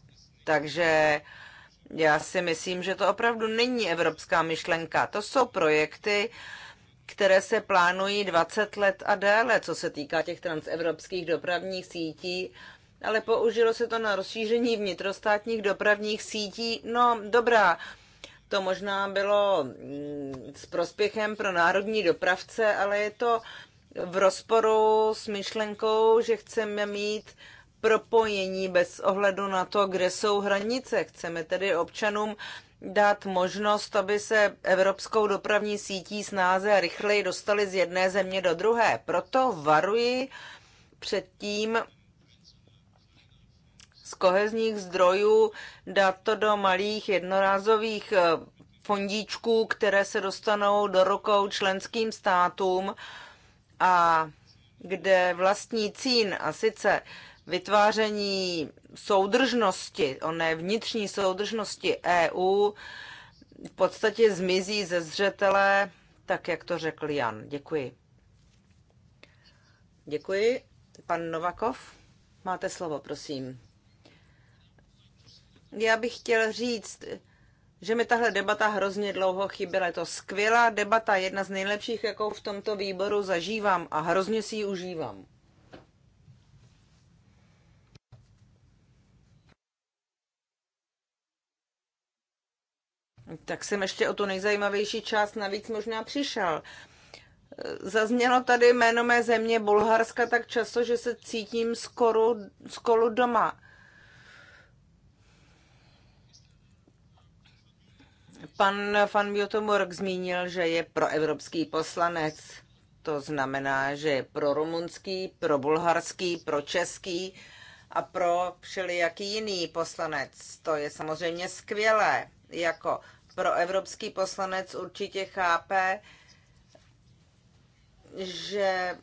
Takže já si myslím, že to opravdu není evropská myšlenka. To jsou projekty, které se plánují 20 let a déle, co se týká těch transevropských dopravních sítí, ale použilo se to na rozšíření vnitrostátních dopravních sítí. No, dobrá, to možná bylo mm, s prospěchem pro národní dopravce, ale je to v rozporu s myšlenkou, že chceme mít propojení bez ohledu na to, kde jsou hranice. Chceme tedy občanům dát možnost, aby se evropskou dopravní sítí snáze a rychleji dostali z jedné země do druhé. Proto varuji před tím z kohezních zdrojů dát to do malých jednorázových eh, fondíčků, které se dostanou do rukou členským státům a kde vlastní cín a sice vytváření soudržnosti, oné vnitřní soudržnosti EU, v podstatě zmizí ze zřetele, tak jak to řekl Jan. Děkuji. Děkuji. Pan Novakov, máte slovo, prosím. Já bych chtěl říct, že mi tahle debata hrozně dlouho chyběla. Je to skvělá debata, jedna z nejlepších, jakou v tomto výboru zažívám a hrozně si ji užívám. Tak jsem ještě o tu nejzajímavější část navíc možná přišel. Zaznělo tady jméno mé země Bulharska tak často, že se cítím skoro, skoro doma. Pan Van Biotomorg zmínil, že je proevropský poslanec. To znamená, že je pro rumunský, pro bulharský, pro český a pro všelijaký jiný poslanec. To je samozřejmě skvělé. Jako pro evropský poslanec určitě chápe, že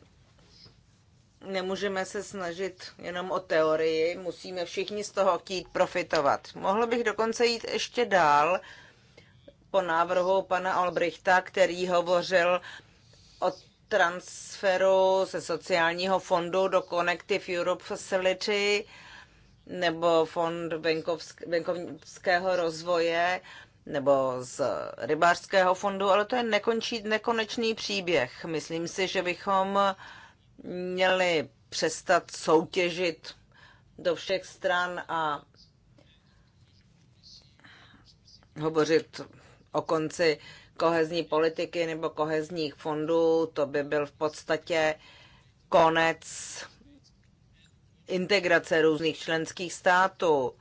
nemůžeme se snažit jenom o teorii, musíme všichni z toho chtít profitovat. Mohl bych dokonce jít ještě dál po návrhu pana Albrichta, který hovořil o transferu ze sociálního fondu do Connective Europe Facility nebo fond venkovského rozvoje nebo z rybářského fondu, ale to je nekončí, nekonečný příběh. Myslím si, že bychom měli přestat soutěžit do všech stran a hovořit o konci kohezní politiky nebo kohezních fondů, to by byl v podstatě konec integrace různých členských států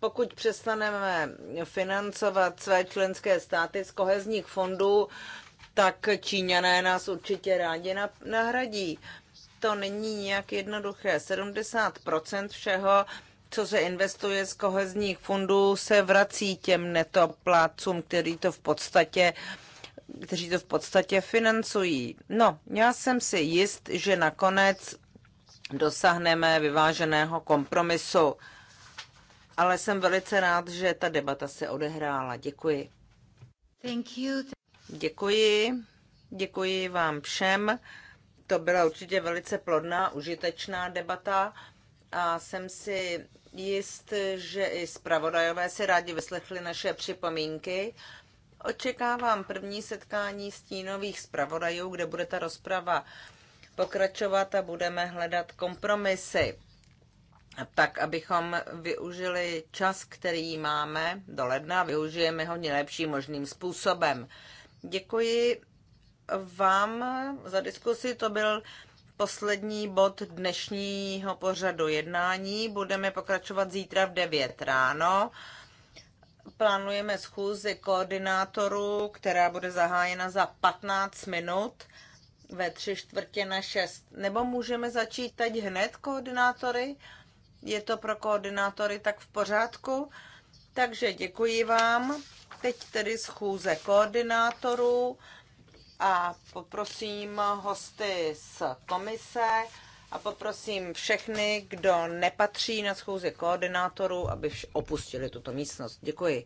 pokud přestaneme financovat své členské státy z kohezních fondů, tak Číňané nás určitě rádi nahradí. To není nějak jednoduché. 70% všeho, co se investuje z kohezních fondů, se vrací těm netoplácům, který to v podstatě kteří to v podstatě financují. No, já jsem si jist, že nakonec dosáhneme vyváženého kompromisu ale jsem velice rád, že ta debata se odehrála. Děkuji. Thank you. Děkuji. Děkuji vám všem. To byla určitě velice plodná, užitečná debata a jsem si jist, že i zpravodajové si rádi vyslechli naše připomínky. Očekávám první setkání stínových zpravodajů, kde bude ta rozprava pokračovat a budeme hledat kompromisy tak abychom využili čas, který máme do ledna, využijeme ho nejlepším možným způsobem. Děkuji vám za diskusi, to byl poslední bod dnešního pořadu jednání. Budeme pokračovat zítra v 9 ráno. Plánujeme schůzi koordinátorů, která bude zahájena za 15 minut ve tři čtvrtě na 6. Nebo můžeme začít teď hned koordinátory? je to pro koordinátory tak v pořádku. Takže děkuji vám. Teď tedy schůze koordinátorů a poprosím hosty z komise a poprosím všechny, kdo nepatří na schůzi koordinátorů, aby opustili tuto místnost. Děkuji.